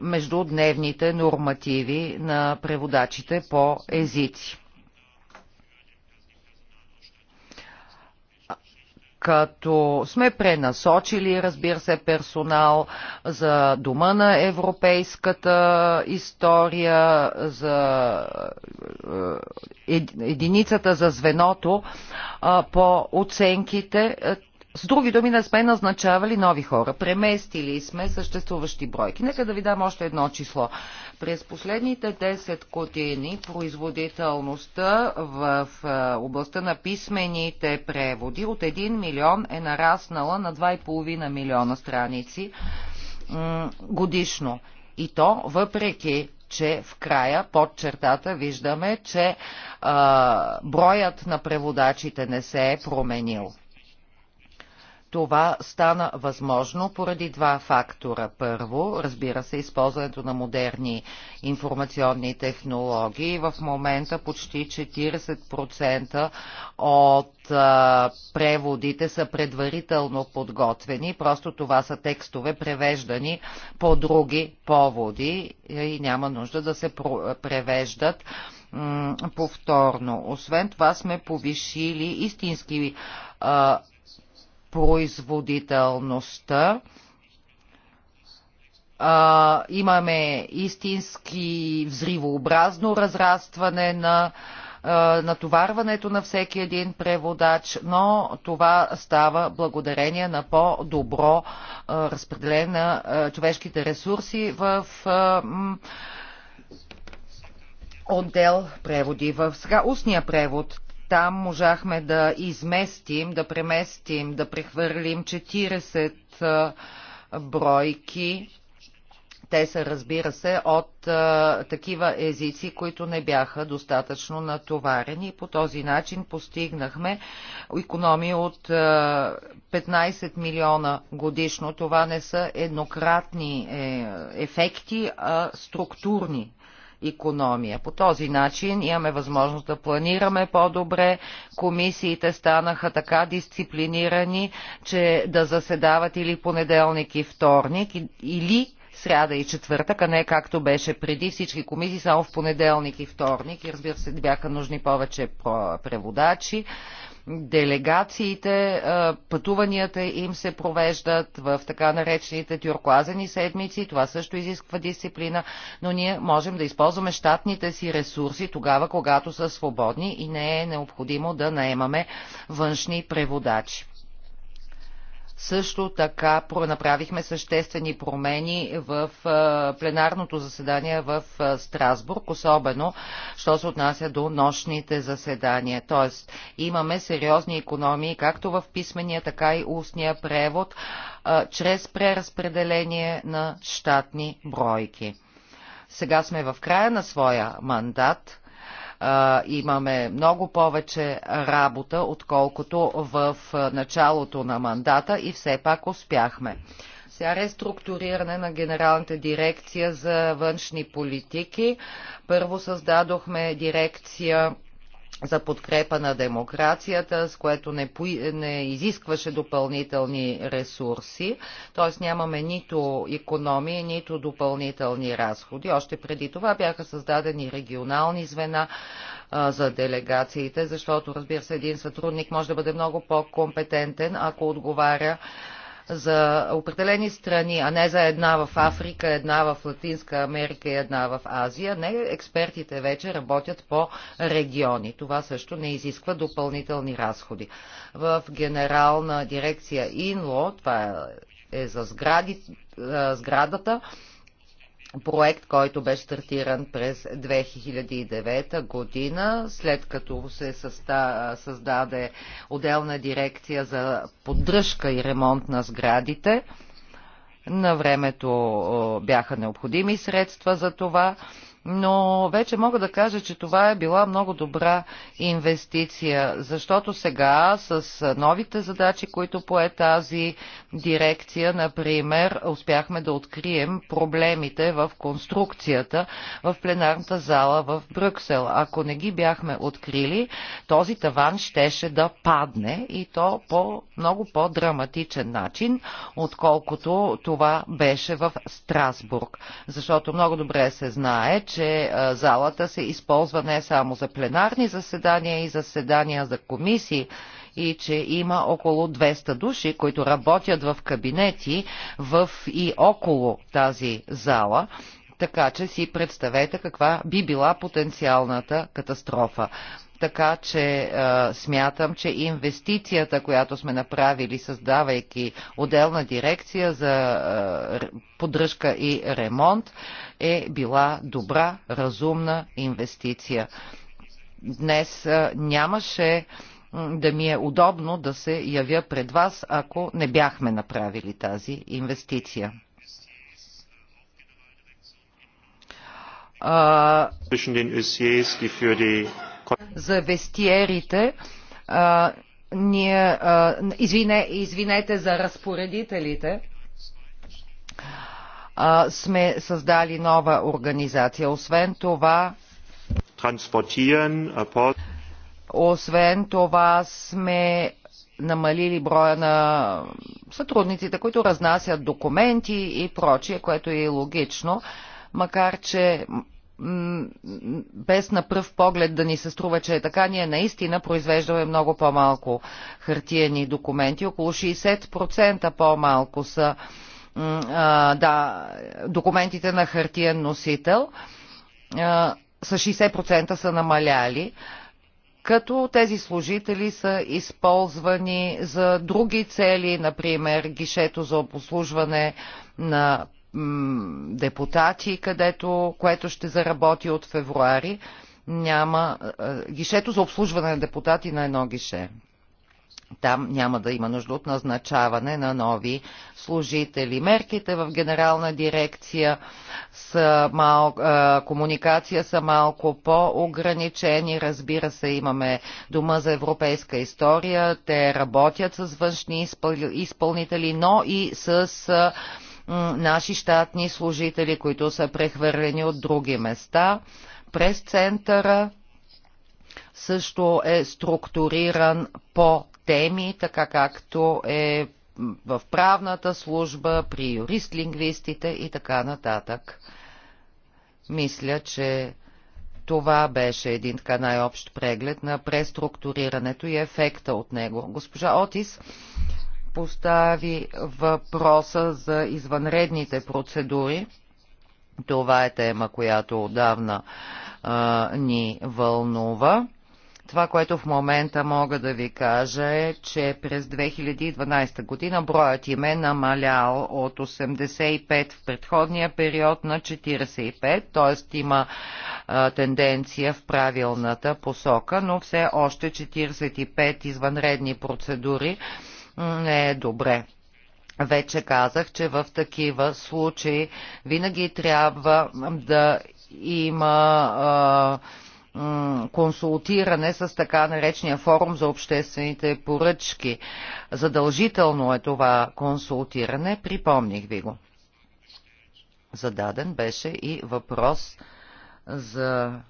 между дневните нормативи на преводачите по езици. като сме пренасочили, разбира се, персонал за дома на европейската история, за е, е, единицата за звеното по оценките, е, с други думи, не сме назначавали нови хора. Преместили сме съществуващи бройки. Нека да ви дам още едно число. През последните 10 години производителността в областта на писмените преводи от 1 милион е нараснала на 2,5 милиона страници годишно. И то въпреки че в края под чертата виждаме, че а, броят на преводачите не се е променил. Това стана възможно поради два фактора. Първо, разбира се, използването на модерни информационни технологии. В момента почти 40% от а, преводите са предварително подготвени. Просто това са текстове превеждани по други поводи и няма нужда да се превеждат повторно. Освен това сме повишили истински производителността. А, имаме истински взривообразно разрастване на а, натоварването на всеки един преводач, но това става благодарение на по-добро разпределение на а, човешките ресурси в а, м, отдел преводи. В сега устния превод там можахме да изместим, да преместим, да прехвърлим 40 бройки те са, разбира се, от а, такива езици, които не бяха достатъчно натоварени. по този начин постигнахме економии от а, 15 милиона годишно. Това не са еднократни е, ефекти, а структурни економия. По този начин имаме възможност да планираме по-добре. Комисиите станаха така дисциплинирани, че да заседават или понеделник и вторник, или сряда и четвъртък, а не както беше преди всички комисии, само в понеделник и вторник. И разбира се, бяха нужни повече преводачи делегациите, пътуванията им се провеждат в така наречените тюркуазени седмици. Това също изисква дисциплина, но ние можем да използваме щатните си ресурси тогава, когато са свободни и не е необходимо да наемаме външни преводачи. Също така направихме съществени промени в пленарното заседание в Страсбург, особено, що се отнася до нощните заседания. Тоест, имаме сериозни економии, както в писмения, така и устния превод, чрез преразпределение на щатни бройки. Сега сме в края на своя мандат а, имаме много повече работа, отколкото в началото на мандата и все пак успяхме. Сега реструктуриране на Генералната дирекция за външни политики. Първо създадохме дирекция за подкрепа на демокрацията, с което не, по... не изискваше допълнителни ресурси, т.е. нямаме нито економии, нито допълнителни разходи. Още преди това бяха създадени регионални звена а, за делегациите, защото, разбира се, един сътрудник може да бъде много по-компетентен, ако отговаря за определени страни, а не за една в Африка, една в Латинска Америка и една в Азия. Не, експертите вече работят по региони. Това също не изисква допълнителни разходи. В генерална дирекция ИНЛО, това е за сгради, сградата, проект, който беше стартиран през 2009 година, след като се създаде отделна дирекция за поддръжка и ремонт на сградите. На времето бяха необходими средства за това но вече мога да кажа, че това е била много добра инвестиция, защото сега с новите задачи, които пое тази дирекция, например, успяхме да открием проблемите в конструкцията в пленарната зала в Брюксел. Ако не ги бяхме открили, този таван щеше да падне и то по много по-драматичен начин, отколкото това беше в Страсбург. Защото много добре се знае, че залата се използва не само за пленарни заседания и заседания за комисии, и че има около 200 души, които работят в кабинети в и около тази зала. Така че си представете каква би била потенциалната катастрофа. Така че а, смятам, че инвестицията, която сме направили, създавайки отделна дирекция за а, поддръжка и ремонт, е била добра, разумна инвестиция. Днес а, нямаше да ми е удобно да се явя пред вас, ако не бяхме направили тази инвестиция. А, за вестиерите. А, ние, а, извине, извинете за разпоредителите. А, сме създали нова организация. Освен това, освен това сме намалили броя на сътрудниците, които разнасят документи и прочие, което е логично, макар че без на пръв поглед да ни се струва, че е така, ние наистина произвеждаме много по-малко хартиени документи. Около 60% по-малко са да, документите на хартиен носител. С 60% са намаляли като тези служители са използвани за други цели, например гишето за обслужване на депутати, където, което ще заработи от февруари. Няма е, е, гишето за обслужване на депутати на едно гише. Там няма да има нужда от назначаване на нови служители. Мерките в генерална дирекция с мал, е, комуникация са малко по-ограничени. Разбира се, имаме Дома за европейска история. Те работят с външни изпъл... изпълнители, но и с Е, наши щатни служители, които са прехвърлени от други места. През центъра също е структуриран по теми, така както е в правната служба, при юрист-лингвистите и така нататък. Мисля, че това беше един така най-общ преглед на преструктурирането и ефекта от него. Госпожа Отис постави въпроса за извънредните процедури. Това е тема, която отдавна а, ни вълнува. Това, което в момента мога да ви кажа е, че през 2012 година броят им е намалял от 85 в предходния период на 45, т.е. има а, тенденция в правилната посока, но все още 45 извънредни процедури не е добре. Вече казах, че в такива случаи винаги трябва да има консултиране с така наречения форум за обществените поръчки. Задължително е това консултиране, припомних ви го. Зададен беше и въпрос за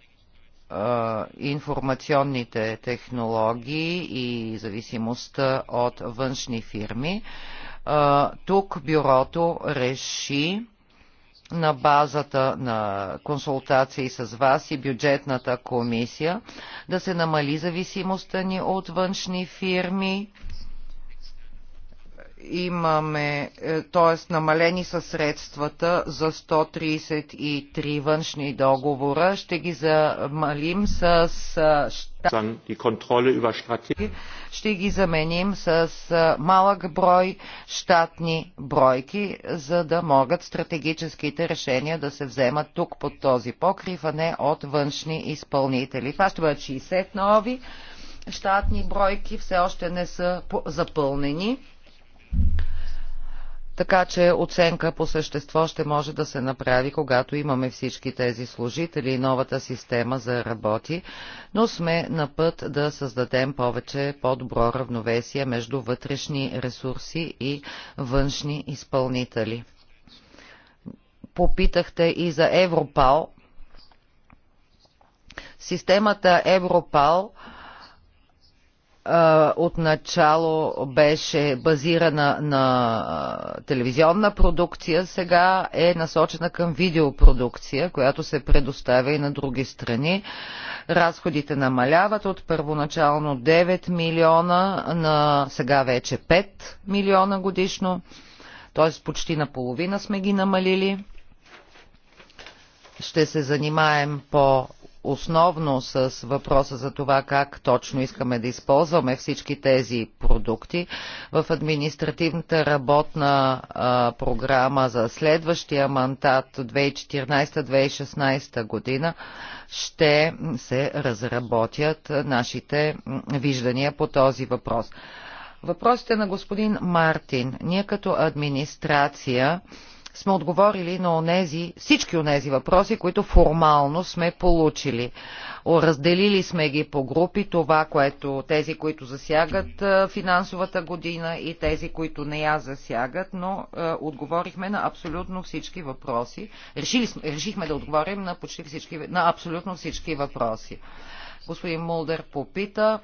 информационните технологии и зависимостта от външни фирми. Тук бюрото реши на базата на консултации с вас и бюджетната комисия да се намали зависимостта ни от външни фирми имаме, т.е. намалени са средствата за 133 външни договора. Ще ги замалим с... Ще ги заменим с малък брой щатни бройки, за да могат стратегическите решения да се вземат тук под този покрив, а не от външни изпълнители. Това ще бъдат 60 нови щатни бройки, все още не са запълнени. Така че оценка по същество ще може да се направи, когато имаме всички тези служители и новата система за работи, но сме на път да създадем повече по-добро равновесие между вътрешни ресурси и външни изпълнители. Попитахте и за Европал. Системата Европал – отначало беше базирана на телевизионна продукция, сега е насочена към видеопродукция, която се предоставя и на други страни. Разходите намаляват от първоначално 9 милиона на сега вече 5 милиона годишно, т.е. почти наполовина сме ги намалили. Ще се занимаем по основно с въпроса за това как точно искаме да използваме всички тези продукти. В административната работна програма за следващия мандат 2014-2016 година ще се разработят нашите виждания по този въпрос. Въпросите на господин Мартин. Ние като администрация сме отговорили на онези, всички онези въпроси, които формално сме получили. Разделили сме ги по групи, това, което тези, които засягат финансовата година и тези, които не я засягат, но е, отговорихме на абсолютно всички въпроси. Решили, решихме да отговорим на, почти всички, на абсолютно всички въпроси. Господин Мулдер попита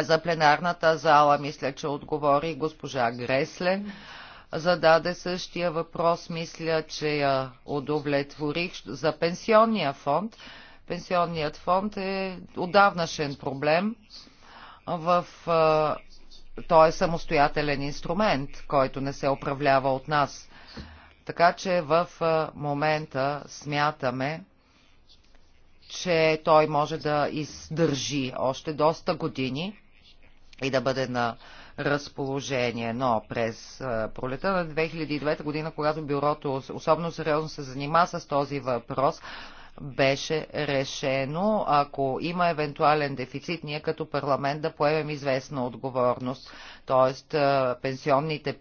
за пленарната зала, мисля, че отговори госпожа Гресле. Mm-hmm зададе същия въпрос, мисля, че я удовлетворих за пенсионния фонд. Пенсионният фонд е отдавнашен проблем в той е самостоятелен инструмент, който не се управлява от нас. Така че в момента смятаме, че той може да издържи още доста години и да бъде на разположение. Но през пролета на 2009 година, когато бюрото особено сериозно се занима с този въпрос, беше решено, ако има евентуален дефицит, ние като парламент да поемем известна отговорност. Тоест, е, пенсионните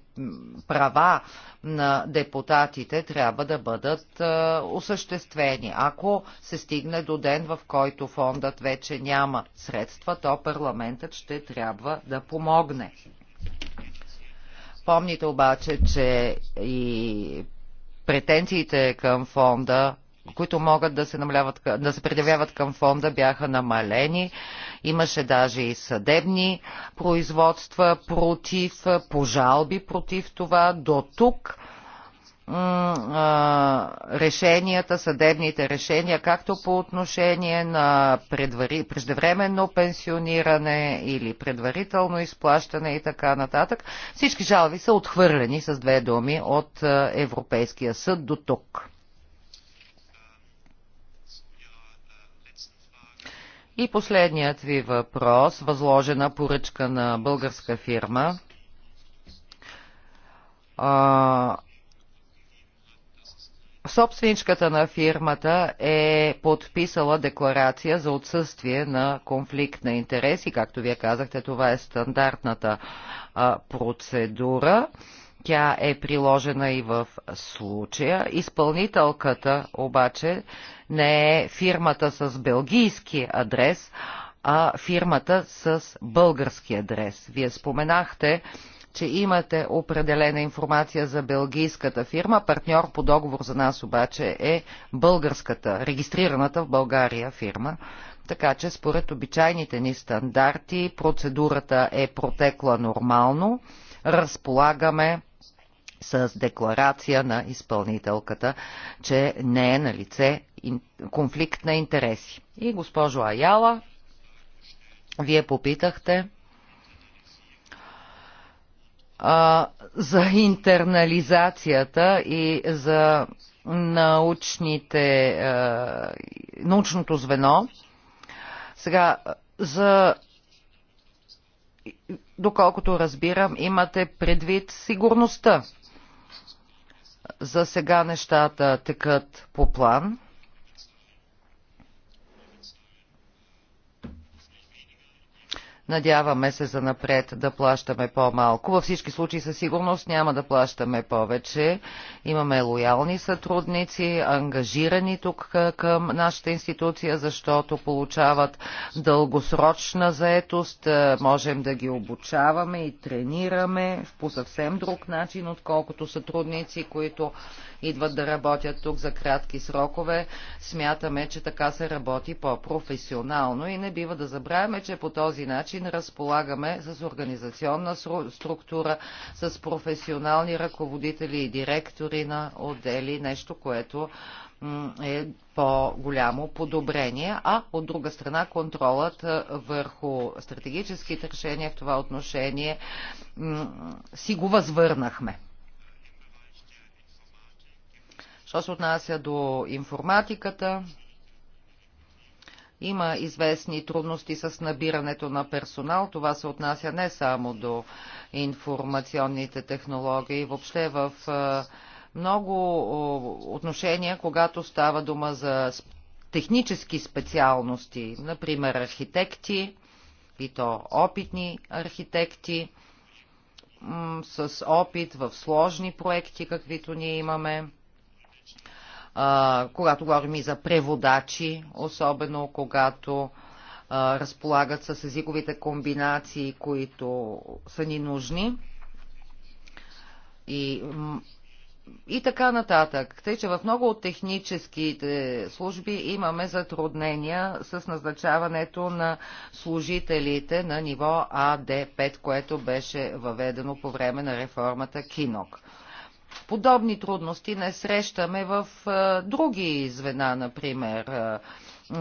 права на депутатите трябва да бъдат е, осъществени. Ако се стигне до ден, в който фондът вече няма средства, то парламентът ще трябва да помогне. Помните обаче, че и претенциите към фонда които могат да се, намаляват, да се предявяват към фонда, бяха намалени. Имаше даже и съдебни производства против, пожалби против това. До тук решенията, съдебните решения, както по отношение на предвари, преждевременно пенсиониране или предварително изплащане и така нататък. Всички жалби са отхвърлени с две думи от Европейския съд до тук. И последният ви въпрос, възложена поръчка на българска фирма. А, собственичката на фирмата е подписала декларация за отсъствие на конфликт на интереси. Както вие казахте, това е стандартната а, процедура. А, тя е приложена и в случая. Изпълнителката обаче не е фирмата с белгийски адрес, а фирмата с български адрес. Вие споменахте, че имате определена информация за белгийската фирма. Партньор по договор за нас обаче е българската, регистрираната в България фирма. Така че според обичайните ни стандарти процедурата е протекла нормално. Разполагаме с декларация на изпълнителката, че не е на лице конфликт на интереси. И госпожо Аяла, вие попитахте а, за интернализацията и за научните, а, научното звено. Сега, за доколкото разбирам, имате предвид сигурността за сега нещата текат по план. Надяваме се за напред да плащаме по-малко. Във всички случаи със сигурност няма да плащаме повече. Имаме лоялни сътрудници, ангажирани тук към нашата институция, защото получават дългосрочна заетост. Е, можем да ги обучаваме и тренираме по съвсем друг начин, отколкото сътрудници, които идват да работят тук за кратки срокове. Смятаме, че така се работи по-професионално и не бива да забравяме, че по този начин начин разполагаме с организационна структура, с професионални ръководители и директори на отдели, нещо, което е по-голямо подобрение, а от друга страна контролът върху стратегическите решения в това отношение си го възвърнахме. Що се отнася до информатиката, има известни трудности с набирането на персонал. Това се отнася не само до информационните технологии. Въобще в много отношения, когато става дума за технически специалности, например архитекти, и то опитни архитекти, с опит в сложни проекти, каквито ние имаме а, когато говорим и за преводачи, особено когато а, разполагат с езиковите комбинации, които са ни нужни. И и така нататък. Тъй, че в много от техническите служби имаме затруднения с назначаването на служителите на ниво АД5, което беше въведено по време на реформата КИНОК. Подобни трудности не срещаме в е, други звена, например е,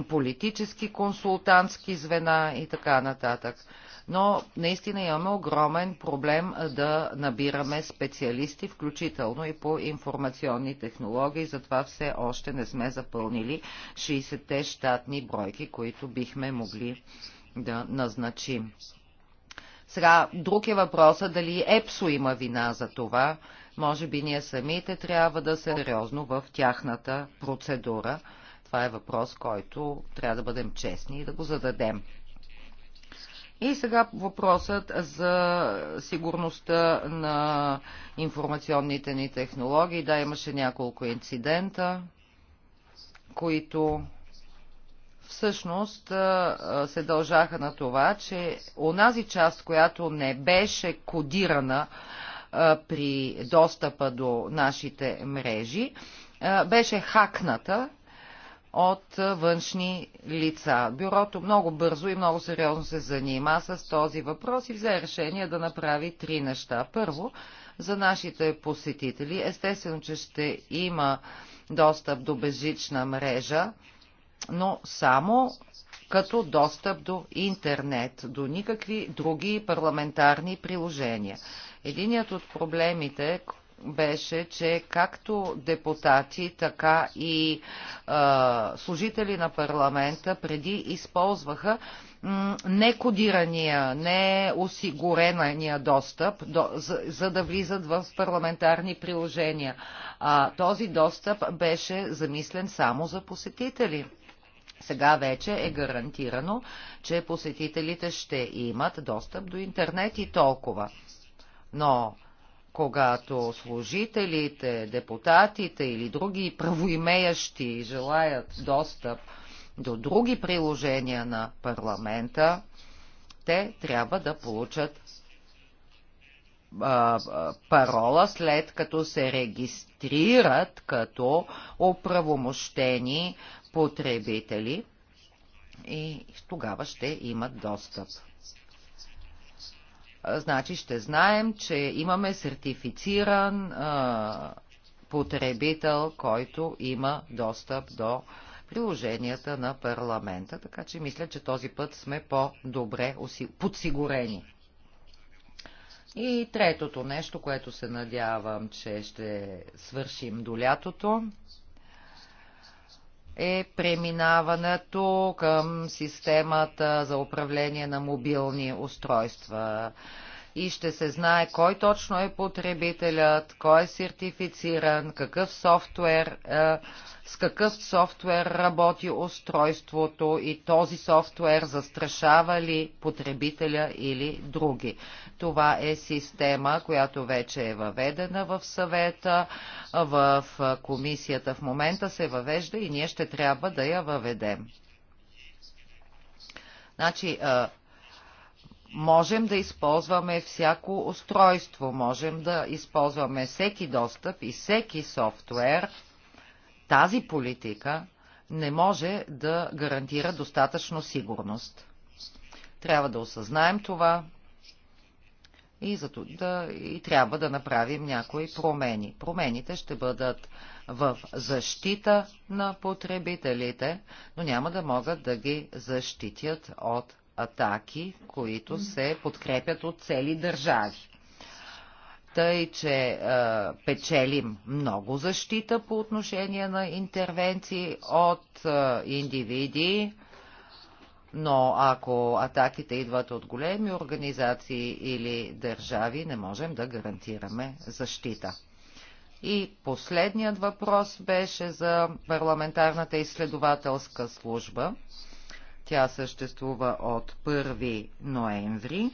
политически консултантски звена и така нататък. Но наистина имаме огромен проблем е, да набираме специалисти, включително и по информационни технологии, затова все още не сме запълнили 60-те щатни бройки, които бихме могли да назначим. Сега, друг е въпросът дали ЕПСО има вина за това може би ние самите трябва да се сериозно в тяхната процедура. Това е въпрос, който трябва да бъдем честни и да го зададем. И сега въпросът за сигурността на информационните ни технологии. Да, имаше няколко инцидента, които всъщност се дължаха на това, че онази част, която не беше кодирана при достъпа до нашите мрежи, беше хакната от външни лица. Бюрото много бързо и много сериозно се занима с този въпрос и взе решение да направи три неща. Първо, за нашите посетители, естествено, че ще има достъп до безжична мрежа, но само като достъп до интернет, до никакви други парламентарни приложения. Единият от проблемите беше, че както депутати, така и а, служители на парламента преди използваха некодирания, неосигурения достъп, до, за, за да влизат в парламентарни приложения. А, този достъп беше замислен само за посетители. Сега вече е гарантирано, че посетителите ще имат достъп до интернет и толкова. Но когато служителите, депутатите или други правоимеящи желаят достъп до други приложения на парламента, те трябва да получат парола след като се регистрират като оправомощени потребители и тогава ще имат достъп значи ще знаем, че имаме сертифициран а, потребител, който има достъп до приложенията на парламента, така че мисля, че този път сме по-добре подсигурени. И третото нещо, което се надявам, че ще свършим до лятото, е преминаването към системата за управление на мобилни устройства и ще се знае кой точно е потребителят, кой е сертифициран, какъв софтуер, е, с какъв софтуер работи устройството и този софтуер застрашава ли потребителя или други. Това е система, която вече е въведена в съвета, в комисията в момента се въвежда и ние ще трябва да я въведем. Значи, е, можем да използваме всяко устройство, можем да използваме всеки достъп и всеки софтуер, тази политика не може да гарантира достатъчно сигурност. Трябва да осъзнаем това и, зато, да, и трябва да направим някои промени. Промените ще бъдат в защита на потребителите, но няма да могат да ги защитят от атаки, които се подкрепят от цели държави. Тъй, че е, печелим много защита по отношение на интервенции от е, индивиди, но ако атаките идват от големи организации или държави, не можем да гарантираме защита. И последният въпрос беше за парламентарната изследователска служба. Тя съществува от 1 ноември.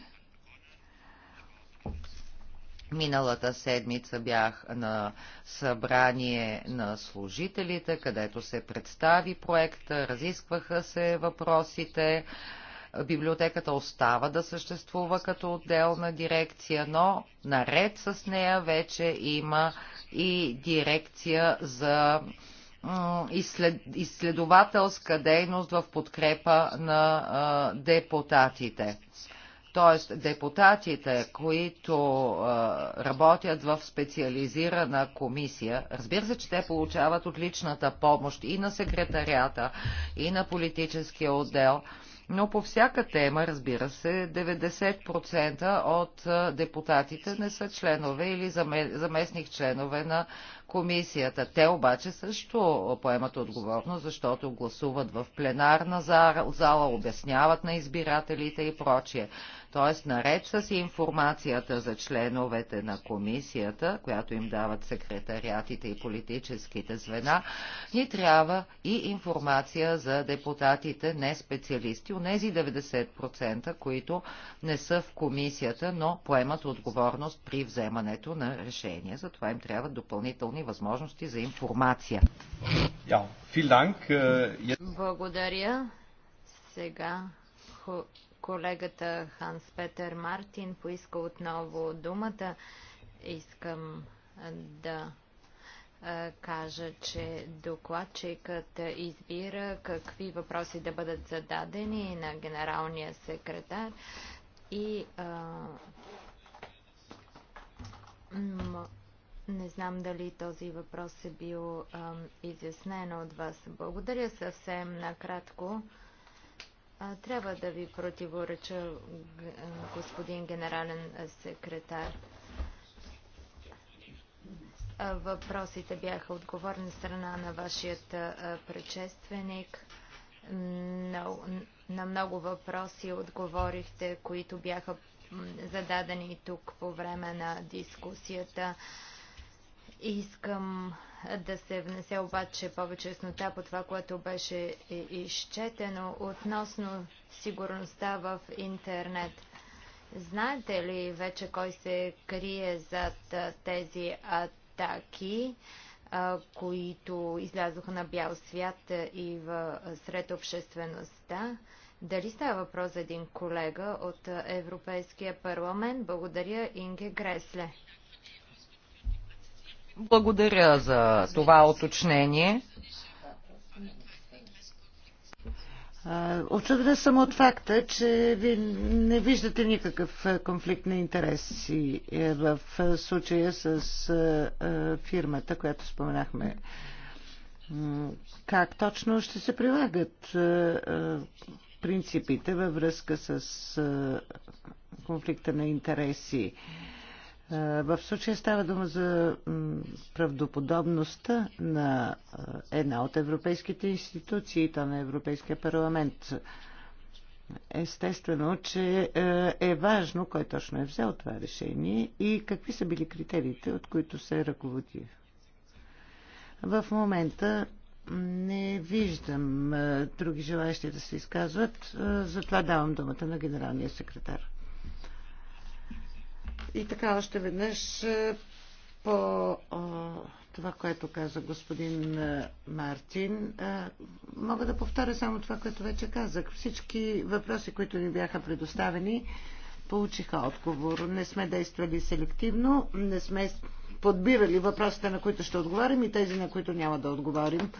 Миналата седмица бях на събрание на служителите, където се представи проекта, разискваха се въпросите. Библиотеката остава да съществува като отделна дирекция, но наред с нея вече има и дирекция за изследователска дейност в подкрепа на депутатите. Тоест депутатите, които работят в специализирана комисия, разбира се, че те получават отличната помощ и на секретарията, и на политическия отдел, но по всяка тема, разбира се, 90% от депутатите не са членове или заместник членове на комисията. Те обаче също поемат отговорност, защото гласуват в пленарна зала, обясняват на избирателите и прочие. Т.е. наред с информацията за членовете на комисията, която им дават секретариатите и политическите звена, ни трябва и информация за депутатите, не специалисти, у нези 90%, които не са в комисията, но поемат отговорност при вземането на решения. Затова им трябват допълнителни възможности за информация. Äh, Благодаря. Сега Колегата Ханс Петър Мартин поиска отново думата. Искам да кажа, че докладчикът избира какви въпроси да бъдат зададени на генералния секретар и не знам дали този въпрос е бил а, изяснен от вас. Благодаря съвсем накратко. Трябва да ви противореча, господин генерален секретар. Въпросите бяха отговорни страна на вашият предшественик. На много въпроси отговорихте, които бяха зададени тук по време на дискусията. Искам да се внесе обаче повече яснота по това, което беше изчетено относно сигурността в интернет. Знаете ли вече кой се крие зад тези атаки, които излязоха на бял свят и в... сред обществеността? Дали става въпрос за един колега от Европейския парламент? Благодаря, Инге Гресле. Благодаря за това оточнение. Очудена съм от факта, че ви не виждате никакъв конфликт на интереси е, в случая с фирмата, която споменахме. Как точно ще се прилагат принципите във връзка с конфликта на интереси? Е, в случая става дума за правдоподобността на е, една от европейските институции, то на Европейския парламент. Естествено, че е, е важно кой точно е взел това решение и какви са били критериите, от които се е ръководи. В момента не виждам други желаящи да се изказват, затова давам думата на генералния секретар. И така още веднъж е, по това, което каза господин е, Мартин. Е, мога да повторя само това, което вече казах. Всички въпроси, които ни бяха предоставени, получиха отговор. Не сме действали селективно, не сме подбирали въпросите, на които ще отговорим и тези, на които няма да отговорим.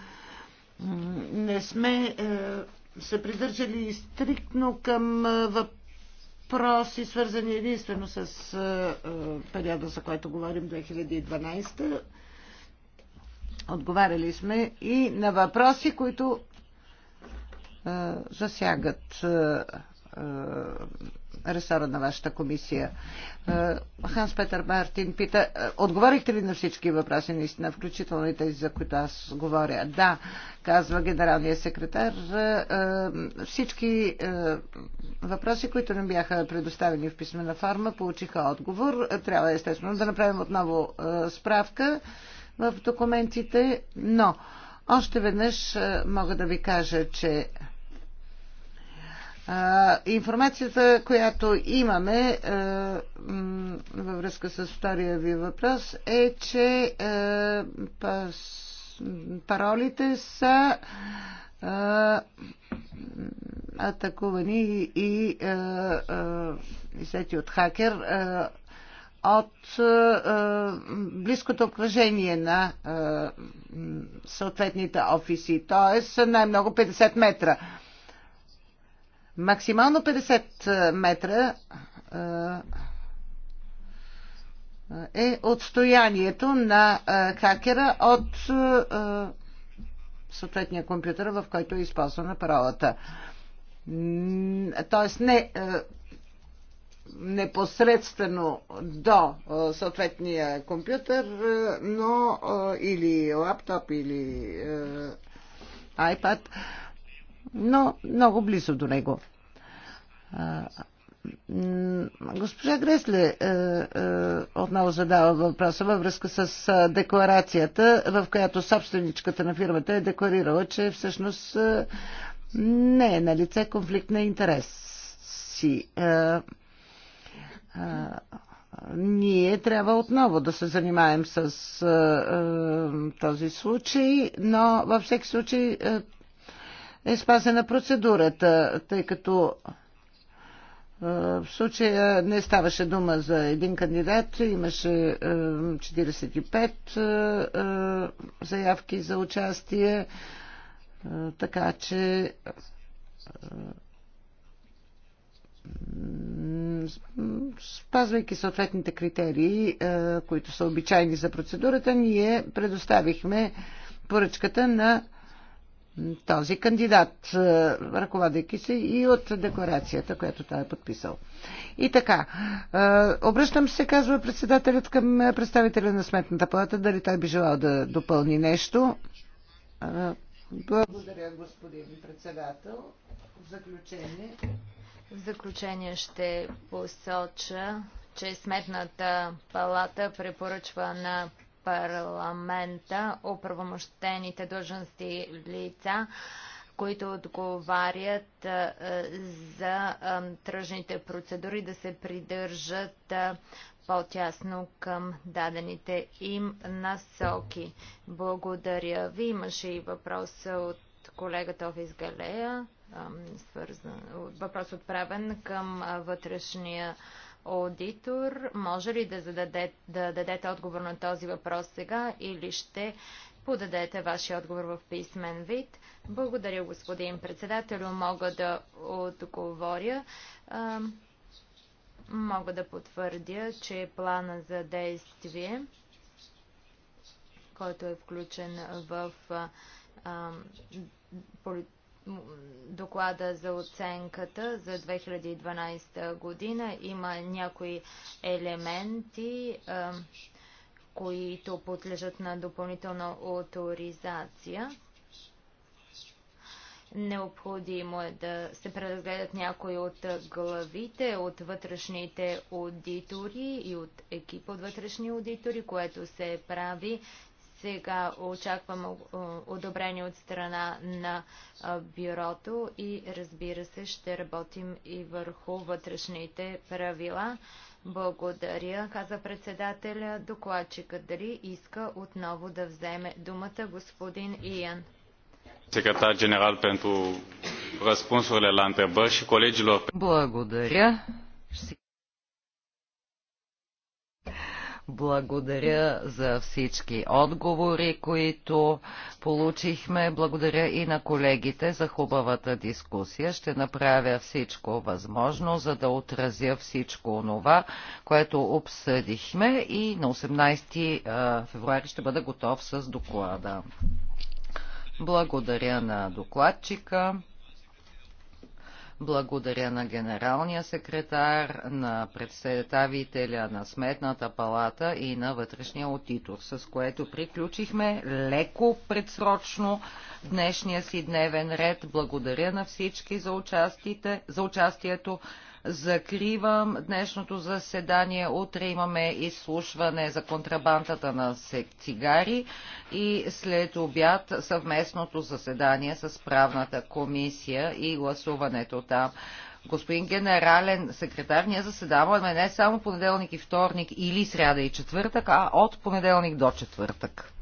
Не сме се придържали стриктно към въпросите, въпроси, свързани единствено с периода, за който говорим 2012. Отговаряли сме и на въпроси, които засягат ресора на вашата комисия. Е, Ханс Петър Мартин пита, е, отговорихте ли на всички въпроси, наистина, включително и тези, за които аз говоря? Да, казва генералния секретар. Е, всички въпроси, които не бяха предоставени в писмена форма, получиха отговор. Трябва естествено да направим отново справка в документите, но още веднъж мога да ви кажа, че информацията, която имаме във връзка с втория ви въпрос е, че паролите са атакувани и изети от хакер от близкото обкръжение на съответните офиси, т.е. най-много 50 метра Максимално 50 е, метра е, е отстоянието на е, хакера от съответния компютър, в който е използвана паролата. Тоест не непосредствено до съответния компютър, но или лаптоп, или iPad, но много близо до него. Госпожа Гресле е, е, отново задава въпроса във връзка с е, декларацията, в която собственичката на фирмата е декларирала, че всъщност не е на лице конфликт на интереси. Ние трябва отново да се занимаем с този случай, но във всеки случай е спазена процедурата, тъй като в случая не ставаше дума за един кандидат, имаше 45 заявки за участие, така че спазвайки съответните критерии, които са обичайни за процедурата, ние предоставихме поръчката на този кандидат, е, ръководейки се и от декларацията, която той е подписал. И така, е, обръщам се, казва председателят към представителя на Сметната палата, дали той би желал да допълни нещо. Е, благодаря, господин председател. В заключение. В заключение ще посоча, че Сметната палата препоръчва на парламента оправомощените длъжности лица, които отговарят за тръжните процедури да се придържат по-тясно към дадените им насоки. Благодаря ви. Имаше и въпрос от колегата Офис Галея, въпрос отправен към вътрешния аудитор. Може ли да, зададе, да дадете отговор на този въпрос сега или ще подадете вашия отговор в писмен вид? Благодаря, господин председател, Мога да отговоря. Мога да потвърдя, че плана за действие, който е включен в доклада за оценката за 2012 година има някои елементи, които подлежат на допълнителна авторизация. Необходимо е да се преразгледат някои от главите, от вътрешните аудитори и от екипа от вътрешни аудитори, което се прави сега очаквам одобрение от страна на бюрото и разбира се ще работим и върху вътрешните правила. Благодаря, каза председателя. Докладчика дали иска отново да вземе думата господин Иян. Секретар генерал пенту răspunsurile la întrebări și colegilor. Благодаря. Благодаря за всички отговори, които получихме. Благодаря и на колегите за хубавата дискусия. Ще направя всичко възможно, за да отразя всичко онова, което обсъдихме и на 18 февруари ще бъда готов с доклада. Благодаря на докладчика. Благодаря на генералния секретар, на представителя на Сметната палата и на вътрешния отитор, с което приключихме леко предсрочно днешния си дневен ред. Благодаря на всички за, за участието. Закривам днешното заседание. Утре имаме изслушване за контрабандата на цигари и след обяд съвместното заседание с правната комисия и гласуването там. Господин генерален секретар, ние заседаваме не само понеделник и вторник или сряда и четвъртък, а от понеделник до четвъртък.